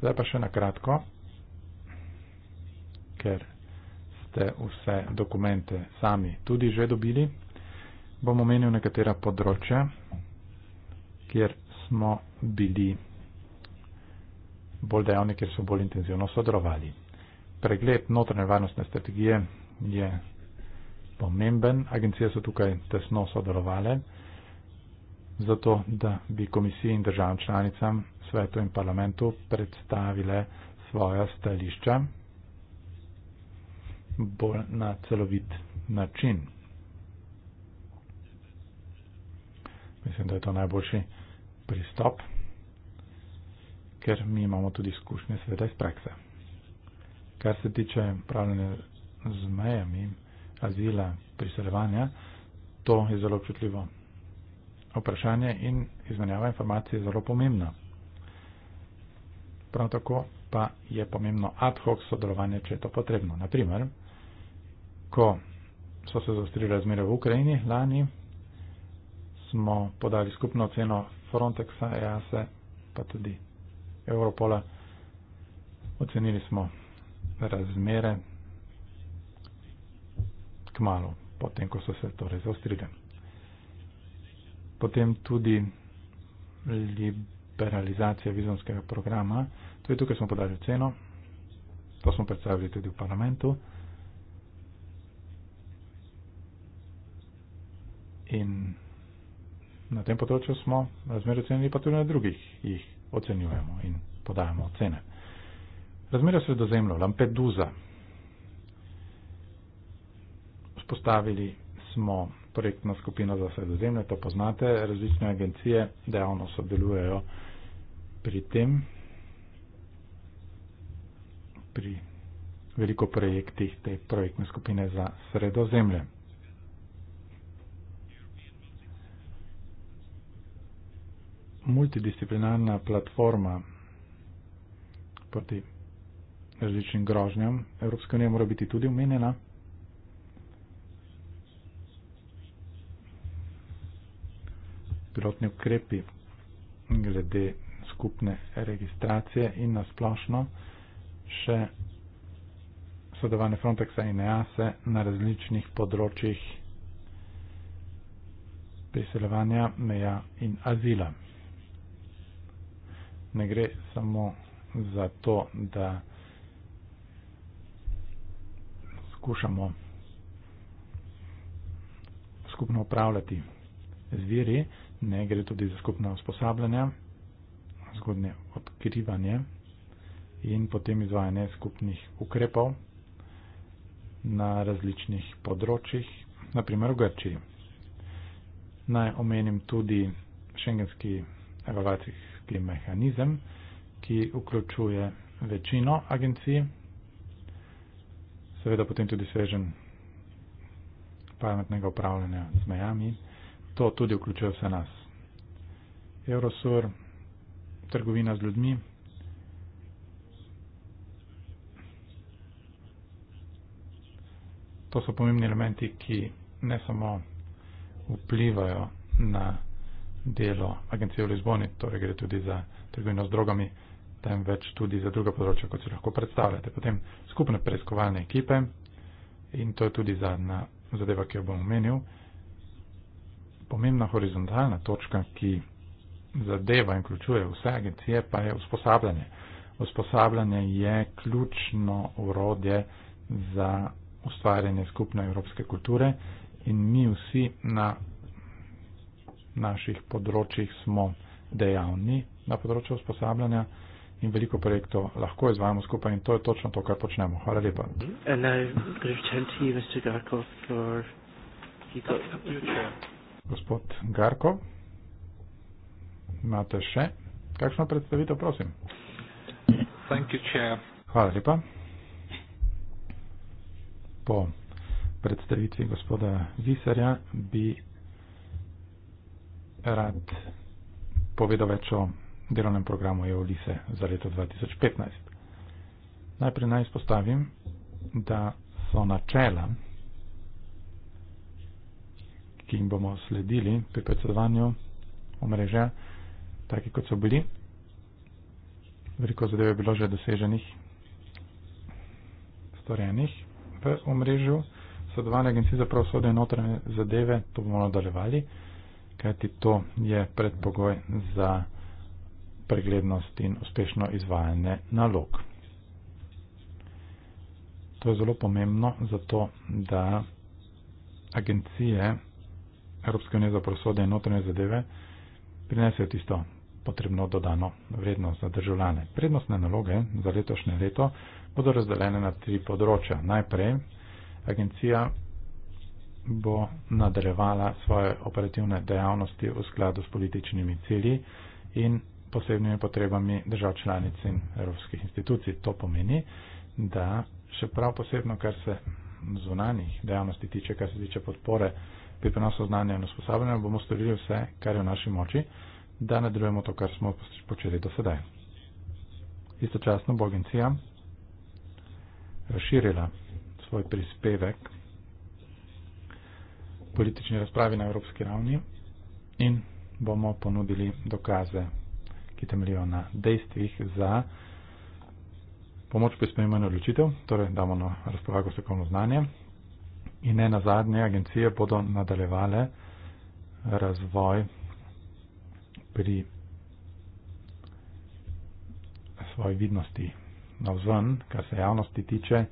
Zdaj pa še na kratko, ker ste vse dokumente sami tudi že dobili, bom omenil nekatera področja, kjer smo bili bolj dejavni, kjer so bolj intenzivno sodelovali. Pregled notranje varnostne strategije je pomemben. Agencije so tukaj tesno sodelovale, zato da bi komisiji in državam članicam, svetu in parlamentu predstavile svoja stališča bolj na celovit način. Mislim, da je to najboljši pristop, ker mi imamo tudi izkušnje, seveda, iz prakse. Kar se tiče pravljanja z mejami, azila, priseljevanja, to je zelo občutljivo. Vprašanje in izmenjava informacij je zelo pomembna. Prav tako pa je pomembno ad hoc sodelovanje, če je to potrebno. Naprimer, ko so se zaostrile razmere v Ukrajini lani, smo podali skupno oceno Frontexa, EASE, pa tudi Europola. Ocenili smo razmere kmalo, potem ko so se torej zaostrile. Potem tudi liberalizacija vizumskega programa, tudi tukaj smo podali ceno, to smo predstavili tudi v parlamentu. In na tem področju smo razmerje ocenili, pa tudi na drugih jih ocenjujemo in podajamo ocene. Razmerje sredozemlja, Lampedusa, Vzpostavili smo projektno skupino za sredozemlje, to poznate, različne agencije dejavno sodelujejo pri tem, pri veliko projektih te projektne skupine za sredozemlje. Multidisciplinarna platforma proti različnim grožnjam Evropske unije mora biti tudi omenjena. pilotni ukrepi glede skupne registracije in nasplošno še sodelovanje Frontexa in EASE na različnih področjih priseljevanja, meja in azila. Ne gre samo za to, da skušamo skupno upravljati z viri, ne gre tudi za skupna usposabljanja, zgodne odkrivanje in potem izvajanje skupnih ukrepov na različnih področjih, naprimer v Grčiji. Naj omenim tudi šengenski evalvacijski mehanizem, ki vključuje večino agencij, seveda potem tudi svežen pametnega upravljanja z mejami, to tudi vključuje vse nas. Eurosur, trgovina z ljudmi. To so pomembni elementi, ki ne samo vplivajo na delo agencije v Lizboni, torej gre tudi za trgovino z drogami, temveč tudi za druga področja, kot si lahko predstavljate. Potem skupne preiskovalne ekipe in to je tudi zadnja zadeva, ki jo bom omenil pomembna horizontalna točka, ki zadeva in vključuje vse agencije, pa je usposabljanje. Usposabljanje je ključno urodje za ustvarjanje skupne evropske kulture in mi vsi na naših področjih smo dejavni na področju usposabljanja in veliko projektov lahko izvajamo skupaj in to je točno to, kar počnemo. Hvala lepa. And I return to you, Mr. Garkov, for you got future gospod Garko. Imate še kakšno predstavitev, prosim? Thank you, chair. Hvala lepa. Po predstavitvi gospoda Visarja bi rad povedal več o delovnem programu EOLISE za leto 2015. Najprej naj izpostavim, da so načela ki jim bomo sledili pri predsedovanju omrežja, taki kot so bili. Veliko zadev je bilo že doseženih, storjenih v omrežju. Sodelovanje agencije za pravosodne notranje zadeve, to bomo nadaljevali, kajti to je predpogoj za preglednost in uspešno izvajanje nalog. To je zelo pomembno, zato da agencije Evropske unije za prosode in notranje zadeve prinesejo tisto potrebno dodano vrednost za državljane. Prednostne naloge za letošnje leto bodo razdeljene na tri področja. Najprej agencija bo nadaljevala svoje operativne dejavnosti v skladu s političnimi cilji in posebnimi potrebami držav članic in evropskih institucij. To pomeni, da še prav posebno, kar se zunanjih dejavnosti tiče, kar se tiče podpore pri prenosu znanja in usposabljanja bomo storili vse, kar je v naši moči, da nadaljujemo to, kar smo počeli do sedaj. Istočasno bo agencija razširila svoj prispevek politični razpravi na evropski ravni in bomo ponudili dokaze, ki temeljijo na dejstvih za pomoč pri sprejemanju odločitev, torej damo na razpolago strokovno znanje, in ne nazadnje agencije bodo nadaljevale razvoj pri svoji vidnosti navzven, kar se javnosti tiče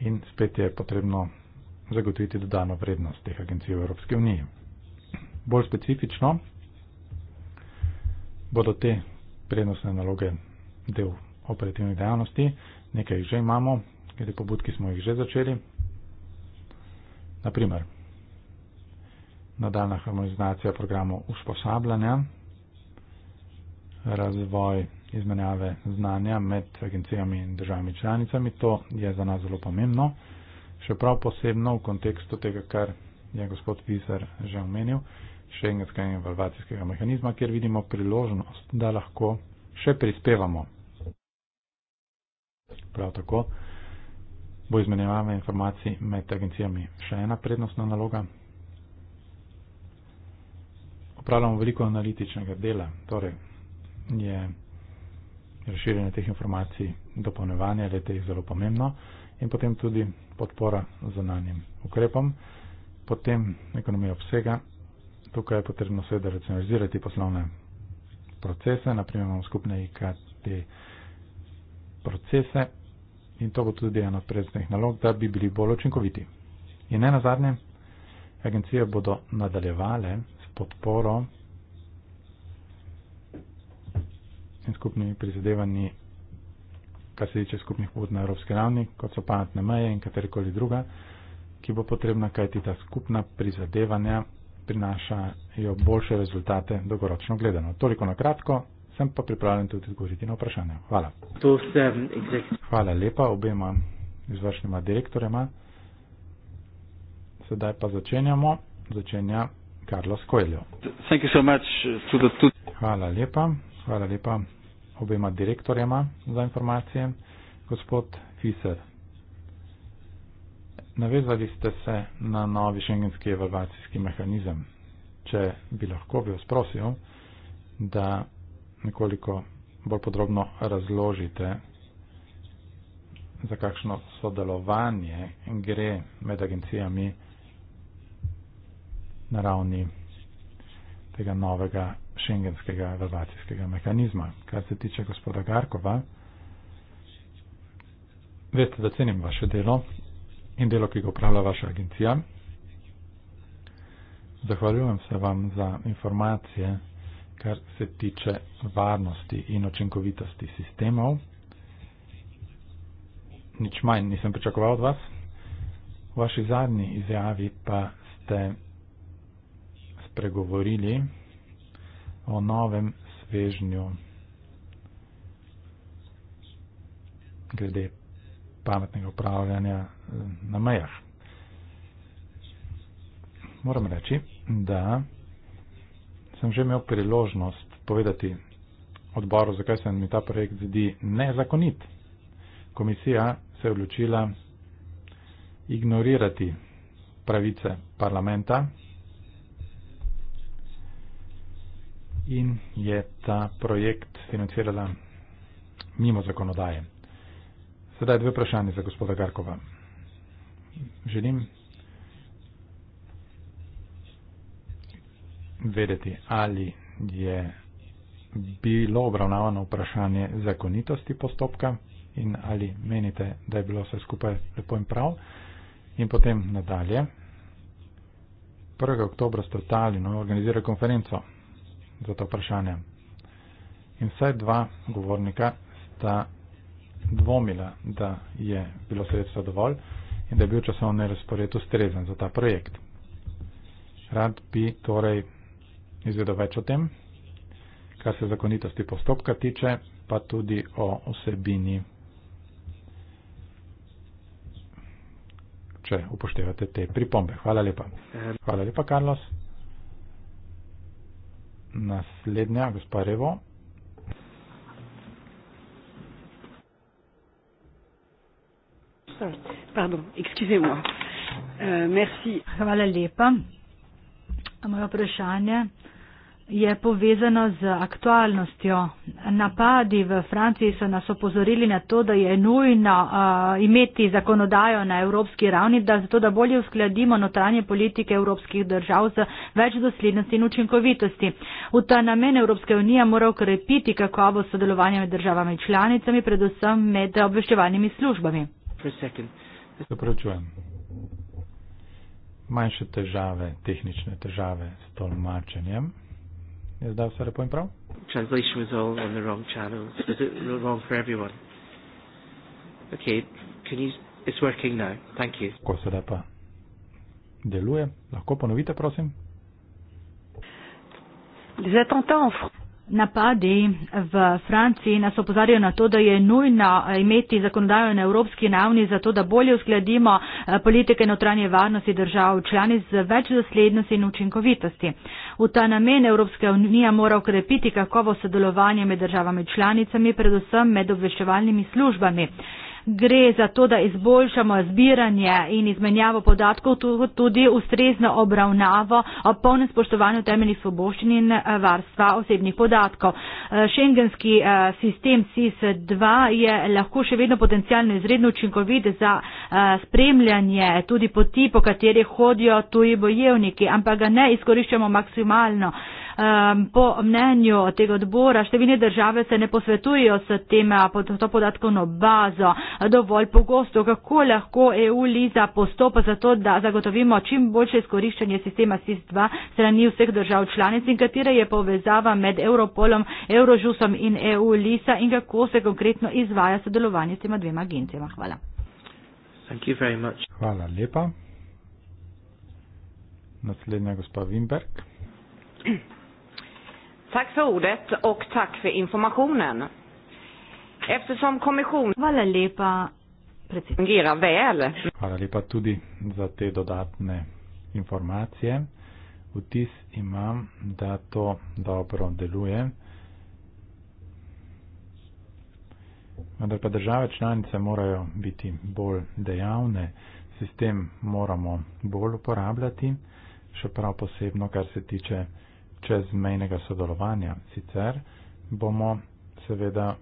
in spet je potrebno zagotoviti dodano vrednost teh agencij v Evropski uniji. Bolj specifično bodo te prednostne naloge del operativnih dejavnosti, nekaj jih že imamo, glede pobud, ki smo jih že začeli, Naprimer, nadaljna harmonizacija programov usposabljanja, razvoj izmenjave znanja med agencijami in državami članicami, to je za nas zelo pomembno, še prav posebno v kontekstu tega, kar je gospod Pisar že omenil, šengenskega in evalvacijskega mehanizma, kjer vidimo priložnost, da lahko še prispevamo. Prav tako bo izmenjava informacij med agencijami še ena prednostna naloga. Upravljamo veliko analitičnega dela, torej je razširjanje teh informacij, dopolnevanje le teh zelo pomembno in potem tudi podpora zunanjim ukrepom. Potem ekonomija obsega, tukaj je potrebno seveda racionalizirati poslovne procese, naprimer imamo skupne IKT procese, in to bo tudi ena od predstavnih nalog, da bi bili bolj očinkoviti. In ne na zadnje, agencije bodo nadaljevale s podporo in skupnimi prizadevanji, kar se tiče skupnih pobud na evropski ravni, kot so pametne meje in katerikoli druga, ki bo potrebna, kajti ta skupna prizadevanja prinašajo boljše rezultate dolgoročno gledano. Toliko na kratko, sem pa pripravljen tudi odgovoriti na vprašanje. Hvala. Um, Hvala lepa obema izvršnjima direktorema. Sedaj pa začenjamo. Začenja Carlos Coelho. So much uh, to the two... Hvala lepa. Hvala lepa obema direktorema za informacije. Gospod Fiser, navezali ste se na novi šengenski evalvacijski mehanizem. Če bi lahko bi vas prosil, da nekoliko bolj podrobno razložite, za kakšno sodelovanje gre med agencijami na ravni tega novega šengenskega rezervacijskega mehanizma. Kar se tiče gospoda Garkova, veste, da cenim vaše delo in delo, ki ga upravlja vaša agencija. Zahvaljujem se vam za informacije kar se tiče varnosti in očinkovitosti sistemov. Nič manj nisem pričakoval od vas. V vaši zadnji izjavi pa ste spregovorili o novem svežnju glede pametnega upravljanja eh, na mejah. Moram reči, da sem že imel priložnost povedati odboru, zakaj se mi ta projekt zdi nezakonit. Komisija se je odločila ignorirati pravice parlamenta in je ta projekt financirala mimo zakonodaje. Sedaj dve vprašanje za gospoda Garkova. Želim vedeti, ali je bilo obravnavano vprašanje zakonitosti postopka in ali menite, da je bilo vse skupaj lepo in prav. In potem nadalje. 1. oktober ste v Talinu organizirali konferenco za to vprašanje. In vsaj dva govornika sta dvomila, da je bilo sredstva dovolj in da je bil časovni razpored ustrezen za ta projekt. Rad bi torej izvedel več o tem, kar se zakonitosti postopka tiče, pa tudi o vsebini, če upoštevate te pripombe. Hvala lepa. Hvala lepa, Carlos. Naslednja, gospa Revo. Pardon, excusez-moi. Euh, merci. Hvala lepa. Moje vprašanje je povezano z aktualnostjo. Napadi v Franciji so nas opozorili na to, da je nujno uh, imeti zakonodajo na evropski ravni, da zato, da bolje uskladimo notranje politike evropskih držav z več doslednosti in učinkovitosti. V ta namen Evropske unije mora ukrepiti kakovo sodelovanje med državami članicami, predvsem med obveščevalnimi službami. Zapračujem manjše težave, tehnične težave s tolmačenjem. Je zdaj vse lepo in prav? Translation was all on the wrong channel. Is it wrong for everyone? Okay, can you... It's working now. Thank you. Ko se da pa deluje, lahko ponovite, prosim? Les attentats en France napadi v Franciji nas opozarjajo na to, da je nujno eh, imeti zakonodajo na evropski ravni, zato da bolje uskladimo eh, politike notranje varnosti držav člani z več doslednosti in učinkovitosti. V ta namen Evropska unija mora ukrepiti kakovo sodelovanje med državami članicami, predvsem med obveščevalnimi službami gre za to, da izboljšamo zbiranje in izmenjavo podatkov, tudi ustrezno obravnavo o polnem spoštovanju temeljnih svoboščin in eh, varstva osebnih podatkov. Eh, šengenski eh, sistem SIS-2 je lahko še vedno potencijalno izredno učinkovit za spremljanje tudi poti, po katerih hodijo tuji bojevniki, ampak ga ne izkoriščamo maksimalno. Um, po mnenju tega odbora številne države se ne posvetujejo s tem pod, to podatkovno bazo dovolj pogosto, kako lahko EU Liza postopa za to, da zagotovimo čim boljše izkoriščanje sistema SIS-2 strani vseh držav članic in katera je povezava med Europolom, Eurožusom in EU Liza in kako se konkretno izvaja sodelovanje s tema dvema agencijama. Hvala. Hvala lepa. Naslednja gospa Wimberg. Tack för ordet och tack för informationen. Eftersom kommissionen fungerar väl. Hvala lepa tudi za te dodatne informacije. Vtis imam, da to dobro deluje. Vendar pa države članice morajo biti bolj dejavne, sistem moramo bolj uporabljati, še prav posebno, kar se tiče čezmejnega sodelovanja. Sicer bomo seveda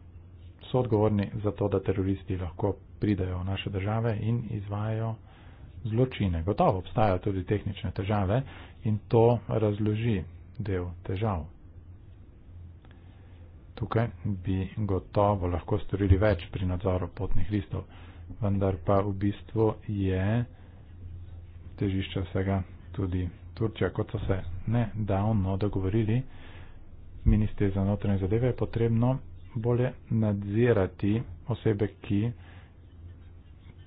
soodgovorni za to, da teroristi lahko pridejo v naše države in izvajo zločine. Gotovo obstajajo tudi tehnične težave in to razloži del težav. Tukaj bi gotovo lahko storili več pri nadzoru potnih listov, vendar pa v bistvu je težišče vsega tudi Turčija, kot so se nedavno dogovorili, ministri za notranje zadeve je potrebno bolje nadzirati osebe, ki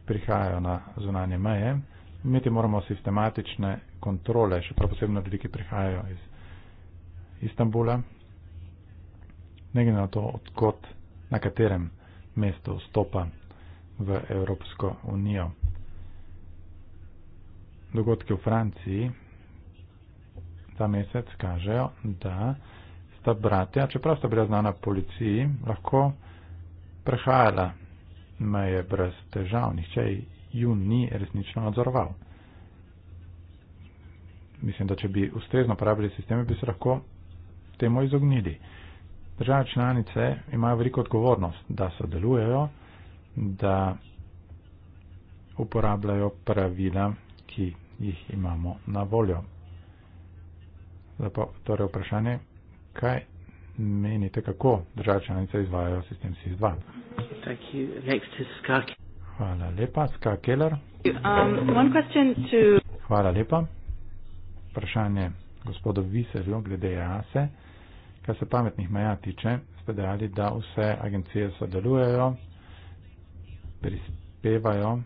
prihajajo na zunanje meje. Imeti moramo sistematične kontrole, še prav posebno ljudi, ki prihajajo iz Istanbula, ne glede na to, odkot na katerem mestu vstopa v Evropsko unijo. Dogodke v Franciji ta mesec kažejo, da sta bratja, čeprav sta bila znana policiji, lahko prehajala meje brez težav. Nihče ju ni resnično nadzoroval. Mislim, da če bi ustrezno uporabili sisteme, bi se lahko temu izognili. Države članice imajo veliko odgovornost, da sodelujejo, da uporabljajo pravila, ki jih imamo na voljo. Zapo, torej vprašanje, kaj menite, kako države članice izvajajo sistem SIS-2? Hvala lepa, Ska Keller. Um, to... Hvala lepa. Vprašanje gospodu Viselju glede JASE. Kar se pametnih meja tiče, ste dejali, da vse agencije sodelujejo, prispevajo.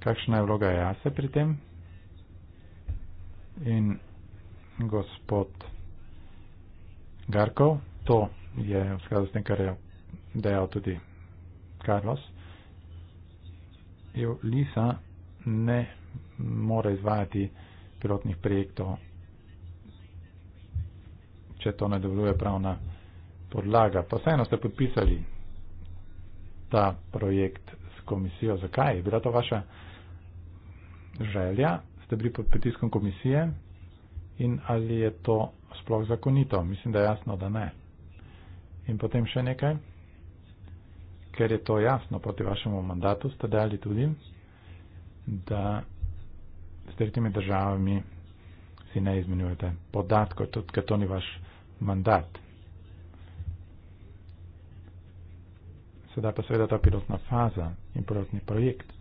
Kakšna je vloga JASE pri tem? In gospod Garkov. To je v skladu s tem, kar je dejal tudi Carlos. Lisa ne more izvajati pilotnih projektov, če to ne deluje pravna podlaga. Pa vseeno ste podpisali ta projekt s komisijo. Zakaj? Je bila to vaša želja? Ste bili pod pritiskom komisije? in ali je to sploh zakonito. Mislim, da je jasno, da ne. In potem še nekaj, ker je to jasno proti vašemu mandatu, ste dali tudi, da s tretjimi državami si ne izmenjujete podatkov, tudi ker to ni vaš mandat. Sedaj pa seveda ta pilotna faza in pilotni projekt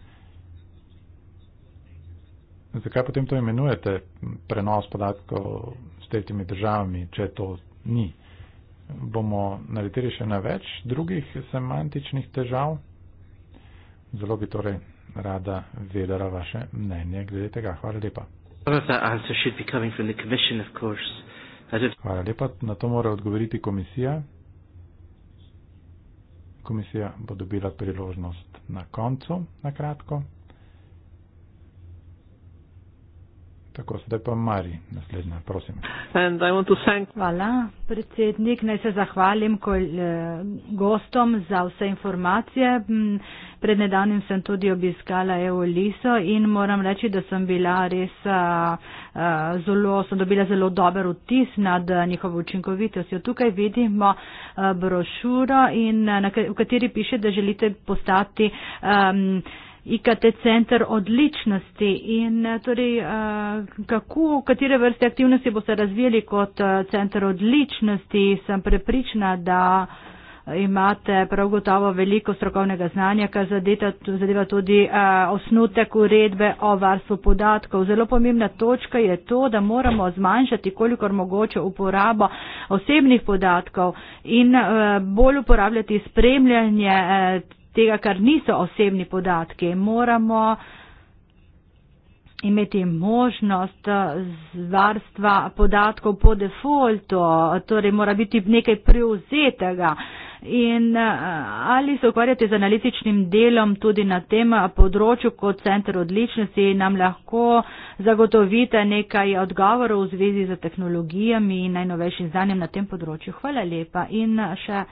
zakaj potem to imenujete prenos podatkov s tretjimi državami, če to ni? Bomo naleteli še na več drugih semantičnih težav? Zelo bi torej rada vedela vaše mnenje glede tega. Hvala lepa. Hvala lepa. Na to mora odgovoriti komisija. Komisija bo dobila priložnost na koncu, na kratko. Tako, zdaj pa Mari, naslednja, prosim. Thank... Hvala, predsednik. Naj se zahvalim kol, eh, gostom za vse informacije. Mm, pred nedavnim sem tudi obiskala Eoliso in moram reči, da sem bila res eh, eh, zelo, sem dobila zelo dober vtis nad njihovo učinkovitostjo. Tukaj vidimo brošuro, in, v kateri piše, da želite postati. Um, IKT center odličnosti in eh, torej, eh, kako, katere vrste aktivnosti boste razvijali kot eh, center odličnosti, sem prepričana, da imate prav gotovo veliko strokovnega znanja, kar zadeva tudi osnutek uredbe o varstvu podatkov. Zelo pomembna točka je to, da moramo zmanjšati, kolikor mogoče, uporabo osebnih podatkov in bolj uporabljati spremljanje tega, kar niso osebni podatki. Moramo imeti možnost eh, varstva podatkov po defaultu, torej mora biti nekaj preuzetega in eh, ali se ukvarjate z analitičnim delom tudi na tem eh, področju kot center odličnosti, nam lahko zagotovite nekaj odgovorov v zvezi z tehnologijami in najnovejšim znanjem na tem področju. Hvala lepa in eh, še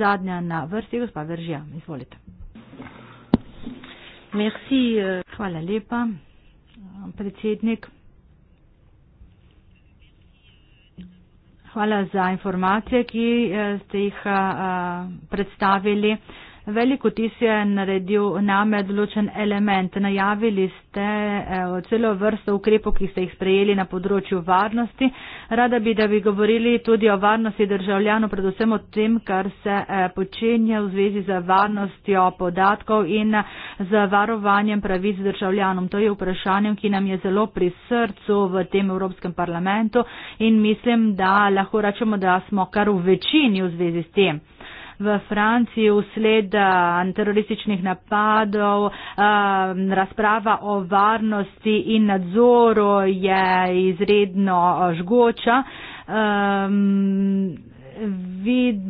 zadnja na vrsti, gospa Veržija, izvolite. Merci. Hvala lepa, predsednik. Hvala za informacije, ki eh, ste jih eh, eh, predstavili. Veliko tis je naredil name določen element. Najavili ste eh, celo vrsto ukrepov, ki ste jih sprejeli na področju varnosti. Rada bi, da bi govorili tudi o varnosti državljanov, predvsem o tem, kar se eh, počenja v zvezi z varnostjo podatkov in eh, z varovanjem pravic državljanom. To je vprašanje, ki nam je zelo pri srcu v tem Evropskem parlamentu in mislim, da lahko rečemo, da smo kar v večini v zvezi s tem v Franciji usled eh, terorističnih napadov. Eh, razprava o varnosti in nadzoru je izredno eh, žgoča. Ehm, vid,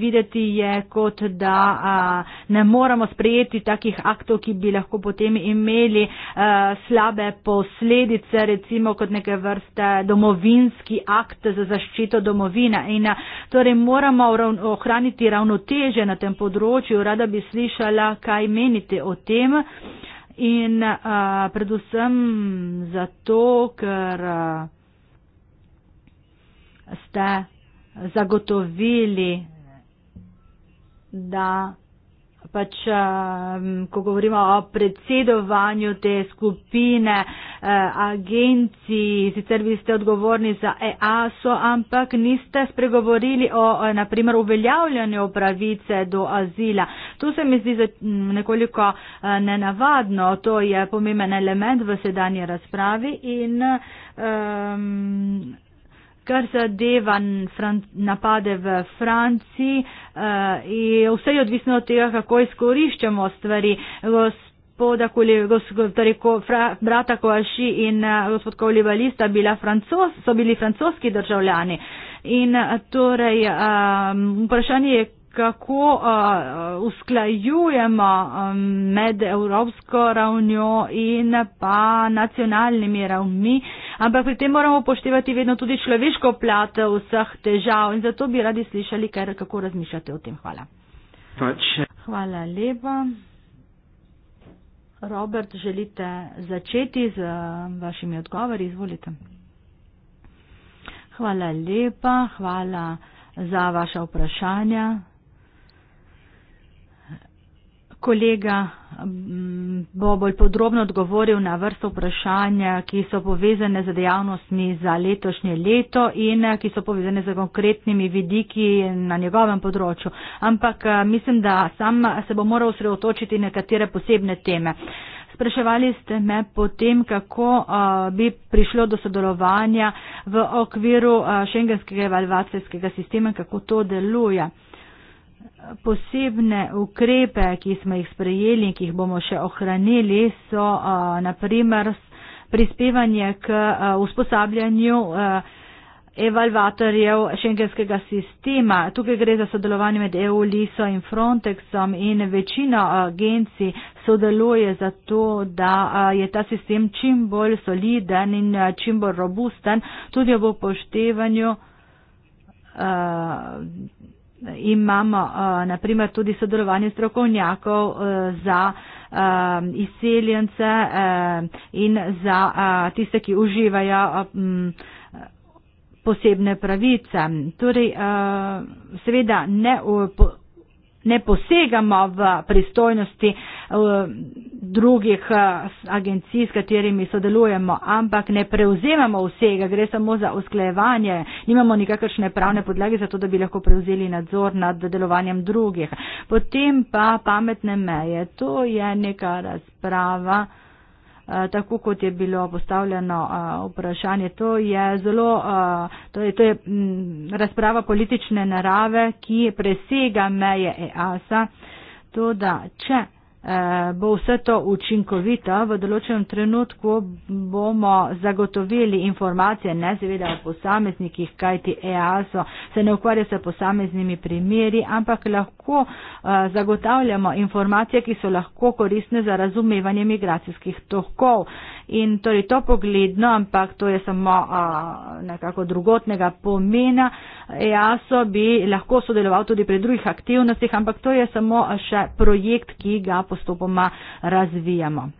videti je, kot da a, ne moramo sprejeti takih aktov, ki bi lahko potem imeli a, slabe posledice, recimo kot neke vrste domovinski akt za zaščito domovine. In a, torej moramo ravn, ohraniti ravnoteže na tem področju. Rada bi slišala, kaj menite o tem. In a, predvsem zato, ker a, ste zagotovili, da pač, um, ko govorimo o predsedovanju te skupine, eh, agenciji, sicer vi ste odgovorni za EASO, ampak niste spregovorili o, naprimer, uveljavljanju pravice do azila. To se mi zdi mm, nekoliko eh, nenavadno, to je pomemben element v sedanji razpravi in um, kar zadeva napade v Franciji. Uh, vse je odvisno od tega, kako izkoriščamo stvari. Gospoda Koli, gospod, torej, ko, fra, brata Koaši in uh, gospod Kolivalista so bili francoski državljani. In, eh, torej, um, vprašanje je, kako uh, usklajujemo um, med evropsko ravnjo in pa nacionalnimi ravni, ampak pri tem moramo poštevati vedno tudi človeško plat vseh težav in zato bi radi slišali, kar, kako razmišljate o tem. Hvala. Pač. Hvala lepa. Robert, želite začeti z eh, vašimi odgovori? Izvolite. Hvala lepa, hvala za vaše vprašanje kolega bo bolj podrobno odgovoril na vrsto vprašanja, ki so povezane z dejavnostmi za letošnje leto in ki so povezane z konkretnimi vidiki na njegovem področju. Ampak eh, mislim, da sam eh, se bo moral sredotočiti na nekatere posebne teme. Spraševali ste me potem, kako eh, bi prišlo do sodelovanja v okviru šengenskega evalvacijskega sistema, kako to deluje. Posebne ukrepe, ki smo jih sprejeli in ki jih bomo še ohranili, so naprimer prispevanje k usposabljanju evalvatorjev šengenskega sistema. Tukaj gre za sodelovanje med EU, LISO in Frontexom in večina agencij sodeluje za to, da je ta sistem čim bolj soliden in čim bolj robusten, tudi ob upoštevanju imamo uh, eh, naprimer tudi sodelovanje strokovnjakov uh, za uh, izseljence uh, in za uh, tiste, ki uživajo uh, um, posebne pravice. Torej, uh, seveda ne. Uh, po, ne posegamo v pristojnosti eh, drugih eh, agencij, s katerimi sodelujemo, ampak ne prevzemamo vsega, gre samo za usklejevanje, nimamo nikakršne pravne podlage za to, da bi lahko prevzeli nadzor nad delovanjem drugih. Potem pa pametne meje, to je neka razprava. Eh, tako kot je bilo postavljeno eh, vprašanje. To je, zelo, eh, torej, to je, to mm, je razprava politične narave, ki presega meje EASA. To, da če Eh, bo vse to učinkovito. V določenem trenutku bomo zagotovili informacije, ne seveda o posameznikih, kajti EASO se ne ukvarja s posameznimi primeri, ampak lahko eh, zagotavljamo informacije, ki so lahko koristne za razumevanje migracijskih tokov. In torej to pogledno, ampak to je samo eh, nekako drugotnega pomena. EASO bi lahko sodeloval tudi pri drugih aktivnostih, ampak to je samo še projekt, ki ga postopoma razvijamo.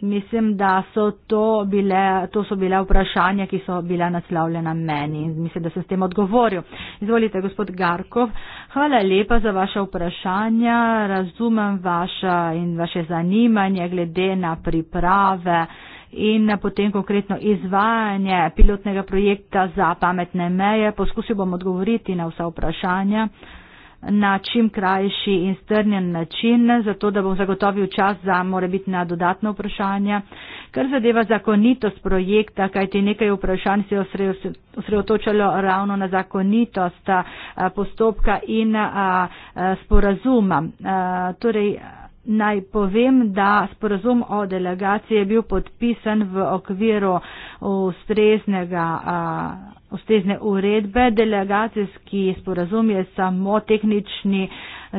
Mislim, da so to, bile, to so bile vprašanja, ki so bila naslavljena meni in mislim, da sem s tem odgovoril. Izvolite, gospod Garkov, hvala lepa za vaše vprašanja. Razumem vaše in vaše zanimanje glede na priprave in na potem konkretno izvajanje pilotnega projekta za pametne meje. Poskusil bom odgovoriti na vsa vprašanja na čim krajši in strnjen način, zato da bom zagotovil čas za morebitna dodatna vprašanja. Kar zadeva zakonitost projekta, kajti nekaj vprašanj se je osredotočalo ravno na zakonitost postopka in sporazuma. Torej, Naj povem, da sporozum o delegaciji je bil podpisan v okviru ustreznega. A, ustezne uredbe. Delegacijski sporazum je samo tehnični,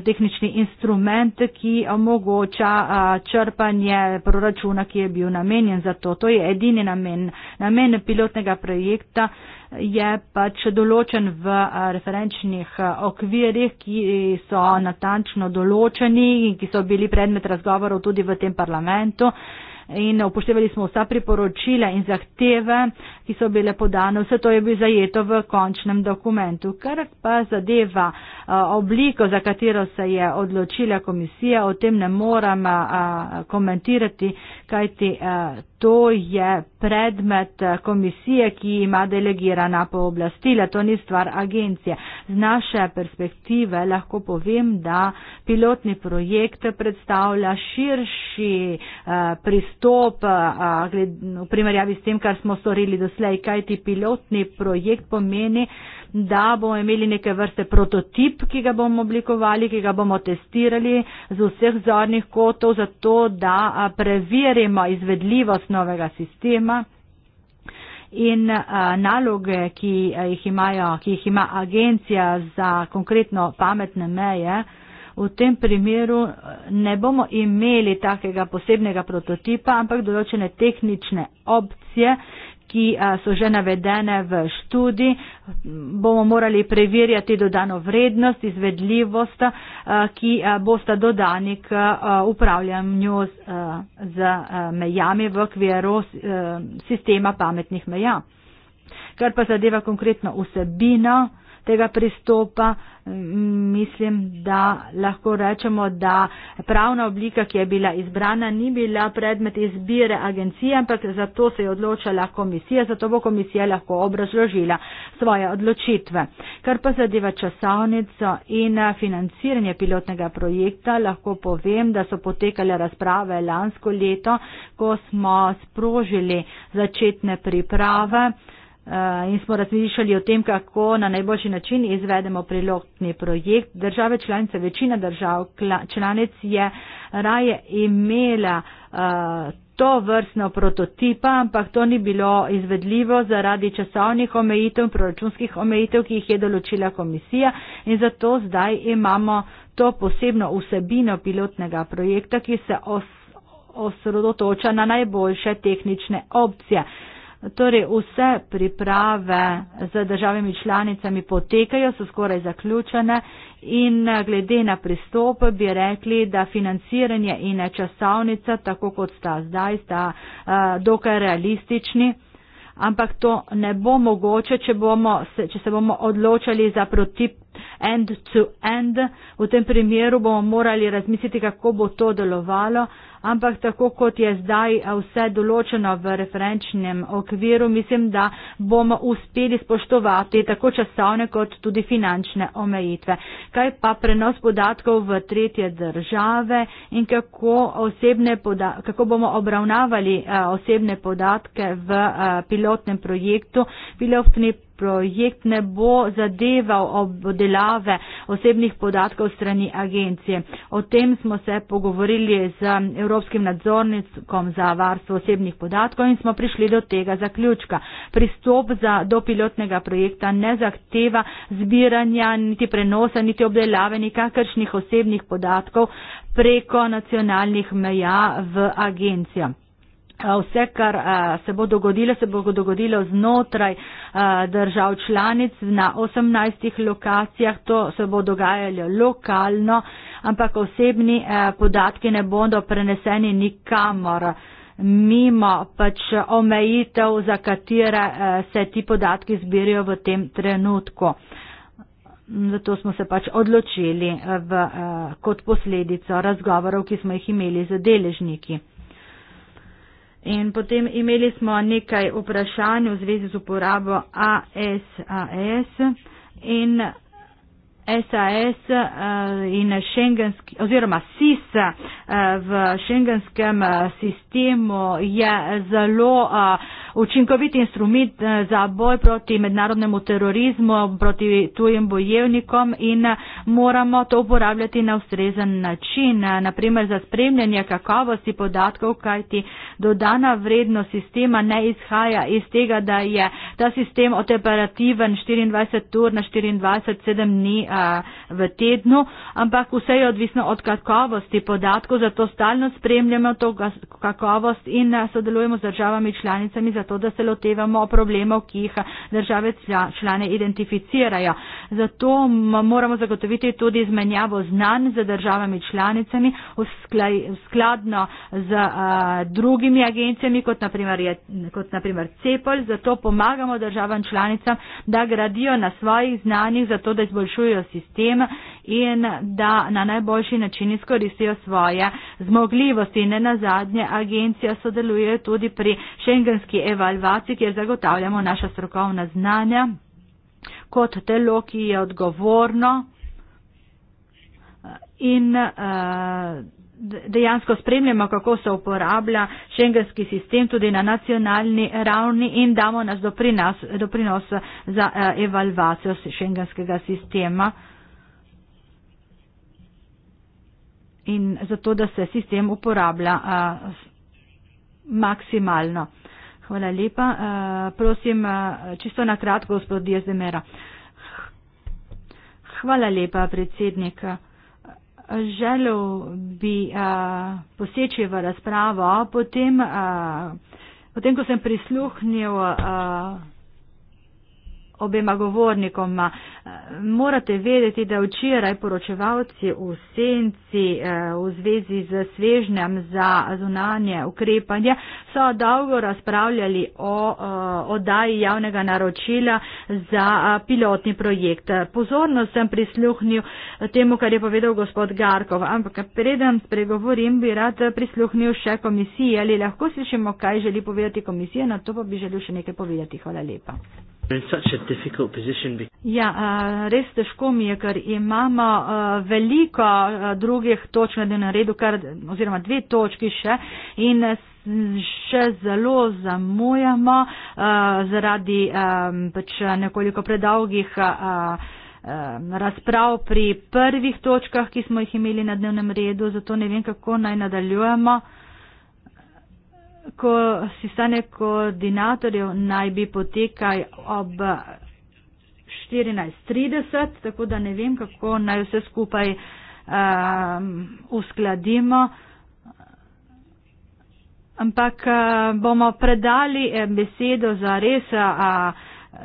tehnični instrument, ki omogoča črpanje proračuna, ki je bil namenjen za to. To je edini namen. Namen pilotnega projekta je pač določen v referenčnih okvirjih, ki so natančno določeni in ki so bili predmet razgovorov tudi v tem parlamentu in upoštevali smo vsa priporočila in zahteve, ki so bile podane. Vse to je bilo zajeto v končnem dokumentu. Kar pa zadeva obliko, za katero se je odločila komisija, o tem ne moram komentirati, kajti to je predmet eh, komisije, ki ima delegirana pooblastila, to ni stvar agencije. Z naše perspektive lahko povem, da pilotni projekt predstavlja širši eh, pristop eh, v primerjavi s tem, kar smo storili doslej, kajti pilotni projekt pomeni, da bomo imeli neke vrste prototip, ki ga bomo oblikovali, ki ga bomo testirali z vseh zornih kotov, zato da preverimo izvedljivost novega sistema. In a, naloge, ki jih, imajo, ki jih ima agencija za konkretno pametne meje, v tem primeru ne bomo imeli takega posebnega prototipa, ampak določene tehnične opcije, ki so že navedene v študiji, bomo morali preverjati dodano vrednost, izvedljivost, ki bosta dodani k upravljanju z, z mejami v okviru sistema pametnih meja. Kar pa zadeva konkretno vsebino, tega pristopa, mislim, da lahko rečemo, da pravna oblika, ki je bila izbrana, ni bila predmet izbire agencije, ampak zato se je odločala komisija, zato bo komisija lahko obrazložila svoje odločitve. Kar pa zadeva časovnico in financiranje pilotnega projekta, lahko povem, da so potekale razprave lansko leto, ko smo sprožili začetne priprave. Eh, in smo razmišljali o tem, kako na najboljši način izvedemo prilogni projekt. Države članice, večina držav članic je raje imela eh, to vrstno prototipa, ampak to ni bilo izvedljivo zaradi časovnih omejitev in proračunskih omejitev, ki jih je določila komisija in zato zdaj imamo to posebno vsebino pilotnega projekta, ki se osredotoča na najboljše tehnične opcije. Torej vse priprave z državami članicami potekajo, so skoraj zaključene in glede na pristop bi rekli, da financiranje in časovnica, tako kot sta zdaj, sta eh, dokaj realistični. Ampak to ne bo mogoče, če, bomo, če se bomo odločali za protip, end to end. V tem primeru bomo morali razmisliti, kako bo to delovalo, ampak tako kot je zdaj vse določeno v referenčnem okviru, mislim, da bomo uspeli spoštovati tako časovne kot tudi finančne omejitve. Kaj pa prenos podatkov v tretje države in kako, kako bomo obravnavali eh, osebne podatke v eh, pilotnem projektu? Pilotni projekt ne bo zadeval obdelave osebnih podatkov strani agencije. O tem smo se pogovorili z Evropskim nadzornikom za varstvo osebnih podatkov in smo prišli do tega zaključka. Pristop za dopilotnega projekta ne zahteva zbiranja, niti prenosa, niti obdelave nikakršnih osebnih podatkov preko nacionalnih meja v agencijo. Vse, kar se bo dogodilo, se bo dogodilo znotraj držav članic na 18 lokacijah, to se bo dogajalo lokalno, ampak osebni podatki ne bodo preneseni nikamor mimo pač omejitev, za katere se ti podatki zbirijo v tem trenutku. Zato smo se pač odločili v, kot posledico razgovorov, ki smo jih imeli z deležniki. In potem imeli smo nekaj vprašanj v zvezi z uporabo ASAS in SAS eh, in šengenski oziroma SIS eh, v šengenskem eh, sistemu je zelo uh, učinkovit instrument eh, za boj proti mednarodnemu terorizmu, proti tujim bojevnikom in eh, moramo to uporabljati na ustrezen način, eh, naprimer za spremljanje kakovosti podatkov, kajti dodana vrednost sistema ne izhaja iz tega, da je ta sistem operativen 24 ur na 24-7 dni a, v tednu, ampak vse je odvisno od kakovosti podatkov, zato stalno spremljamo to kakovost in sodelujemo z državami članicami za zato, da se lotevamo problemov, ki jih države člane identificirajo. Zato moramo zagotoviti tudi izmenjavo znanj z državami članicami v skla, skladno z a, drugimi agencijami, kot naprimer, je, kot naprimer CEPOL, zato pomagamo državam članicam, da gradijo na svojih znanjih, zato da izboljšujo sistem in da na najboljši način izkoristijo svoje zmogljivosti. Ne na zadnje, agencija sodeluje tudi pri šengenski evropski evalvaciji, kjer zagotavljamo naša strokovna znanja kot telo, ki je odgovorno eh, in eh, dejansko spremljamo, kako se uporablja šengenski sistem tudi na nacionalni ravni in damo naš doprinos, doprinos za eh, evalvacijo šengenskega sistema. In zato, da se sistem uporablja a, maksimalno. A, Hvala lepa. Uh, prosim, uh, čisto na kratko, gospod Diazemera. Hvala lepa, predsednik. Želel bi uh, poseči v razpravo, potem, uh, potem ko sem prisluhnil. Uh, obema govornikoma. Eh, morate vedeti, da včeraj poročevalci v senci eh, v zvezi z svežnjem za zunanje ukrepanje so dolgo razpravljali o eh, oddaji javnega naročila za pilotni projekt. Pozorno sem prisluhnil temu, kar je povedal gospod Garkov, ampak predem spregovorim, bi rad prisluhnil še komisiji ali lahko slišimo, kaj želi povedati komisija, na to pa bi želel še nekaj povedati. Hvala lepa. In such a difficult position. Ja, res težko mi je, ker imamo veliko drugih točk na dnevnem redu, kar, oziroma dve točki še in še zelo zamujamo zaradi pač nekoliko predolgih razprav pri prvih točkah, ki smo jih imeli na dnevnem redu, zato ne vem, kako naj nadaljujemo ko si stane koordinatorjev, naj bi potekaj ob 14.30, tako da ne vem, kako naj vse skupaj um, uskladimo. Ampak uh, bomo predali eh, besedo za res a,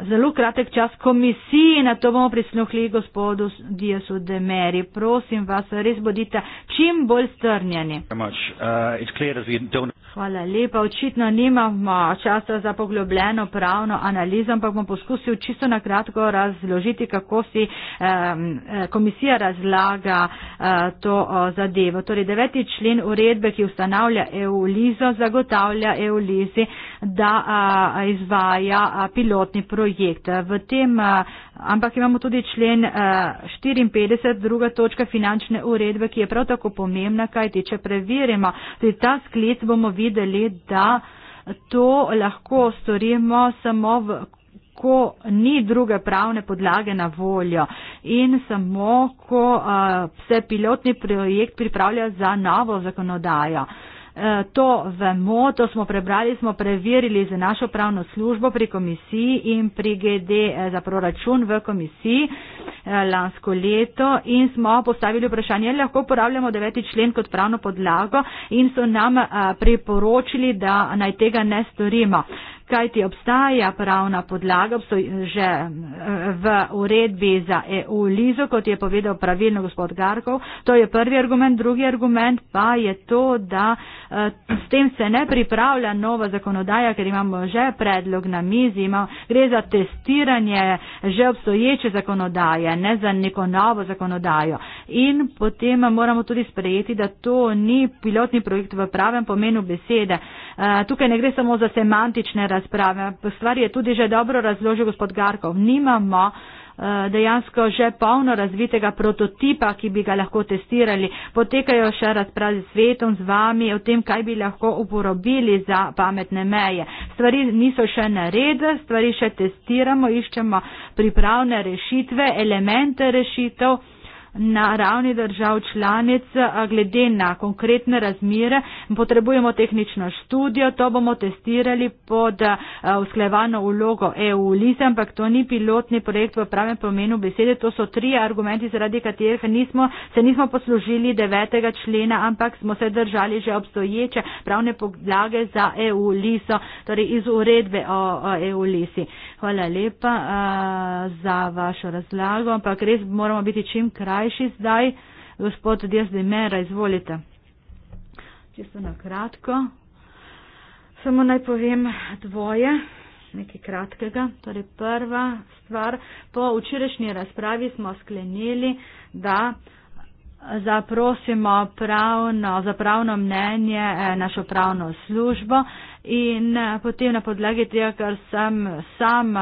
zelo kratek čas komisiji, na to bomo prisluhli gospodu Diasu Demeri. Prosim vas, res bodite čim bolj strnjeni. Uh, Hvala lepa. Očitno nimamo časa za poglobljeno pravno analizo, ampak bom poskusil čisto na kratko razložiti, kako si um, komisija razlaga uh, to uh, zadevo. Torej, deveti člen uredbe, ki ustanavlja EU-lizo, zagotavlja EU-lizi, da uh, izvaja uh, pilotni projekt. Tem, uh, ampak imamo tudi člen uh, 54, druga točka finančne uredbe, ki je prav tako pomembna, kaj tiče preverimo. Tudi torej, ta sklic bomo videli videli, da to lahko storimo samo, v, ko ni druge pravne podlage na voljo in samo, ko uh, se pilotni projekt pripravlja za novo zakonodajo. Uh, Eh, to vemo, to smo prebrali, smo preverili z našo pravno službo pri komisiji in pri GD eh, za proračun v komisiji eh, lansko leto in smo postavili vprašanje, ali lahko uporabljamo deveti člen kot pravno podlago in so nam priporočili, da naj tega ne storimo kajti obstaja pravna podlaga že eh, v uredbi za EU Lizo, kot je povedal pravilno gospod Garkov. To je prvi argument. Drugi argument pa je to, da eh, s tem se ne pripravlja nova zakonodaja, ker imamo že predlog na mizi. Ima, gre za testiranje že obstoječe zakonodaje, ne za neko novo zakonodajo. In potem moramo tudi sprejeti, da to ni pilotni projekt v pravem pomenu besede. Eh, tukaj ne gre samo za semantične razlike razprave. Stvar je tudi že dobro razložil gospod Garkov. Nimamo eh, dejansko že polno razvitega prototipa, ki bi ga lahko testirali. Potekajo še razprave s svetom, z vami, o tem, kaj bi lahko uporabili za pametne meje. Stvari niso še na redu, stvari še testiramo, iščemo pripravne rešitve, elemente rešitev na ravni držav članic glede na konkretne razmire. Potrebujemo tehnično študijo, to bomo testirali pod usklevano ulogo EU Lise, ampak to ni pilotni projekt v pravem pomenu besede. To so tri argumenti, zaradi katerih nismo, se nismo poslužili devetega člena, ampak smo se držali že obstoječe pravne podlage za EU Liso, torej iz uredbe o EU Lisi. Hvala lepa a, za vašo razlago, ampak res moramo biti čim kraj krajši zdaj. Gospod Dezdemera, izvolite. Čisto na kratko. Samo naj povem dvoje, nekaj kratkega. Torej prva stvar. Po včerajšnji razpravi smo sklenili, da zaprosimo pravno, za pravno mnenje eh, našo pravno službo in eh, potem na podlagi tega, kar sem sam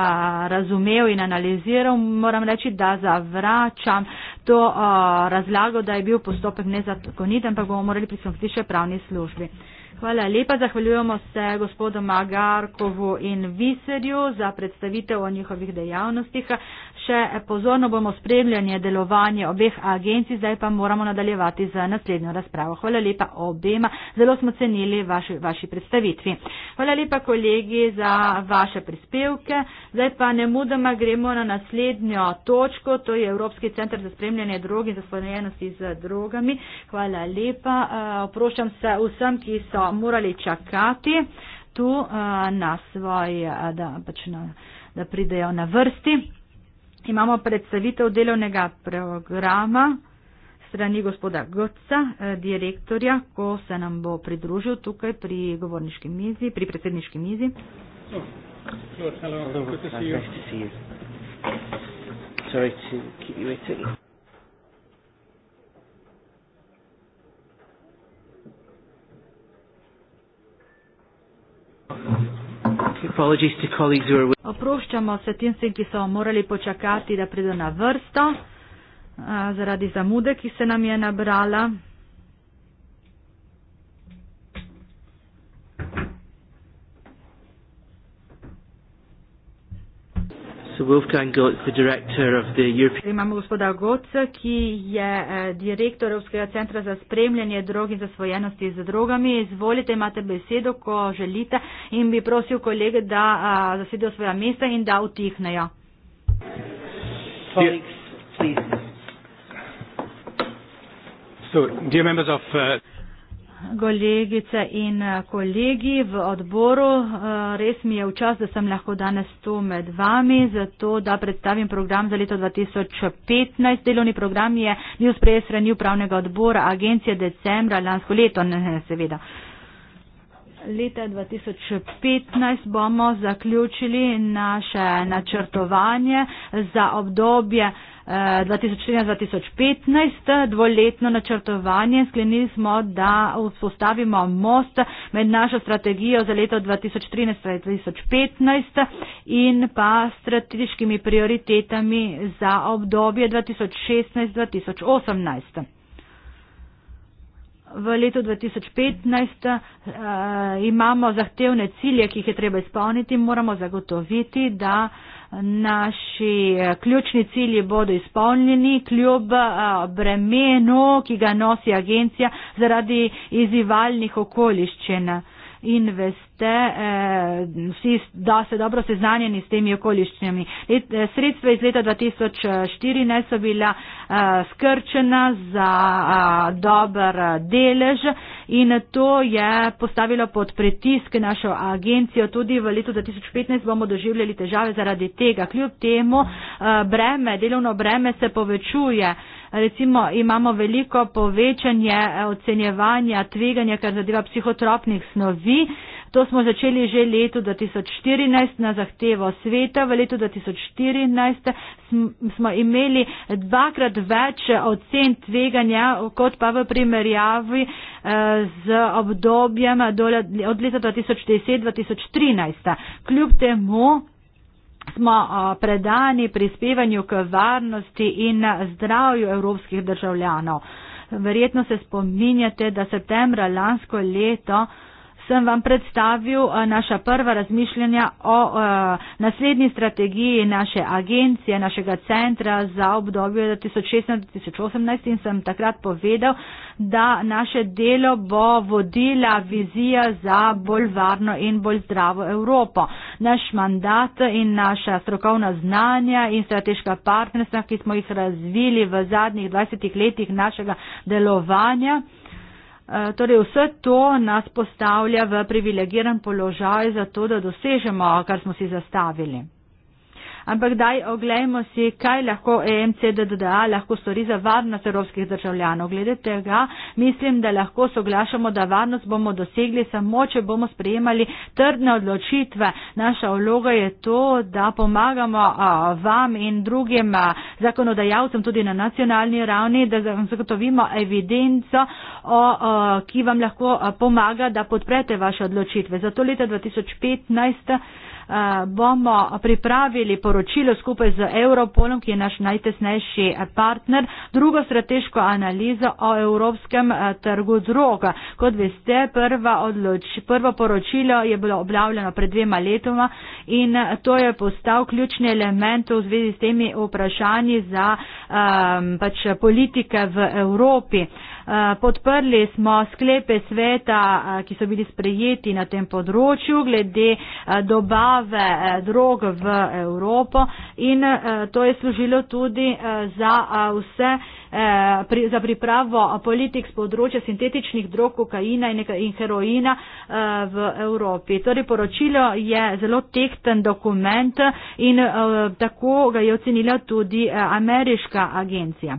razumev in analiziral, moram reči, da zavračam to eh, razlago, da je bil postopek nezakonit, ampak bomo morali pristopiti še pravni službi. Hvala lepa, zahvaljujemo se gospodu Magarkovu in Viserju za predstavitev o njihovih dejavnostih. Še pozorno bomo spremljanje delovanje obeh agencij, zdaj pa moramo nadaljevati z naslednjo razpravo. Hvala lepa obema, zelo smo cenili vaši, vaši predstavitvi. Hvala lepa kolegi za vaše prispevke. Zdaj pa ne mudoma gremo na naslednjo točko, to je Evropski centr za spremljanje drog in zasvojenosti z drogami. Hvala lepa, eh, oprošam se vsem, ki so so morali čakati tu uh, na svoj, uh, da, pač na, da pridejo na vrsti. Imamo predstavitev delovnega programa strani gospoda Goca, eh, direktorja, ko se nam bo pridružil tukaj pri govorniški mizi, pri predsedniški mizi. Oh. Oh, hello. Hello. Hello. Hello. Hello. Hello. Oproščamo se tistim, ki so morali počakati, da pride na vrsto zaradi zamude, ki se nam je nabrala. Imamo gospoda Goca, ki je eh, direktor Evropskega centra za spremljanje drog in zasvojenosti z drogami. Izvolite, imate besedo, ko želite in bi prosil kolege, da eh, zasedijo svoja mesta in da utihnejo. Yeah. So, dear members of uh, kolegice in eh, kolegi v odboru. Eh, res mi je v čas, da sem lahko danes tu med vami, zato da predstavim program za leto 2015. Delovni program je bil sprejet strani upravnega odbora agencije decembra lansko leto, ne, ne, seveda. Leta 2015 bomo zaključili naše načrtovanje za obdobje 2015. 2014-2015, eh, dvoletno načrtovanje, sklenili smo, da vzpostavimo most med našo strategijo za leto 2013-2015 in pa strateškimi prioritetami za obdobje 2016-2018. V letu 2015 uh, eh, imamo zahtevne cilje, ki jih je treba izpolniti. Moramo zagotoviti, da uh, naši eh, ključni cilji bodo izpolnjeni, kljub eh, bremenu, ki ga nosi agencija zaradi izivalnih okoliščin in veste, eh, vsi da se dobro seznanjeni s temi okoliščnjami. Eh, sredstva iz leta 2014 so bila eh, skrčena za dober delež in to je postavilo pod pritisk našo agencijo. Tudi v letu 2015 bomo doživljali težave zaradi tega. Kljub temu breme, delovno breme se povečuje recimo imamo veliko povečanje eh, ocenjevanja tveganja, kar zadeva psihotropnih snovi. To smo začeli že leto 2014 na zahtevo sveta. V letu 2014 smo imeli dvakrat več ocen tveganja, kot pa v primerjavi eh, z obdobjem od leta 2010-2013. Kljub temu smo predani prispevanju k varnosti in zdravju evropskih državljanov. Verjetno se spominjate, da septembra lansko leto sem vam predstavil eh, naša prva razmišljanja o eh, naslednji strategiji naše agencije, našega centra za obdobje 2016-2018 in sem takrat povedal, da naše delo bo vodila vizija za bolj varno in bolj zdravo Evropo. Naš mandat in naša strokovna znanja in strateška partnerstva, ki smo jih razvili v zadnjih 20 letih našega delovanja, Eh, torej vse to nas postavlja v privilegiran položaj za to, da dosežemo, kar smo si zastavili ampak daj oglejmo si, kaj lahko EMCDDA lahko stori za varnost evropskih državljanov. Glede tega mislim, da lahko soglašamo, da varnost bomo dosegli samo, če bomo sprejemali trdne odločitve. Naša vloga je to, da pomagamo vam in drugim zakonodajalcem tudi na nacionalni ravni, da vam zagotovimo evidenco, ki vam lahko pomaga, da podprete vaše odločitve. Zato leta 2015. Eh, bomo pripravili poročilo skupaj z Europolom, ki je naš najtesnejši eh, partner, drugo strateško analizo o evropskem eh, trgu droga. Kot veste, odloč, prvo poročilo je bilo objavljeno pred dvema letoma in to je postal ključni element v zvezi s temi vprašanji za um, pač politike v Evropi. Uh, Eh, podprli smo sklepe sveta, eh, ki so bili sprejeti na tem področju glede eh, dobave drog v Evropo in to je služilo tudi za vse za pripravo politik z področja sintetičnih drog, kokaina in heroina v Evropi. Torej, poročilo je zelo tehten dokument in tako ga je ocenila tudi ameriška agencija.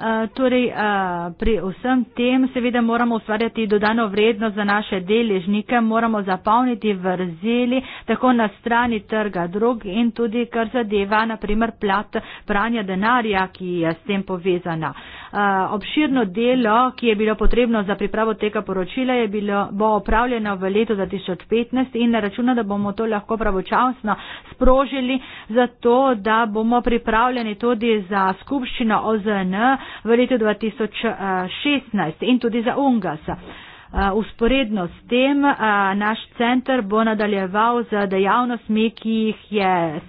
Eh, torej, uh, pri vsem tem seveda moramo ustvarjati dodano vrednost za naše deležnike, moramo zapolniti vrzeli tako na strani trga drug in tudi kar zadeva, naprimer, plat pranja denarja, ki je s tem povezana. Uh, obširno delo, ki je bilo potrebno za pripravo tega poročila, je bilo, bo opravljeno v letu 2015 in računa, da bomo to lahko pravočasno sprožili, zato da bomo pripravljeni tudi za skupščino OZN v letu 2016 in tudi za UNGAS. Usporedno s tem naš center bo nadaljeval z dejavnostmi, ki jih je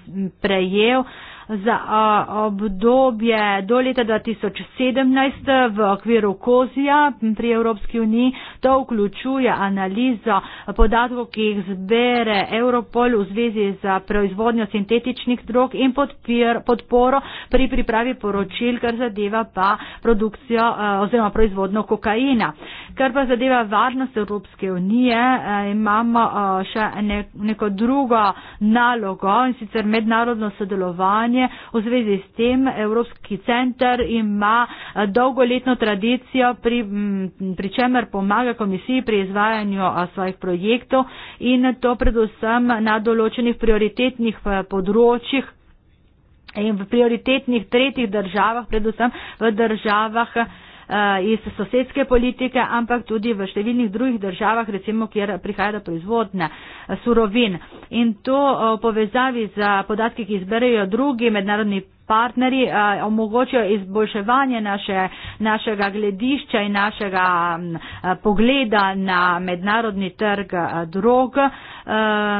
prejel za obdobje do leta 2017 v okviru Kozija pri Evropski uniji. To vključuje analizo podatkov, ki jih zbere Europol v zvezi z proizvodnjo sintetičnih drog in podpir, podporo pri pripravi poročil, kar zadeva pa produkcijo oziroma proizvodno kokaina. Kar pa zadeva varnost Evropske unije, imamo še neko drugo nalogo in sicer mednarodno sodelovanje stanje. V zvezi s tem Evropski centr ima eh, dolgoletno tradicijo, pri, mm, pri čemer pomaga komisiji pri izvajanju eh, svojih projektov in to predvsem na določenih prioritetnih eh, področjih. In v prioritetnih tretjih državah, predvsem v državah Eh, iz sosedske politike, ampak tudi v številnih drugih državah, recimo, kjer prihaja do proizvodne eh, surovin. In to eh, povezavi z podatki, ki izberejo drugi mednarodni partnerji eh, omogočijo izboljševanje naše, našega gledišča in našega mm, eh, pogleda na mednarodni trg eh, drog, eh,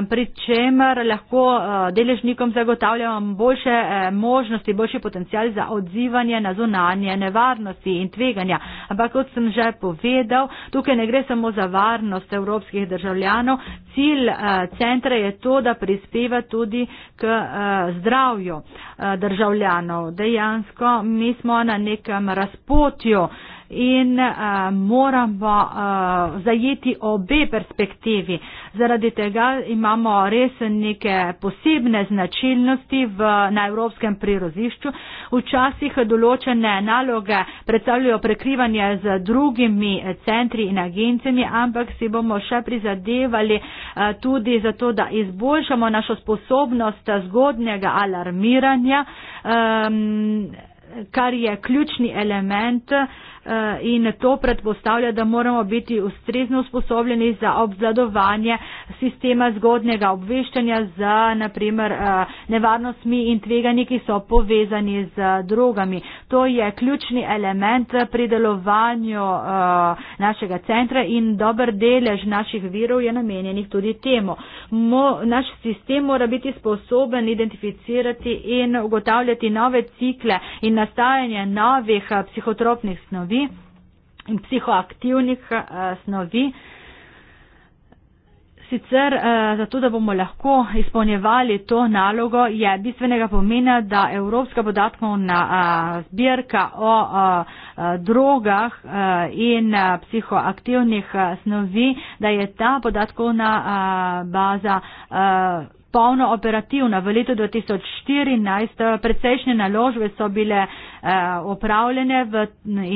pri čemer lahko eh, deležnikom zagotavljamo boljše eh, možnosti, boljši potencial za odzivanje na zunanje nevarnosti in tveganja. Ampak kot sem že povedal, tukaj ne gre samo za varnost evropskih državljanov. Cilj eh, centra je to, da prispeva tudi k eh, zdravju eh, državljanov državljanov. Dejansko mi smo na nekem razpotju, in uh, moramo uh, zajeti obe perspektivi. Zaradi tega imamo res neke posebne značilnosti v, na evropskem prirozišču. Včasih določene naloge predstavljajo prekrivanje z drugimi eh, centri in agencijami, ampak si bomo še prizadevali uh, tudi za to, da izboljšamo našo sposobnost zgodnega alarmiranja. Um, kar je ključni element eh, in to predpostavlja, da moramo biti ustrezno usposobljeni za obvladovanje sistema zgodnega obveščanja za, naprimer, eh, nevarnostmi in tveganji, ki so povezani z drogami. To je ključni element pri delovanju eh, našega centra in dober delež naših virov je namenjenih tudi temu. Naš sistem mora biti sposoben identificirati in ugotavljati nove cikle in nastajanje novih eh, psihotropnih snovi in psihoaktivnih eh, snovi. Sicer eh, zato, da bomo lahko izpolnjevali to nalogo, je bistvenega pomena, da Evropska podatkovna zbirka o drogah in psihoaktivnih snovi, da je ta podatkovna baza polno operativna. V letu 2014 eh, precejšnje naložbe so bile eh, opravljene v,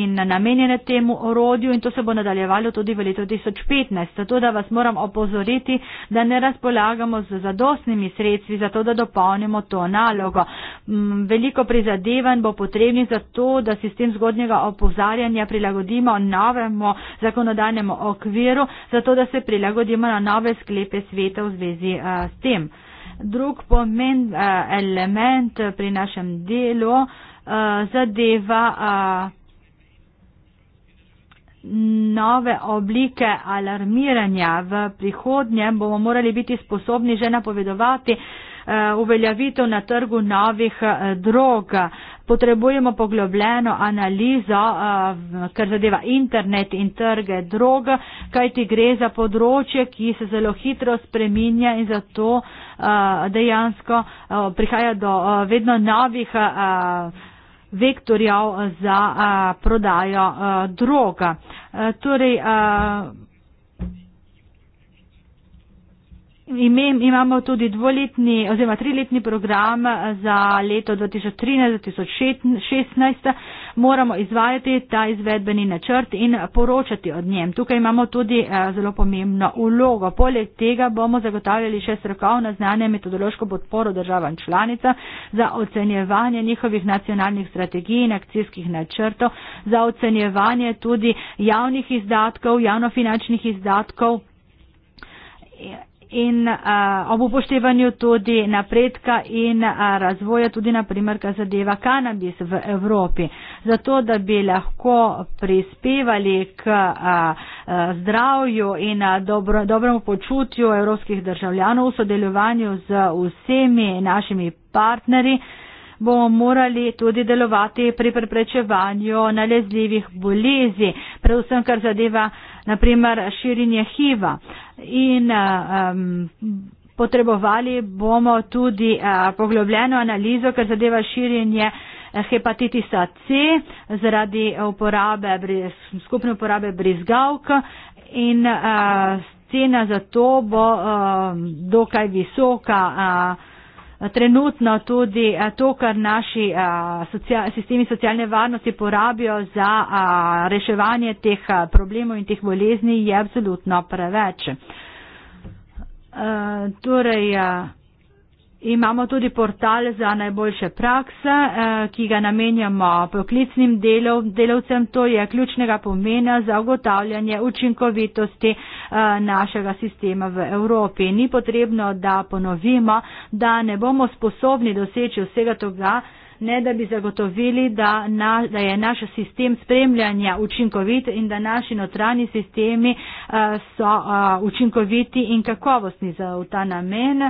in namenjene temu orodju in to se bo nadaljevalo tudi v letu 2015. Zato da vas moram opozoriti, da ne razpolagamo z zadostnimi sredstvi za to, da dopolnimo to nalogo. Mm, veliko prizadevanj bo potrebni za to, da sistem zgodnjega opozarjanja prilagodimo novemu zakonodajnemu okviru, zato da se prilagodimo na nove sklepe sveta v zvezi eh, s tem. Drug pomen eh, element pri našem delu eh, zadeva eh, nove oblike alarmiranja. V prihodnje bomo morali biti sposobni že napovedovati uveljavitev na trgu novih drog potrebujemo poglobljeno analizo, eh, kar zadeva internet in trge drog, kajti gre za področje, ki se zelo hitro spreminja in zato eh, dejansko eh, prihaja do vedno novih vektorjev za prodajo droga. Torej, ime, imamo tudi dvoletni oziroma triletni program eh, za leto 2013-2016. Moramo izvajati ta izvedbeni načrt in poročati od njem. Tukaj imamo tudi eh, zelo pomembno ulogo. Poleg tega bomo zagotavljali še strokovno znanje metodološko podporo državam članica za ocenjevanje njihovih nacionalnih strategij in akcijskih načrtov, za ocenjevanje tudi javnih izdatkov, javnofinančnih izdatkov in a, ob upoštevanju tudi napredka in a, razvoja, tudi naprimer, kar zadeva kanabis v Evropi. Zato, da bi lahko prispevali k a, a, zdravju in a, dobro, dobremu počutju evropskih državljanov v sodelovanju z vsemi našimi partnerji, bomo morali tudi delovati pri preprečevanju nalezljivih bolezi, predvsem kar zadeva naprimer širinje HIV-a in um, potrebovali bomo tudi uh, poglobljeno analizo, ker zadeva širjenje eh, hepatitisa C zaradi uporabe, skupne uporabe brizgavk in uh, cena za to bo uh, dokaj visoka. Uh, trenutno tudi eh, to, kar naši eh, sistemi socialne varnosti porabijo za eh, reševanje teh problemov in teh bolezni, je absolutno preveč. Torej, Imamo tudi portal za najboljše prakse, eh, ki ga namenjamo poklicnim delov, delovcem. To je ključnega pomena za ugotavljanje učinkovitosti eh, našega sistema v Evropi. Ni potrebno, da ponovimo, da ne bomo sposobni doseči vsega toga, ne da bi zagotovili, da, na, da je naš sistem spremljanja učinkovit in da naši notranji sistemi eh, so učinkoviti in kakovostni za ta namen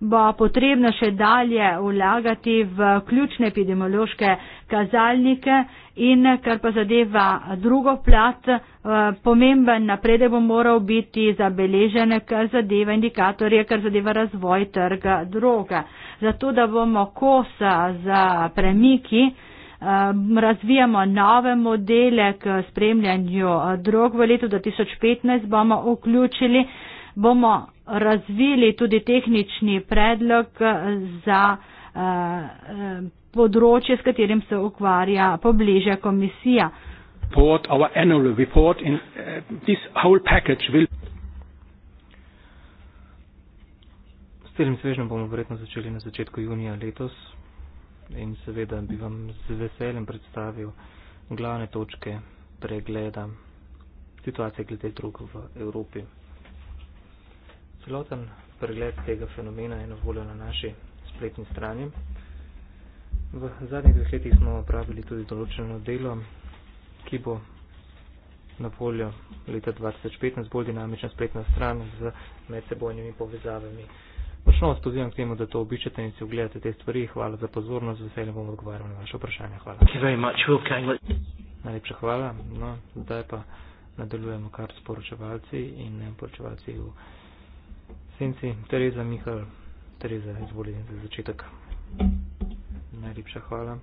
bo potrebno še dalje vlagati v ključne epidemiološke kazalnike in kar pa zadeva drugo plat, eh, pomemben napredek bo moral biti zabeležen, kar zadeva indikatorje, kar zadeva razvoj trga droga. Zato, da bomo kos eh, za premiki, eh, razvijamo nove modele k spremljanju drog v letu 2015, bomo vključili bomo razvili tudi tehnični predlog za eh, področje, s katerim se ukvarja pobliže komisija. Eh, s celim svežnjem bomo verjetno začeli na začetku junija letos in seveda bi vam z veseljem predstavil glavne točke pregleda situacije glede drug v Evropi celoten pregled tega fenomena je na voljo na naši spletni strani. V zadnjih dveh letih smo opravili tudi določeno delo, ki bo na voljo leta 2015 bolj dinamična spletna stran z medsebojnimi povezavami. Močno vas pozivam k temu, da to običete in si ogledate te stvari. Hvala za pozornost, z veseljem bom odgovarjal na vaše vprašanje. Hvala. Najlepša hvala. No, zdaj pa nadaljujemo kar s poročevalci in ne poročevalci v. Senci, Tereza Mihal, Tereza, izvoli za začetek. Najlepša hvala,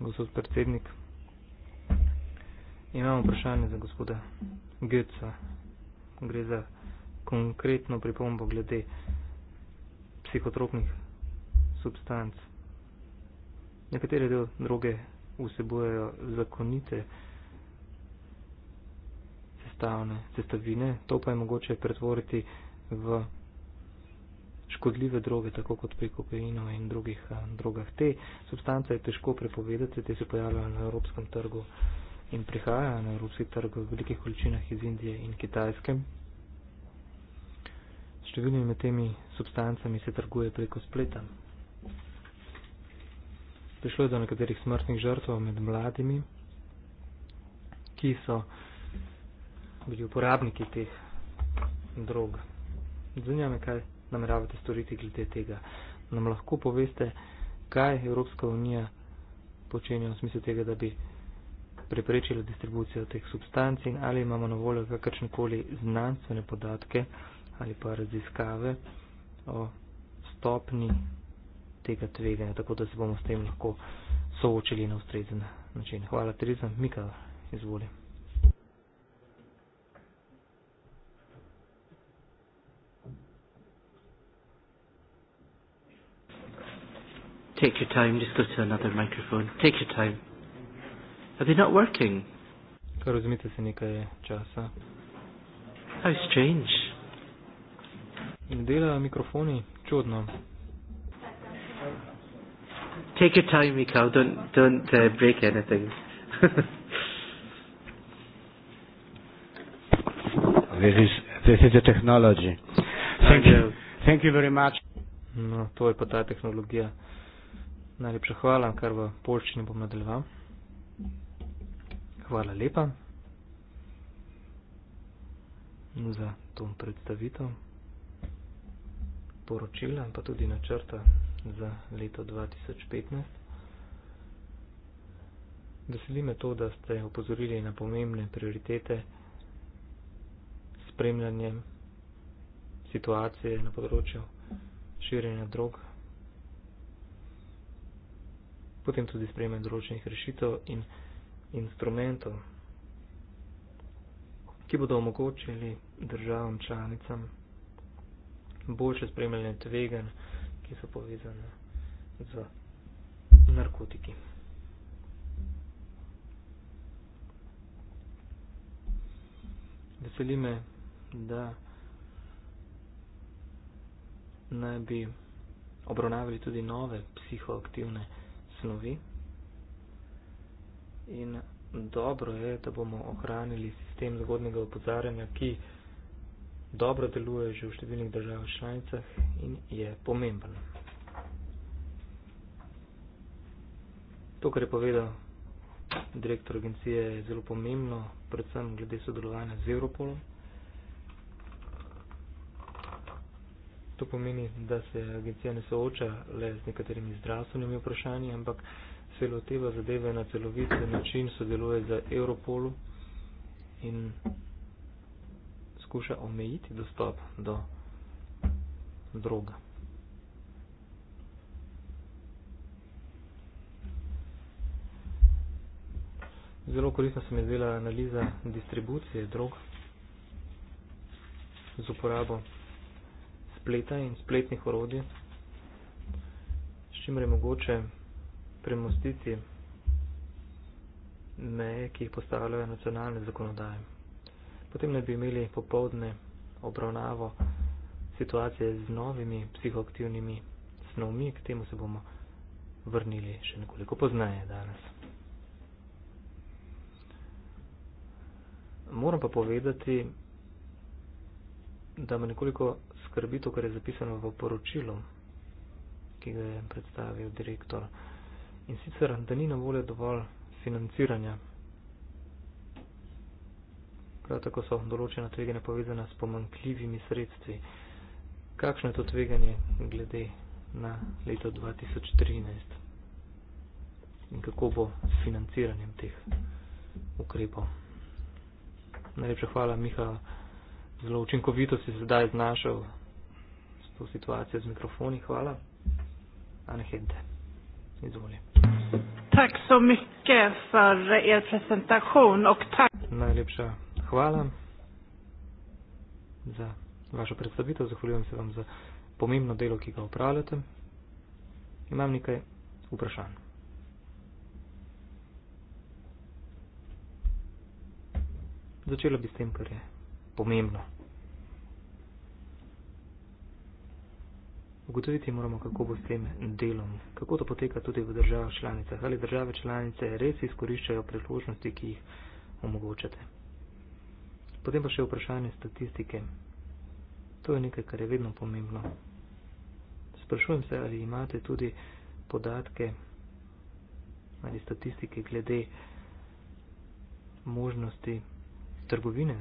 gospod predsednik. Imamo vprašanje za gospoda Götza. Gre za konkretno pripombo glede psihotropnih substanc. Nekatere del droge vsebujejo zakonite enostavne sestavine, to pa je mogoče pretvoriti v škodljive droge, tako kot pri kokainu in drugih a, eh, drogah. Te substance je težko prepovedati, te se pojavljajo na evropskem trgu in prihajajo na evropski trg v velikih količinah iz Indije in Kitajske. Številnimi med temi substancami se trguje preko spleta. Prišlo je do nekaterih smrtnih žrtev med mladimi, ki so bili uporabniki teh drog. Zanima me, kaj nameravate storiti glede tega. Nam lahko poveste, kaj Evropska unija počenja v smislu tega, da bi preprečila distribucijo teh substanc in ali imamo na voljo kakršnekoli znanstvene podatke ali pa raziskave o stopni tega tveganja, tako da se bomo s tem lahko soočili na ustrezen način. Hvala, Teresa. Mika, izvolim. Take your time, just go to another microphone. Take your time. Are they not working? How strange. Ne delajo mikrofoni, čudno. Take your time, Mikael, don't, don't uh, break anything. this, is, this is the technology. Thank you. Thank you very much. No, to je pa ta tehnologija. Najlepša hvala, kar v polščini bom nadaljeval. Hvala lepa za to predstavitev poročila, pa tudi načrta za leto 2015. Veseli me to, da ste opozorili na pomembne prioritete spremljanje situacije na področju širjenja drog potem tudi sprejme določenih rešitev in instrumentov, ki bodo omogočili državam članicam boljše spremljanje tvegan, ki so povezane z narkotiki. Veseli me, da naj bi obravnavali tudi nove psihoaktivne snovi. In dobro je, da bomo ohranili sistem zgodnega opozarjanja, ki dobro deluje že v številnih državah članicah in je pomemben. To, kar je povedal direktor agencije, je zelo pomembno, predvsem glede sodelovanja z Europolom. to pomeni, da se agencija ne sooča le z nekaterimi zdravstvenimi vprašanji, ampak se loteva zadeve na celovit način, sodeluje z Europolu in skuša omejiti dostop do droga. Zelo koristna se mi je zdela analiza distribucije drog z uporabo spleta in spletnih orodij, s čimer je mogoče premostiti meje, ki jih postavljajo nacionalne zakonodaje. Potem ne bi imeli popovdne obravnavo situacije z novimi psihoaktivnimi snovmi, k temu se bomo vrnili še nekoliko poznaje danes. Moram pa povedati, da me nekoliko skrbi to, kar je zapisano v poročilu, ki ga je predstavil direktor. In sicer, da ni na voljo dovolj financiranja. Prav tako so določena tveganja povezana s pomankljivimi sredstvi. Kakšno je to tveganje glede na leto 2013 in kako bo s financiranjem teh ukrepov? Najlepša hvala, Miha. Zelo učinkovito si sedaj znašel to situacijo z mikrofoni. Hvala. Anahente, izvoli. Tak so mihke for er presentacijon ok tak. Najlepša hvala za vašo predstavitev. Zahvaljujem se vam za pomembno delo, ki ga upravljate. Imam nekaj vprašanj. Začelo bi s tem, kar je pomembno. Ugotoviti moramo, kako bo s tem delom, kako to poteka tudi v državah članicah, ali države članice res izkoriščajo priložnosti, ki jih omogočate. Potem pa še vprašanje statistike. To je nekaj, kar je vedno pomembno. Sprašujem se, ali imate tudi podatke ali statistike glede možnosti trgovine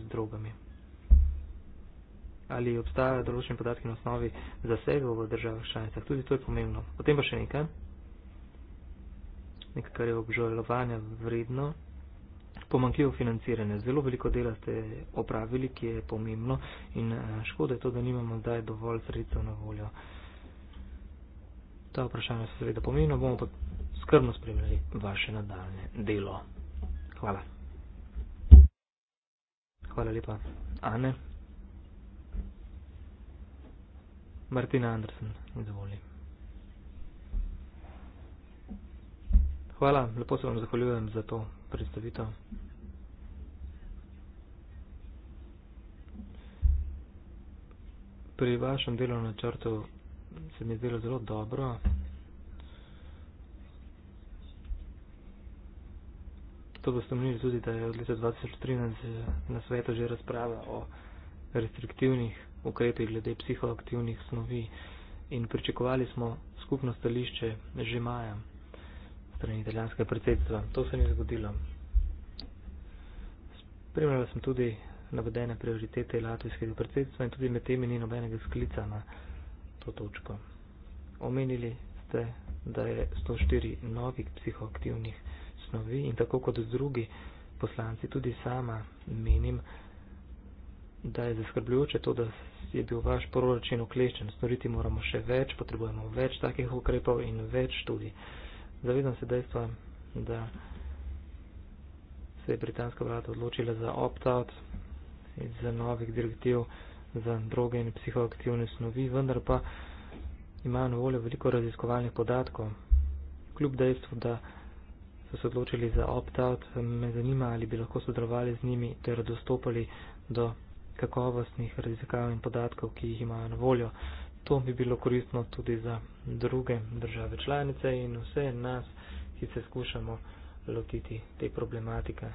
z drogami ali obstajajo določeni podatki na osnovi zasegov v državah članicah. Tudi to je pomembno. Potem pa še nekaj, nekaj, kar je obžalovanja vredno. Pomankljivo financiranje. Zelo veliko dela ste opravili, ki je pomembno in eh, škoda je to, da nimamo zdaj dovolj sredstev na voljo. Ta vprašanja so seveda pomembna, bomo pa skrbno spremljali vaše nadaljne delo. Hvala. Hvala lepa. Ane. Martina Andersen, izvolim. Hvala, lepo se vam zahvaljujem za to predstavitev. Pri vašem delu na črtu se mi je zdelo zelo dobro. To boste omenili tudi, da je od leta 2013 na svetu že razprava o restriktivnih ukrepi glede psihoaktivnih snovi in pričakovali smo skupno stališče že maja strani italijanske predsedstva. To se ni zgodilo. Spremljala sem tudi navedene prioritete latvijskega predsedstva in tudi med temi ni nobenega sklica na to točko. Omenili ste, da je 104 novih psihoaktivnih snovi in tako kot drugi poslanci tudi sama menim, da je zaskrbljujoče to, da je bil vaš proračun okleščen. Storiti moramo še več, potrebujemo več takih ukrepov in več tudi. Zavedam se dejstva, da se je britanska vlada odločila za opt-out in za novih direktiv za droge in psihoaktivne snovi, vendar pa imajo na voljo veliko raziskovalnih podatkov. Kljub dejstvu, da so se odločili za opt-out, me zanima, ali bi lahko sodelovali z njimi ter dostopali do kakovostnih raziskav in podatkov, ki jih imajo na voljo. To bi bilo koristno tudi za druge države članice in vse nas, ki se skušamo lotiti te problematike.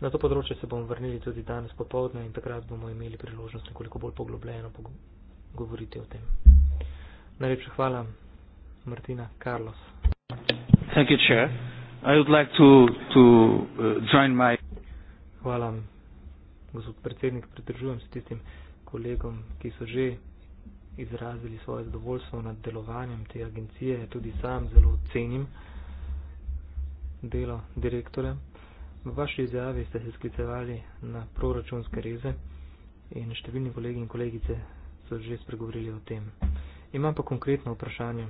Na to področje se bomo vrnili tudi danes popovdne in takrat bomo imeli priložnost nekoliko bolj poglobljeno govoriti o tem. Najlepša hvala, Martina Carlos. Uh, hvala, predsednik. Hvala gospod predsednik, pridržujem se tistim kolegom, ki so že izrazili svoje zadovoljstvo nad delovanjem te agencije. Tudi sam zelo cenim delo direktorja. V vaši izjavi ste se sklicevali na proračunske reze in številni kolegi in kolegice so že spregovorili o tem. Imam pa konkretno vprašanje.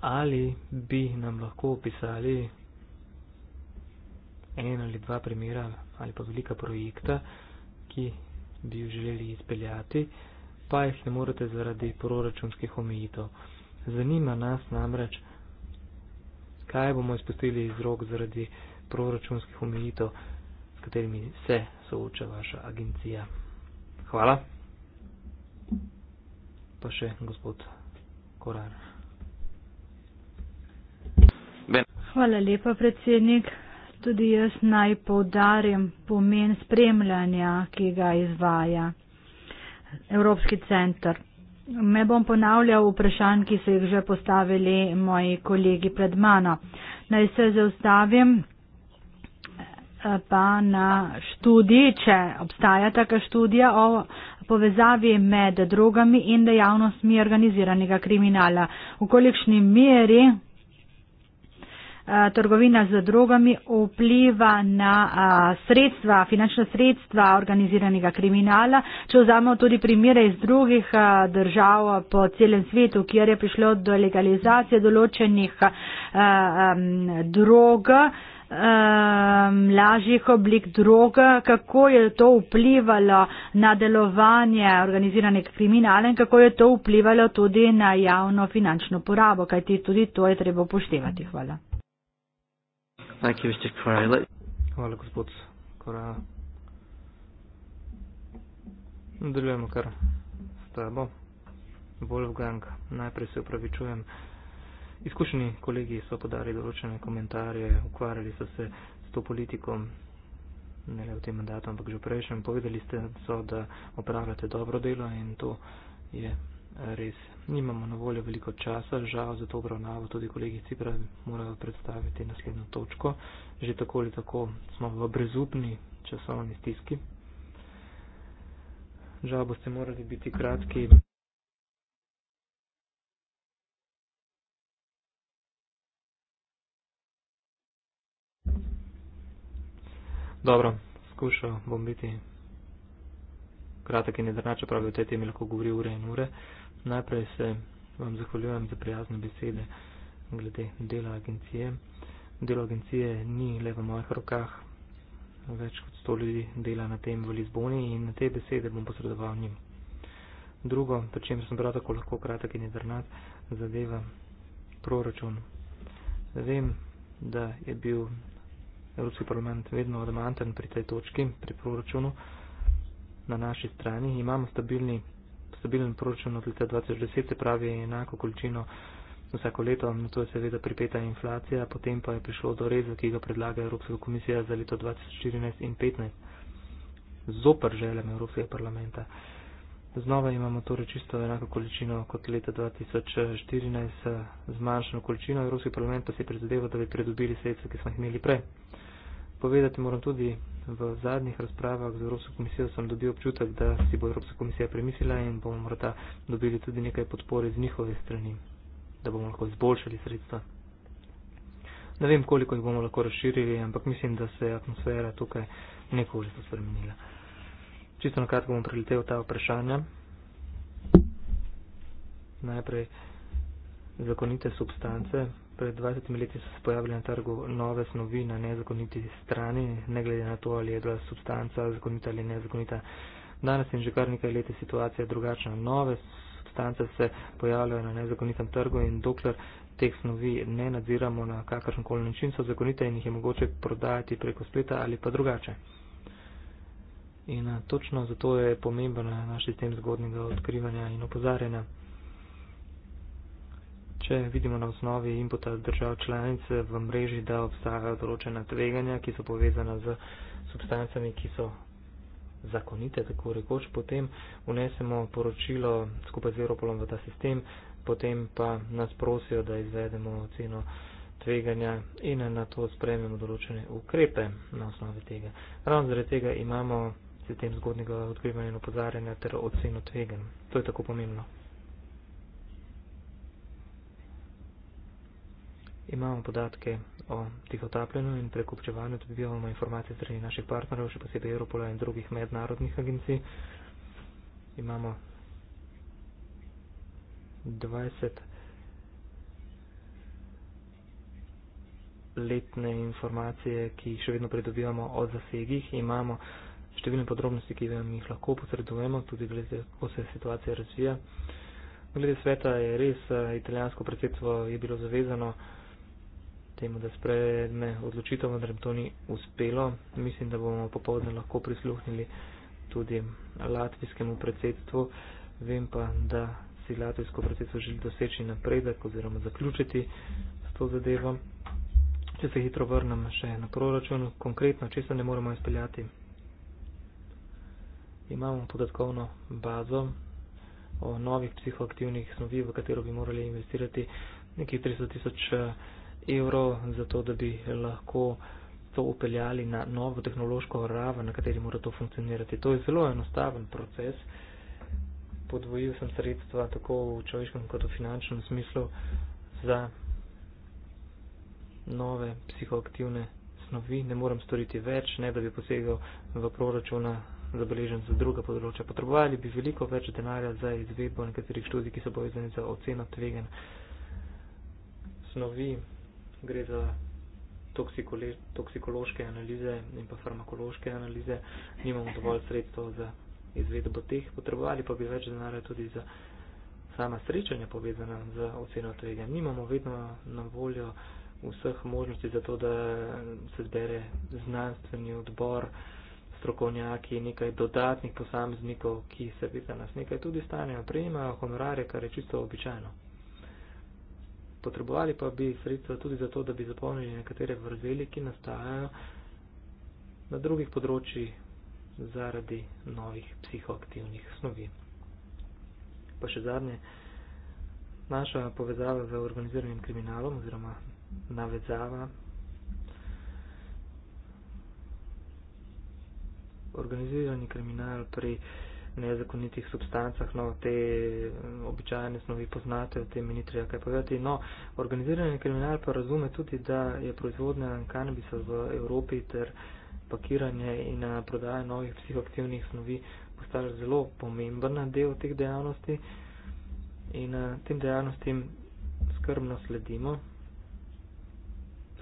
Ali bi nam lahko opisali, en ali dva primera ali pa velika projekta, ki bi jo želeli izpeljati, pa jih ne morete zaradi proračunskih omejitev. Zanima nas namreč, kaj bomo izpustili iz rok zaradi proračunskih omejitev, s katerimi se sooča vaša agencija. Hvala. Pa še gospod Korar. Ben. Hvala lepa, predsednik. Tudi jaz naj povdarjem pomen spremljanja, ki ga izvaja Evropski centr. Me bom ponavljal vprašanj, ki so jih že postavili moji kolegi pred mano. Naj se zaustavim eh, pa na študiji, če obstaja taka študija o povezavi med drogami in dejavnostmi organiziranega kriminala. V kolikšni meri Eh, trgovina z drogami vpliva na eh, sredstva, finančna sredstva organiziranega kriminala. Če vzamemo tudi primere iz drugih eh, držav po celem svetu, kjer je prišlo do legalizacije določenih drog, lažjih oblik droga, kako je to vplivalo na delovanje organiziranega kriminala in kako je to vplivalo tudi na javno finančno porabo, kajti tudi to je treba upoštevati. Hvala. Thank you, Mr. Corral. Hvala, gospod Corral. Nadaljujemo kar s tabo. Wolfgang, najprej se upravičujem. Izkušeni kolegi so podali določene komentarje, ukvarjali so se s to politiko, ne le v tem mandatu, ampak že v prejšnjem. Povedali ste, so, da opravljate dobro delo in to je res Nimamo na voljo veliko časa, žal za to obravnavo tudi kolegi Cipra morajo predstaviti naslednjo točko. Že tako ali tako smo v brezupni časovni stiski. Žal boste morali biti kratki. Dobro, skušal bom biti kratek in jedrnač, čeprav bi o tej temi lahko govoril ure in ure. Uh, Najprej se vam zahvaljujem za prijazne besede glede dela agencije. Delo agencije ni le v mojih rokah, več kot sto ljudi dela na tem v Lizboni in na te besede bom posredoval njim. Drugo, pri čem sem prav tako lahko kratek in jedrnat, zadeva proračun. Vem, da je bil Evropski parlament vedno odmanten pri tej točki, pri proračunu. Na naši strani imamo stabilni stabilen proračun od leta 2010, se pravi enako količino vsako leto, na to je seveda pripeta inflacija, potem pa je prišlo do reza, ki ga predlaga Evropska komisija za leto 2014 in 2015, zoper željem Evropskega parlamenta. Znova imamo torej čisto enako količino kot leta 2014, zmanjšeno količino, Evropski parlament pa se je prizadeval, da bi pridobili sredstva, ki smo jih imeli prej. Povedati moram tudi, v zadnjih razpravah z Evropsko komisijo sem dobil občutek, da si bo Evropska komisija premislila in bomo morda dobili tudi nekaj podpore z njihove strani, da bomo lahko izboljšali sredstva. Ne vem, koliko jih bomo lahko razširili, ampak mislim, da se je atmosfera tukaj neko že spremenila. Čisto na kratko bom preletel ta vprašanja. Najprej zakonite substance, pred 20 leti so se pojavili na trgu nove snovi na nezakoniti strani, ne glede na to, ali je bila substanca zakonita ali nezakonita. Danes in že kar nekaj leti situacija je drugačna. Nove substance se pojavljajo na nezakonitem trgu in dokler teh snovi ne nadziramo na kakršenkoli način, so zakonite in jih je mogoče prodajati preko spleta ali pa drugače. In točno zato je pomemben naš sistem zgodnjega odkrivanja in opozarjanja. Če vidimo na osnovi inputa držav članice v mreži, da obstajajo določena tveganja, ki so povezana z substancami, ki so zakonite, tako rekoč, potem unesemo poročilo skupaj z Europolom v ta sistem, potem pa nas prosijo, da izvedemo oceno tveganja in na to sprejmemo določene ukrepe na osnovi tega. Ravno zaradi tega imamo sistem zgodnjega odkrivanja in opozarjanja ter oceno tveganja. To je tako pomembno. imamo podatke o tihotapljenju in prekupčevanju, tudi imamo informacije strani naših partnerjev, še posebej Europola in drugih mednarodnih agencij. Imamo 20 letne informacije, ki jih še vedno pridobivamo o zasegih. Imamo številne podrobnosti, ki vam jih lahko posredujemo, tudi glede, kako se situacija razvija. Glede sveta je res, italijansko predsedstvo je bilo zavezano, temu, da sprejme odločitev, vendar jim to ni uspelo. Mislim, da bomo popovdne lahko prisluhnili tudi latvijskemu predsedstvu. Vem pa, da si latvijsko predsedstvo želi doseči napredek oziroma zaključiti s to zadevo. Če se hitro vrnem še na proračun, konkretno, če se ne moremo izpeljati, imamo podatkovno bazo o novih psihoaktivnih snovi, v katero bi morali investirati nekih 300 tisoč eh, evrov, zato da bi lahko to upeljali na novo tehnološko raven, na kateri mora to funkcionirati. To je zelo enostaven proces. Podvojil sem sredstva tako v človeškem kot v finančnem smislu za nove psihoaktivne snovi. Ne morem storiti več, ne da bi posegal v proračuna zabeležen za druga področja. Potrebovali bi veliko več denarja za izvedbo nekaterih študij, ki so povezani za oceno tvegen snovi gre za toksikološke analize in pa farmakološke analize. Nimamo dovolj sredstva za izvedbo teh, potrebovali pa bi več denarja tudi za sama srečanja povezana z oceno tvega. Nimamo vedno na voljo vseh možnosti za to, da se zbere znanstveni odbor, strokovnjaki, nekaj dodatnih posameznikov, ki se vidi, da nas nekaj tudi stanejo, prejemajo honorare, kar je čisto običajno potrebovali pa bi sredstva tudi zato, da bi zapolnili nekatere vrzeli, ki nastajajo na drugih področjih zaradi novih psihoaktivnih snovi. Pa še zadnje, naša povezava z organiziranim kriminalom oziroma navezava. Organizirani kriminal pri torej nezakonitih substancah, no, te mm, običajne snovi poznate, o tem ni treba kaj povedati. No, organizirani kriminal pa razume tudi, da je proizvodnja kanabisa v Evropi ter pakiranje in eh, prodaja novih psihoaktivnih snovi postala zelo pomembna del teh dejavnosti in eh, tem dejavnostim skrbno sledimo.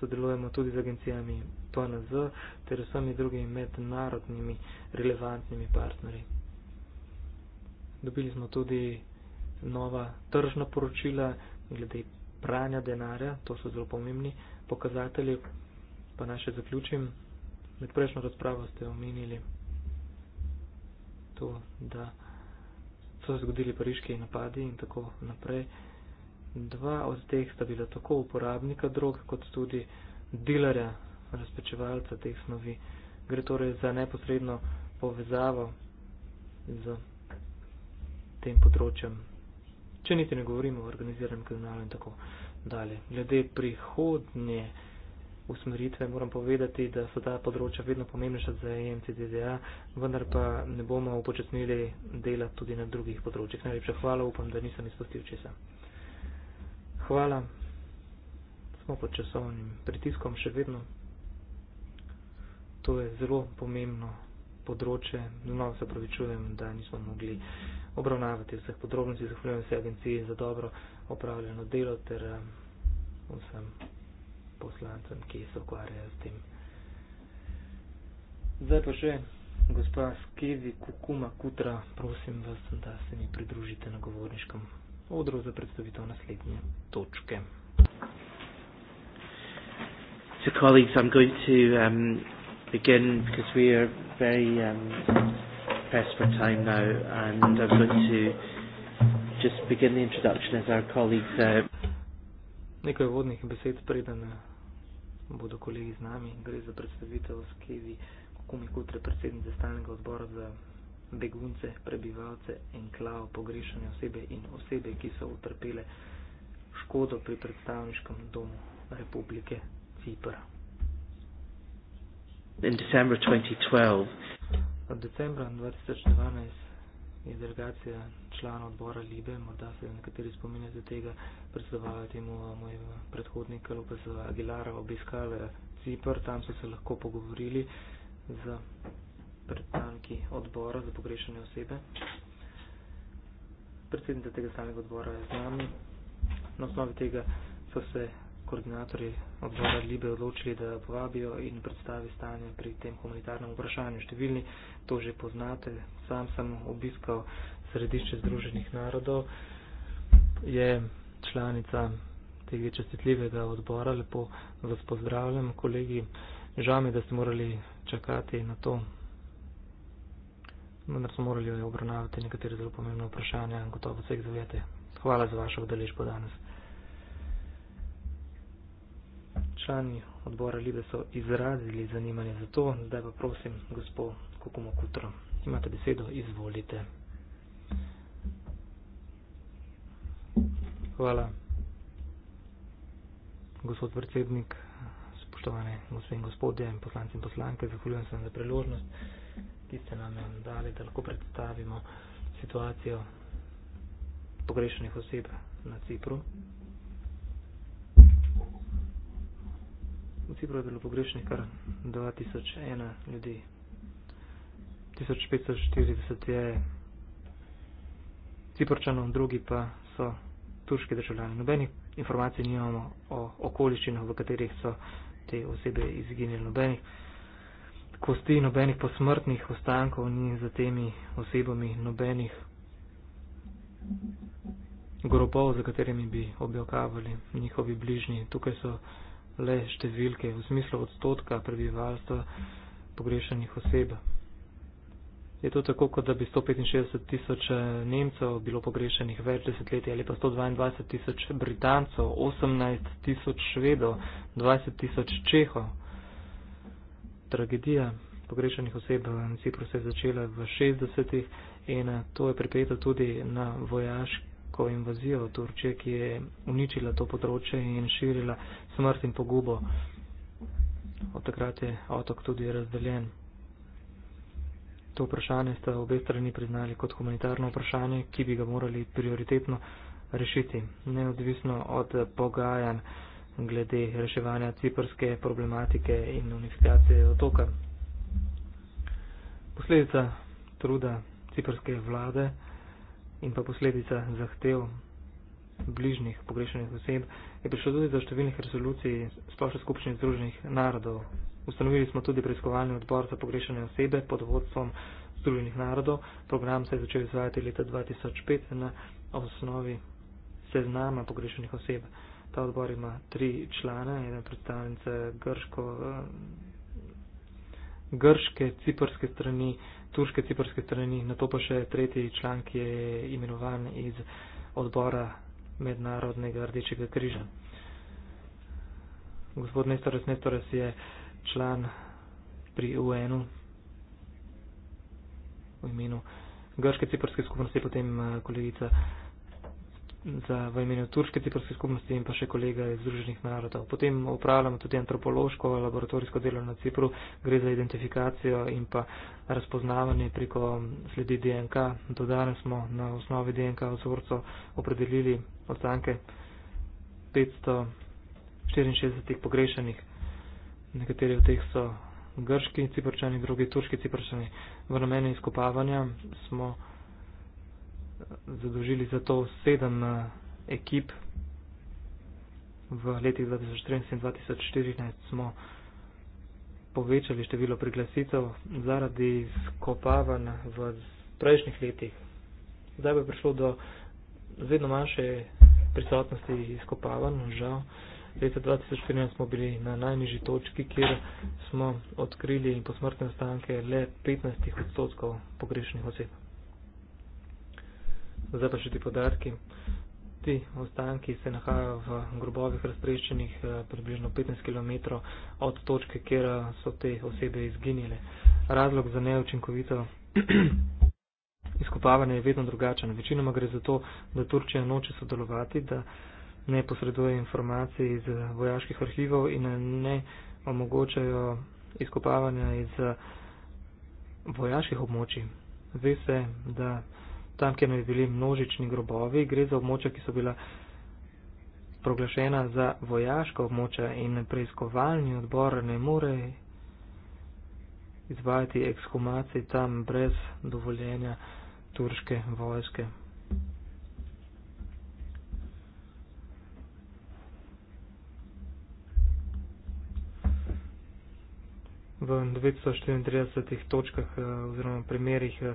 Sodelujemo tudi z agencijami PNZ ter vsemi drugimi mednarodnimi relevantnimi partnerji dobili smo tudi nova tržna poročila glede pranja denarja, to so zelo pomembni pokazatelji, pa naj še zaključim. Med prejšnjo razpravo ste omenili to, da so se zgodili pariški napadi in tako naprej. Dva od teh sta bila tako uporabnika drog, kot tudi dilerja, razpečevalca teh snovi. Gre torej za neposredno povezavo z tem področjem. Če niti ne govorimo o organiziranem kriminalu in tako dalje. Glede prihodnje usmeritve moram povedati, da so ta področja vedno pomembnejša za e MCDDA, vendar pa ne bomo upočasnili dela tudi na drugih področjih. Najlepša hvala, upam, da nisem izpustil česa. Hvala. Smo pod časovnim pritiskom še vedno. To je zelo pomembno področje. Znova se pravičujem, da nismo mogli obravnavati vseh podrobnosti. Zahvaljujem se agenciji za dobro opravljeno delo ter um, vsem poslancem, ki se ukvarjajo s tem. Zdaj pa še, gospa Skevi Kukuma Kutra, prosim vas, da se mi pridružite na govorniškem odru za predstavitev naslednje točke. So colleagues, I'm going to um, begin because we are very um, pressed for time now, and I'm going to just begin the introduction as our colleagues. Uh, Nekaj vodnih besed, preden uh, bodo kolegi z nami. Gre za predstavitev Skevi Kumikutre, predsednice stalnega odbora za begunce, prebivalce in klavo pogrešanje osebe in osebe, ki so utrpele škodo pri predstavniškem domu Republike Cipra. In December 2012, Od decembra 2012 je delegacija člana odbora Libe, morda se nekateri spominjate tega, predsedovala temu moj predhodnik Lopez Aguilar, obiskala Cipr, tam so se lahko pogovorili z predstavniki odbora za pogrešene osebe. Predsednica tega samega odbora je z nami. Na osnovi tega so se koordinatorji odbora Libe odločili, da povabijo in predstavi stanje pri tem humanitarnem vprašanju. Številni to že poznate. Sam sem obiskal središče Združenih narodov. Je članica tega častitljivega odbora. Lepo vas pozdravljam, kolegi. Žal mi, da ste morali čakati na to. Vendar smo morali obravnavati nekatere zelo pomembne vprašanja in gotovo se jih zavete. Hvala za vašo udeležbo danes. člani odbora Libe so izrazili zanimanje za to. Zdaj pa prosim, gospod Kukumo Kutro, imate besedo, izvolite. Hvala. Gospod predsednik, spoštovane gospe in gospodje, poslanci in poslanke, zahvaljujem se vam za priložnost, ki ste nam jo dali, da lahko predstavimo situacijo pogrešenih oseb na Cipru. V Cipru je bilo pogrešnih kar 2001 ljudi. 1540 je Ciprčanov, drugi pa so turški državljani. Nobenih informacij nimamo o okoliščinah, v katerih so te osebe izginile. Nobenih kosti, nobenih posmrtnih ostankov ni za temi osebami, nobenih grobov, za katerimi bi objokavali njihovi bližnji. Tukaj so le številke v smislu odstotka prebivalstva pogrešanih oseb. Je to tako, kot da bi 165 tisoč eh, Nemcev bilo pogrešenih več desetletij ali pa 122 tisoč Britancov, 18 tisoč Švedov, 20 tisoč Čehov. Tragedija pogrešenih oseb na Cipru se je začela v 60-ih in eh, to je pripeto tudi na vojaški turško invazijo Turčije, ki je uničila to področje in širila smrt in pogubo. Od takrat je otok tudi razdeljen. To vprašanje sta obe strani priznali kot humanitarno vprašanje, ki bi ga morali prioritetno rešiti, neodvisno od pogajanj glede reševanja ciprske problematike in unifikacije otoka. Posledica truda ciprske vlade in pa posledica zahtev bližnjih pogrešenih oseb, je prišlo tudi do številnih resolucij Splošne skupščine Združenih narodov. Ustanovili smo tudi preiskovalni odbor za pogrešene osebe pod vodstvom Združenih narodov. Program se je začel izvajati leta 2005 na osnovi seznama pogrešenih oseb. Ta odbor ima tri člane, ena predstavnica grško, eh, grške, ciprske strani, turške ciprske strani, na to pa še tretji član, ki je imenovan iz odbora Mednarodnega rdečega križa. Gospod Nestoras Nestoras je član pri UN-u v imenu Grške ciprske skupnosti, potem eh, kolegica za, v imenu Turške tipske skupnosti in pa še kolega iz Združenih narodov. Potem upravljamo tudi antropološko, laboratorijsko delo na Cipru, gre za identifikacijo in pa razpoznavanje preko sledi DNK. Do danes smo na osnovi DNK vzorcev opredelili ostanke 564 pogrešanih. Nekateri od teh so grški ciprčani, drugi turški ciprčani. V namene izkopavanja smo zadožili za to sedem eh, ekip. V letih 2013 in 2014 smo povečali število priglasitev zaradi skopavanj v prejšnjih letih. Zdaj bi prišlo do vedno manjše prisotnosti izkopavanj, žal. Leta 2014 smo bili na najnižji točki, kjer smo odkrili posmrtne ostanke le 15 odstotkov pogrešnih oseb zdaj pa še ti podatki. Ti ostanki se nahajajo v grobovih razpreščenih eh, približno 15 km od točke, kjer eh, so te osebe izginile. Razlog za neučinkovito izkopavanje je vedno drugačen. Večinoma gre za to, da Turčija noče sodelovati, da ne posreduje informacij iz eh, vojaških arhivov in ne omogočajo izkopavanja iz vojaških območij. Ve se, da tam, kjer bi bili množični grobovi, gre za območja, ki so bila proglašena za vojaška območja in preiskovalni odbor ne more izvajati ekshumacij tam brez dovoljenja turške vojske. V 934 točkah eh, oziroma primerih eh,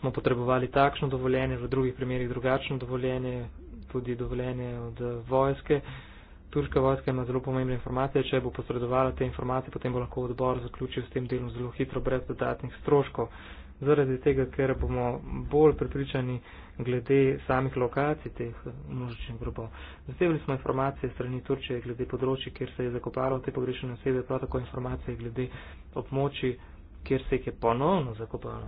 smo potrebovali takšno dovoljenje, v drugih primerjih drugačno dovoljenje, tudi dovoljenje od vojske. Turška vojska ima zelo pomembne informacije, če bo posredovala te informacije, potem bo lahko odbor zaključil s tem delom zelo hitro, brez dodatnih stroškov. Zaradi tega, ker bomo bolj prepričani glede samih lokacij teh množičnih grobov. Zasebili smo informacije strani Turčije glede področji, kjer se je zakopalo te pogrešene osebe, prav tako informacije glede območji, kjer se jih je ponovno zakopalo.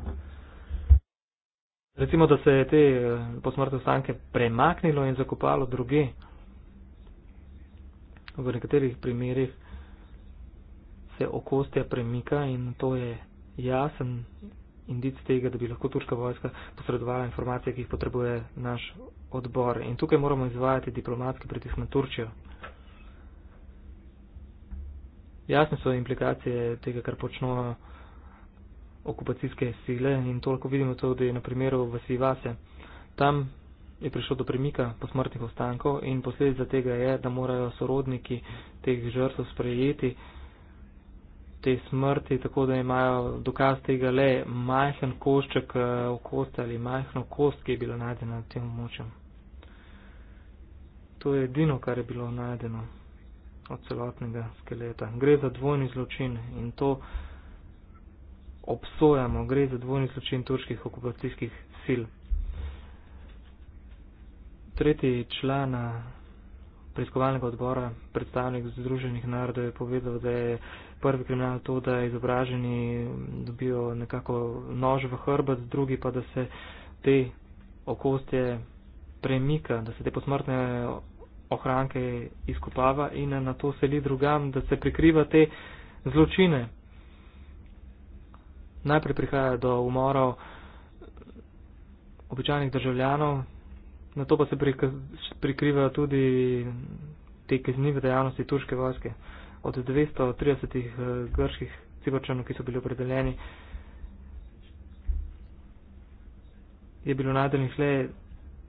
Recimo, da se je te eh, posmrtne ostanke premaknilo in zakopalo druge. V nekaterih primerjih se okostja premika in to je jasen indic tega, da bi lahko turška vojska posredovala informacije, ki jih potrebuje naš odbor. In tukaj moramo izvajati diplomatski pritisk na Turčijo. Jasne so implikacije tega, kar počnemo okupacijske sile in to lahko vidimo tudi na primeru vasi Vase. Tam je prišlo do premika posmrtnih ostankov in posledica tega je, da morajo sorodniki teh žrtev sprejeti te smrti, tako da imajo dokaz tega le majhen košček v eh, kost ali majhno kost, ki je bila najdena na tem močem. To je edino, kar je bilo najdeno od celotnega skeleta. Gre za dvojni zločin in to obsojamo, gre za dvojni zločin turških okupacijskih sil. Tretji član preiskovalnega odbora, predstavnik Združenih narodov, je povedal, da je prvi kriminal to, da je izobraženi dobijo nekako nož v hrbet, drugi pa, da se te okostje premika, da se te posmrtne ohranke izkopava in na to seli drugam, da se prikriva te zločine najprej prihaja do umorov običajnih državljanov, na to pa se prikrivajo tudi te kaznive dejavnosti turške vojske. Od 230 eh, grških ciprčanov, ki so bili opredeljeni, je bilo najdenih le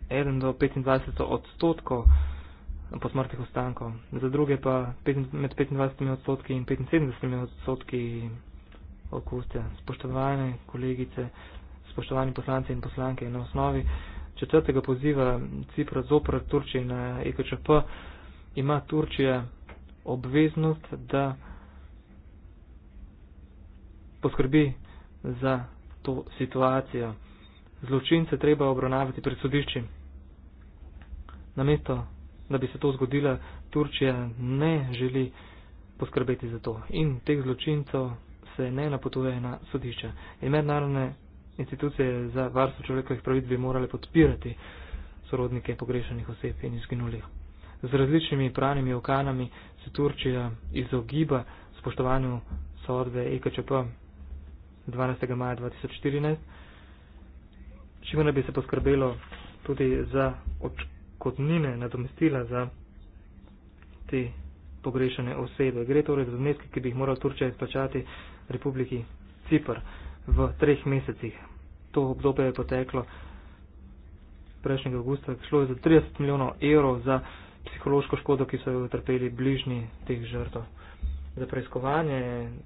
1 do 25 odstotkov posmrtnih ostankov, za druge pa med 25 odstotki in 75 odstotki okužbe. Spoštovane kolegice, spoštovani poslanci in poslanke, na osnovi četrtega poziva Cipra zopr Turčije na eh, EKČP ima Turčija obveznost, da poskrbi za to situacijo. Zločince treba obravnavati pred sodišči. Namesto, da bi se to zgodila, Turčija ne želi poskrbeti za to. In teh zločincev se ne napotuje na sodišča. In mednarodne institucije za varstvo človekovih pravic bi morale podpirati sorodnike pogrešanih oseb in izginulih. Z različnimi pranimi okanami se Turčija izogiba spoštovanju sodbe EKČP 12. maja 2014, čimer bi se poskrbelo tudi za odškodnine nadomestila za te pogrešane osebe. Gre torej za zneske, ki bi jih moral Turčija izplačati Republiki Cipr v treh mesecih. To obdobje je poteklo prejšnjega augusta, šlo je za 30 milijonov evrov za psihološko škodo, ki so jo utrpeli bližnji teh žrtov. Za preiskovanje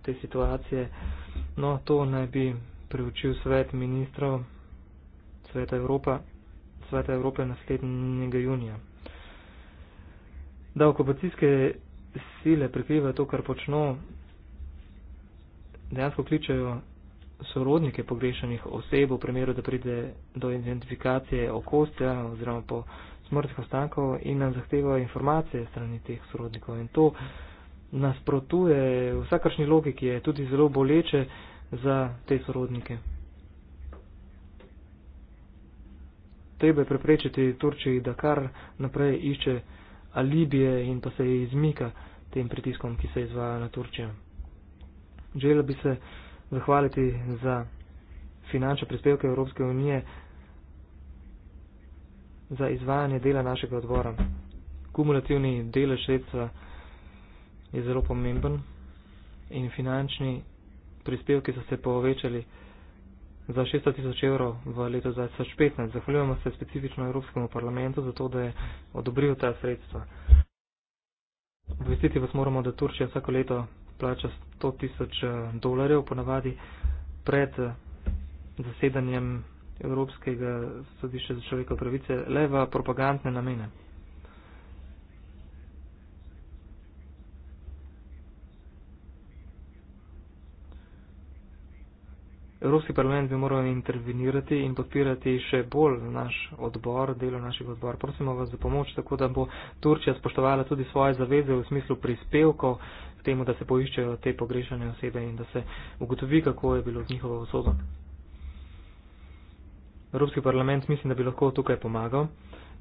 te situacije, no to naj bi preučil svet ministrov Sveta Evropa, Sveta Evrope naslednjega junija. Da okupacijske sile prikrivajo to, kar počno, dejansko kličajo sorodnike pogrešanih oseb v primeru, da pride do identifikacije okostja oziroma po smrtnih ostankov in nam zahtevajo informacije strani teh sorodnikov. In to nasprotuje vsakršni logiki, je tudi zelo boleče za te sorodnike. Treba je preprečiti Turčiji, da kar naprej išče alibije in pa se izmika tem pritiskom, ki se izvajajo na Turčijo. Želela bi se zahvaliti za finančne prispevke Evropske unije za izvajanje dela našega odbora. Kumulativni delež sredstva je zelo pomemben in finančni prispevki so se povečali za 600 tisoč evrov v letu 2015. Zahvaljujemo se specifično Evropskemu parlamentu za to, da je odobril ta sredstva. Obvestiti vas moramo, da Turčija vsako leto plača 100 tisoč eh, dolarjev, ponavadi pred eh, zasedanjem Evropskega sodišča za človeka pravice, le v propagandne namene. Evropski parlament bi moral intervenirati in podpirati še bolj naš odbor, delo našega odbora. Prosimo vas za pomoč, tako da bo Turčija spoštovala tudi svoje zaveze v smislu prispevkov, temu, da se poiščejo te pogrešane osebe in da se ugotovi, kako je bilo z njihovo osodo. Evropski parlament mislim, da bi lahko tukaj pomagal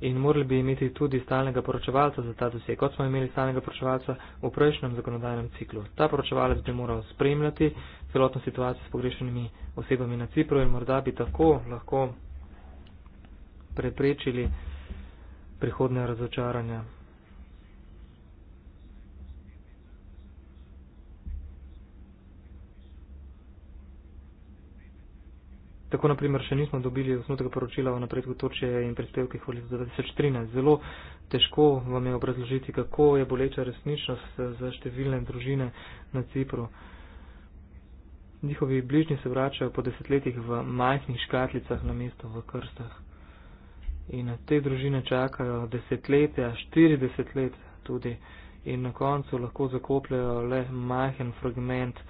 in morali bi imeti tudi stalnega poročevalca za ta doseg, kot smo imeli stalnega poročevalca v prejšnjem zakonodajnem ciklu. Ta poročevalec bi moral spremljati celotno situacijo s pogrešenimi osebami na Cipru in morda bi tako lahko preprečili prihodne razočaranja Tako naprimer še nismo dobili osnutega poročila o napredku Turčije in prispevkih v letu 2013. Zelo težko vam je obrazložiti, kako je boleča resničnost eh, za številne družine na Cipru. Njihovi bližnji se vračajo po desetletjih v majhnih škatlicah na mesto v krstah. In te družine čakajo desetletja, 40 let tudi. In na koncu lahko zakopljajo le majhen fragment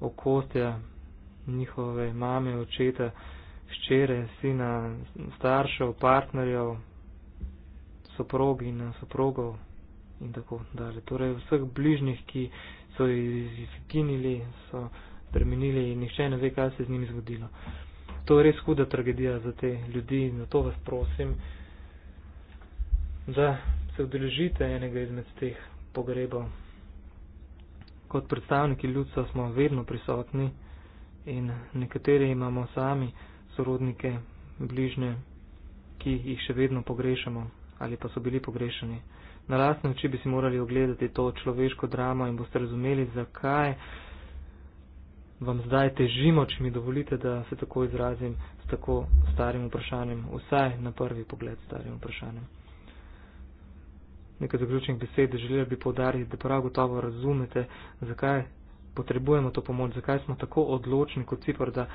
okostja njihove mame, očeta, ščere, sina, staršev, partnerjev, soprog in eh, soprogov in tako dalje. Torej vseh bližnjih, ki so jih izginili, so premenili in nihče ne ve, kaj se je z njimi zgodilo. To je res huda tragedija za te ljudi in zato vas prosim, da se udeležite enega izmed teh pogrebov. Kot predstavniki ljudstva smo vedno prisotni in nekateri imamo sami sorodnike, bližnje, ki jih še vedno pogrešamo ali pa so bili pogrešani. Na lastne oči bi si morali ogledati to človeško dramo in boste razumeli, zakaj vam zdaj težimo, če mi dovolite, da se tako izrazim s tako starim vprašanjem, vsaj na prvi pogled starim vprašanjem. Nekaj zaključnih besed želel bi povdariti, da prav gotovo razumete, zakaj potrebujemo to pomoč, zakaj smo tako odločni kot Cipr, da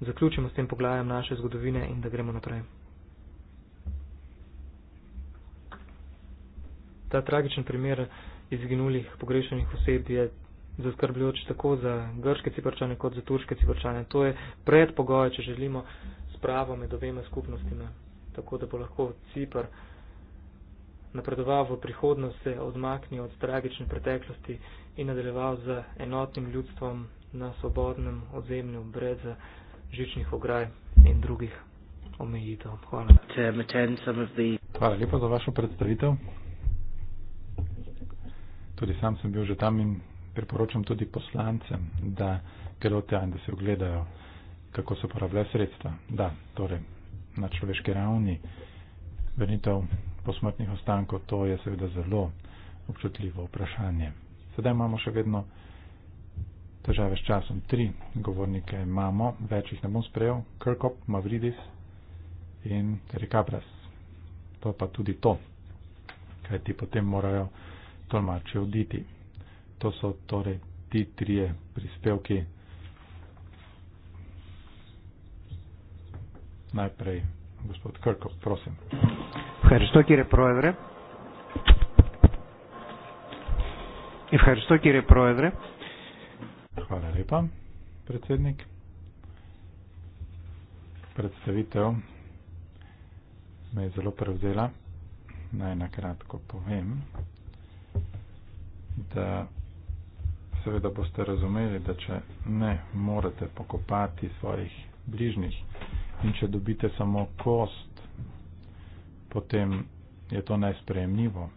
zaključimo s tem poglavjem naše zgodovine in da gremo naprej. Ta tragičen primer izginulih pogrešenih oseb je zaskrbljujoč tako za grške ciprčane kot za turške ciprčane. To je predpogoj, če želimo spravo med obema skupnostima, tako da bo lahko Cipr napredoval v prihodnost, se odmaknil od tragične preteklosti in nadaljeval z enotnim ljudstvom na svobodnem ozemlju brez žičnih ograj in drugih omejitev. Hvala. Hvala lepa za vašo predstavitev. Tudi sam sem bil že tam in priporočam tudi poslancem, da gredo tja in da se ogledajo, kako se uporabljajo sredstva. Da, torej na človeški ravni vrnitev posmrtnih ostankov, to je seveda zelo občutljivo vprašanje. Sedaj imamo še vedno težave s časom. Tri govornike imamo, več jih ne bom sprejel. Kirkop, Mavridis in Rikabras. To pa tudi to, kaj ti potem morajo tolmači oditi. To so torej ti trije prispevki. Najprej gospod Krkov, prosim. Hrstokire proevre. Ευχαριστώ κύριε Πρόεδρε. Hvala lepa, predsednik. Predstavitev me je zelo prevzela. Naj na kratko povem, da seveda boste razumeli, da če ne morete pokopati svojih bližnjih in če dobite samo kost, potem je to najsprejemljivo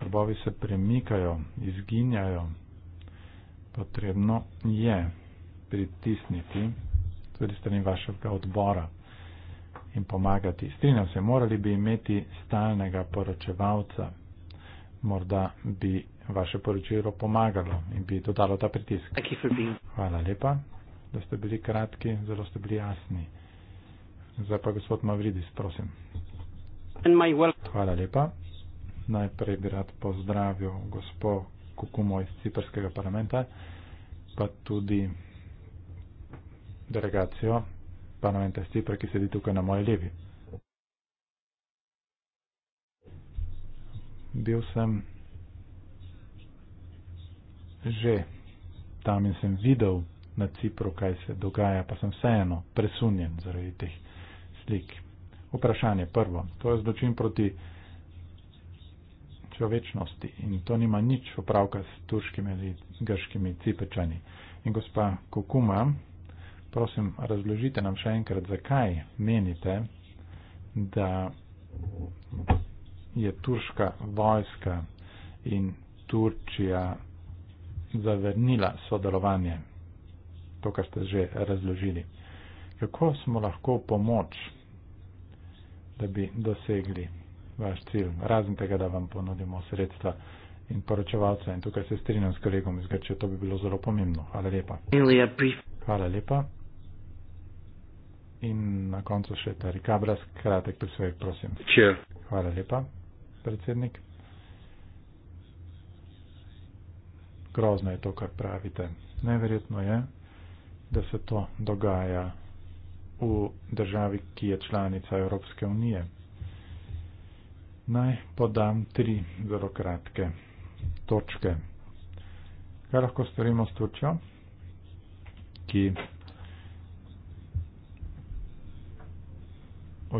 robovi se premikajo, izginjajo. Potrebno je pritisniti tudi strani vašega odbora in pomagati. Strinjam se, morali bi imeti stalnega poročevalca. Morda bi vaše poročilo pomagalo in bi dodalo ta pritisk. Hvala lepa, da ste bili kratki, zelo ste bili jasni. Zdaj pa gospod Mavridis, prosim. Hvala lepa. Najprej bi rad pozdravil gospo Kukumo iz Ciprskega parlamenta, pa tudi delegacijo parlamenta iz Cipra, ki sedi tukaj na moji levi. Bil sem že tam in sem videl na Cipru, kaj se dogaja, pa sem vseeno presunjen zaradi teh slik. Vprašanje prvo. To je zločin proti človečnosti in to nima nič opravka s turškimi ali grškimi cipečani. In gospa Kukuma, prosim, razložite nam še enkrat, zakaj menite, da je turška vojska in Turčija zavrnila sodelovanje, to, kar ste že razložili. Kako smo lahko pomoč, da bi dosegli vaš cilj, razen tega, da vam ponudimo sredstva in poročevalca. In tukaj se strinjam s kolegom iz Grče, to bi bilo zelo pomembno. Hvala lepa. Hvala lepa. In na koncu še Tarik Abras, kratek prisvojek, prosim. Hvala lepa, predsednik. Grozno je to, kar pravite. Neverjetno je, da se to dogaja v državi, ki je članica Evropske unije naj podam tri zelo kratke točke. Kaj lahko storimo s točjo, ki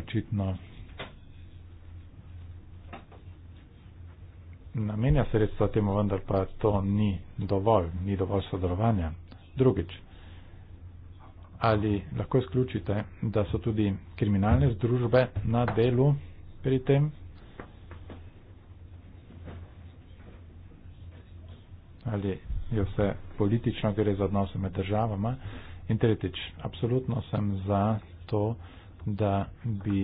očitno namenja sredstva temu, vendar pa to ni dovolj, ni dovolj sodelovanja. Drugič, ali lahko izključite, da so tudi kriminalne združbe na delu pri tem, ali jo se politično gre za odnose med državama. In tretjič, apsolutno sem za to, da bi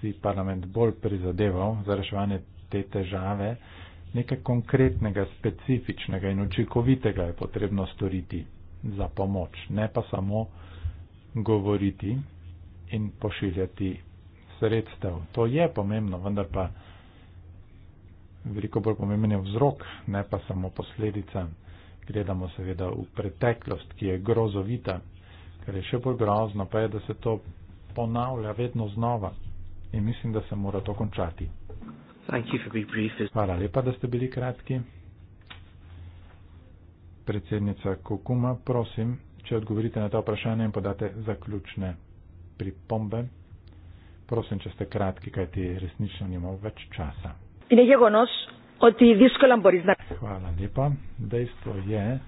si parlament bolj prizadeval za reševanje te težave. Nekaj konkretnega, specifičnega in učinkovitega je potrebno storiti za pomoč, ne pa samo govoriti in pošiljati sredstev. To je pomembno, vendar pa veliko bolj pomemben je vzrok, ne pa samo posledica. Gledamo seveda v preteklost, ki je grozovita, ker je še bolj grozno, pa je, da se to ponavlja vedno znova in mislim, da se mora to končati. Hvala lepa, da ste bili kratki. Predsednica Kukuma, prosim, če odgovorite na ta vprašanja in podate zaključne pripombe. Prosim, če ste kratki, kajti resnično nimamo več časa. Nekaj nos oti diskolam borizna. Hvala lepa. Dejstvo je,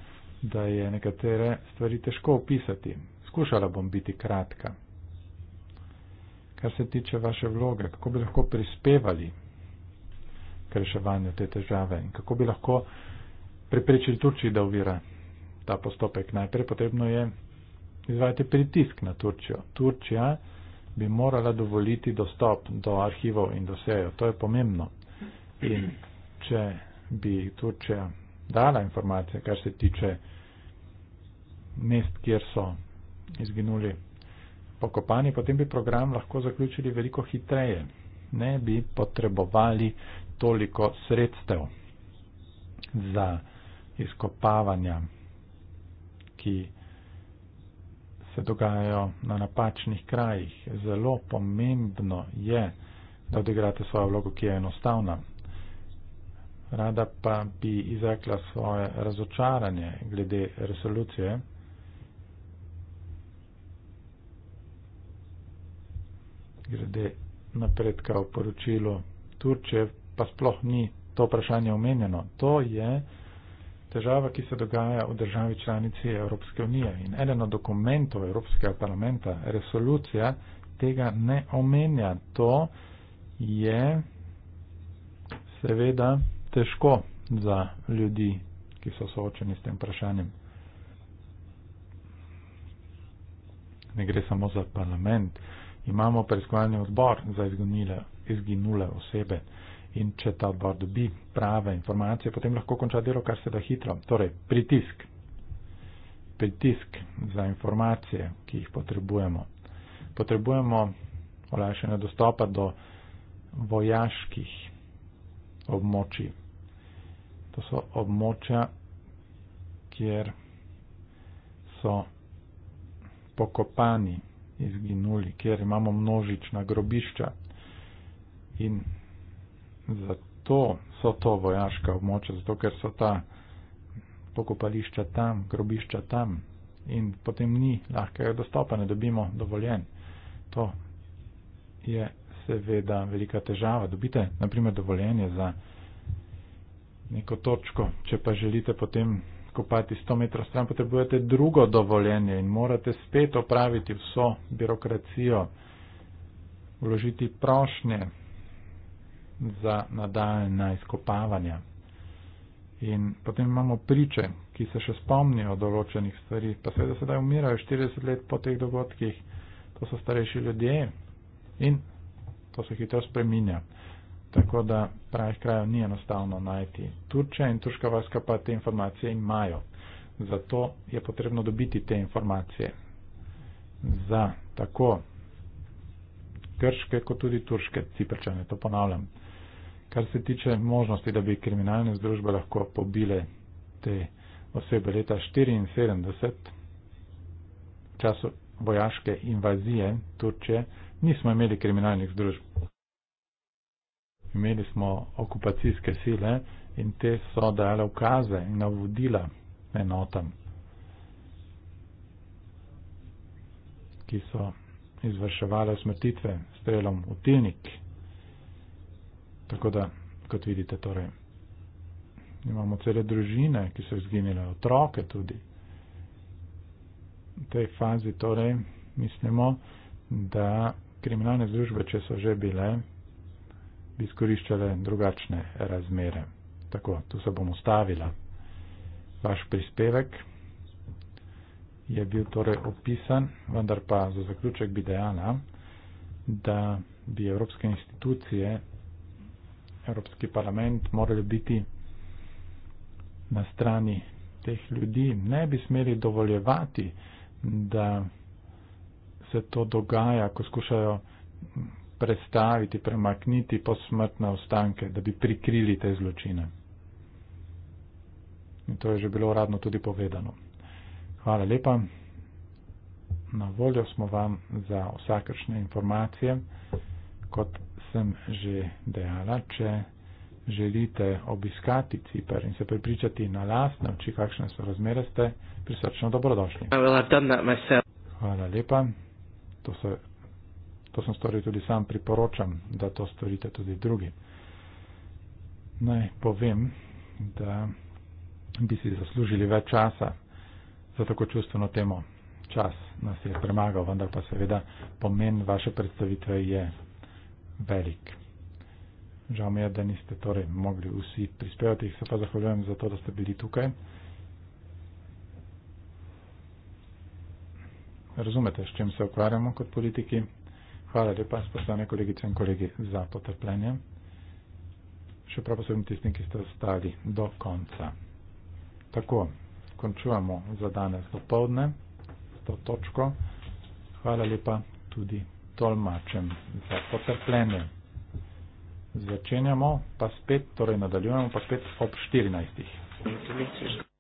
da je nekatere stvari težko opisati. Skušala bom biti kratka. Kar se tiče vaše vloge, kako bi lahko prispevali k reševanju te težave in kako bi lahko preprečili Turčiji, da uvira ta postopek. Najprej potrebno je izvajati pritisk na Turčijo. Turčija bi morala dovoliti dostop do arhivov in do sejo. To je pomembno in če bi Turčija dala informacije, kar se tiče mest, kjer so izginuli pokopani, potem bi program lahko zaključili veliko hitreje. Ne bi potrebovali toliko sredstev za izkopavanja, ki se dogajajo na napačnih krajih. Zelo pomembno je, da odigrate svojo vlogo, ki je enostavna rada pa bi izrekla svoje razočaranje glede resolucije. Glede napredka v poročilu Turčije pa sploh ni to vprašanje omenjeno. To je težava, ki se dogaja v državi članici Evropske unije in eden od dokumentov Evropskega parlamenta, resolucija, tega ne omenja. To je seveda težko za ljudi, ki so soočeni s tem vprašanjem. Ne gre samo za parlament. Imamo preiskovalni odbor za izginile, izginule osebe in če ta odbor dobi prave informacije, potem lahko konča delo kar se da hitro. Torej, pritisk. Pritisk za informacije, ki jih potrebujemo. Potrebujemo olajšanje dostopa do vojaških območij, to so območja, kjer so pokopani, izginuli, kjer imamo množična grobišča. In zato so to vojaška območja, zato ker so ta pokopališča tam, grobišča tam in potem ni lahkega dostopa, ne dobimo dovoljen. To je seveda velika težava. Dobite, naprimer, dovoljenje za neko točko. Če pa želite potem kopati 100 metrov stran, potrebujete drugo dovoljenje in morate spet opraviti vso birokracijo, vložiti prošnje za nadaljna izkopavanja. In potem imamo priče, ki se še spomnijo določenih stvari, pa seveda sedaj umirajo 40 let po teh dogodkih. To so starejši ljudje in to se hitro spreminja. Tako da pravih krajev ni enostavno najti. Turčja in turška vojska pa te informacije imajo. Zato je potrebno dobiti te informacije za tako grške kot tudi turške ciprčane. To ponavljam. Kar se tiče možnosti, da bi kriminalne združbe lahko pobile te osebe leta 1974, v času vojaške invazije Turčije, nismo imeli kriminalnih združb imeli smo okupacijske sile in te so dale ukaze in navodila enotam, ki so izvrševale smrtitve strelom v tilnik. Tako da, kot vidite, torej, imamo cele družine, ki so izginile, otroke tudi. V tej fazi torej mislimo, da kriminalne združbe, če so že bile, bi izkoriščale drugačne razmere. Tako, tu se bom ustavila. Vaš prispevek je bil torej opisan, vendar pa za zaključek bi dejala, da bi evropske institucije, Evropski parlament morali biti na strani teh ljudi, ne bi smeli dovoljevati, da se to dogaja, ko skušajo predstaviti, premakniti posmrtne ostanke, da bi prikrili te zločine. In to je že bilo uradno tudi povedano. Hvala lepa. Na voljo smo vam za vsakršne informacije. Kot sem že dejala, če želite obiskati Cipr in se pripričati na lastne oči, kakšne so razmere, ste prisrčno dobrodošli. Hvala lepa. To se to sem storil tudi sam, priporočam, da to storite tudi drugi. Naj povem, da bi si zaslužili več časa za tako čustveno temo. Čas nas je premagal, vendar pa seveda pomen vaše predstavitve je velik. Žal mi je, da niste torej mogli vsi prispevati, se pa zahvaljujem za to, da ste bili tukaj. Razumete, s čim se ukvarjamo kot politiki? Hvala lepa, spoštovane kolegice in kolegi, za potrpljenje. Še prav posebno tistim, ki ste ostali do konca. Tako, končujemo za danes popovdne s to točko. Hvala lepa tudi tolmačem za potrpljenje. Začenjamo pa spet, torej nadaljujemo pa spet ob 14.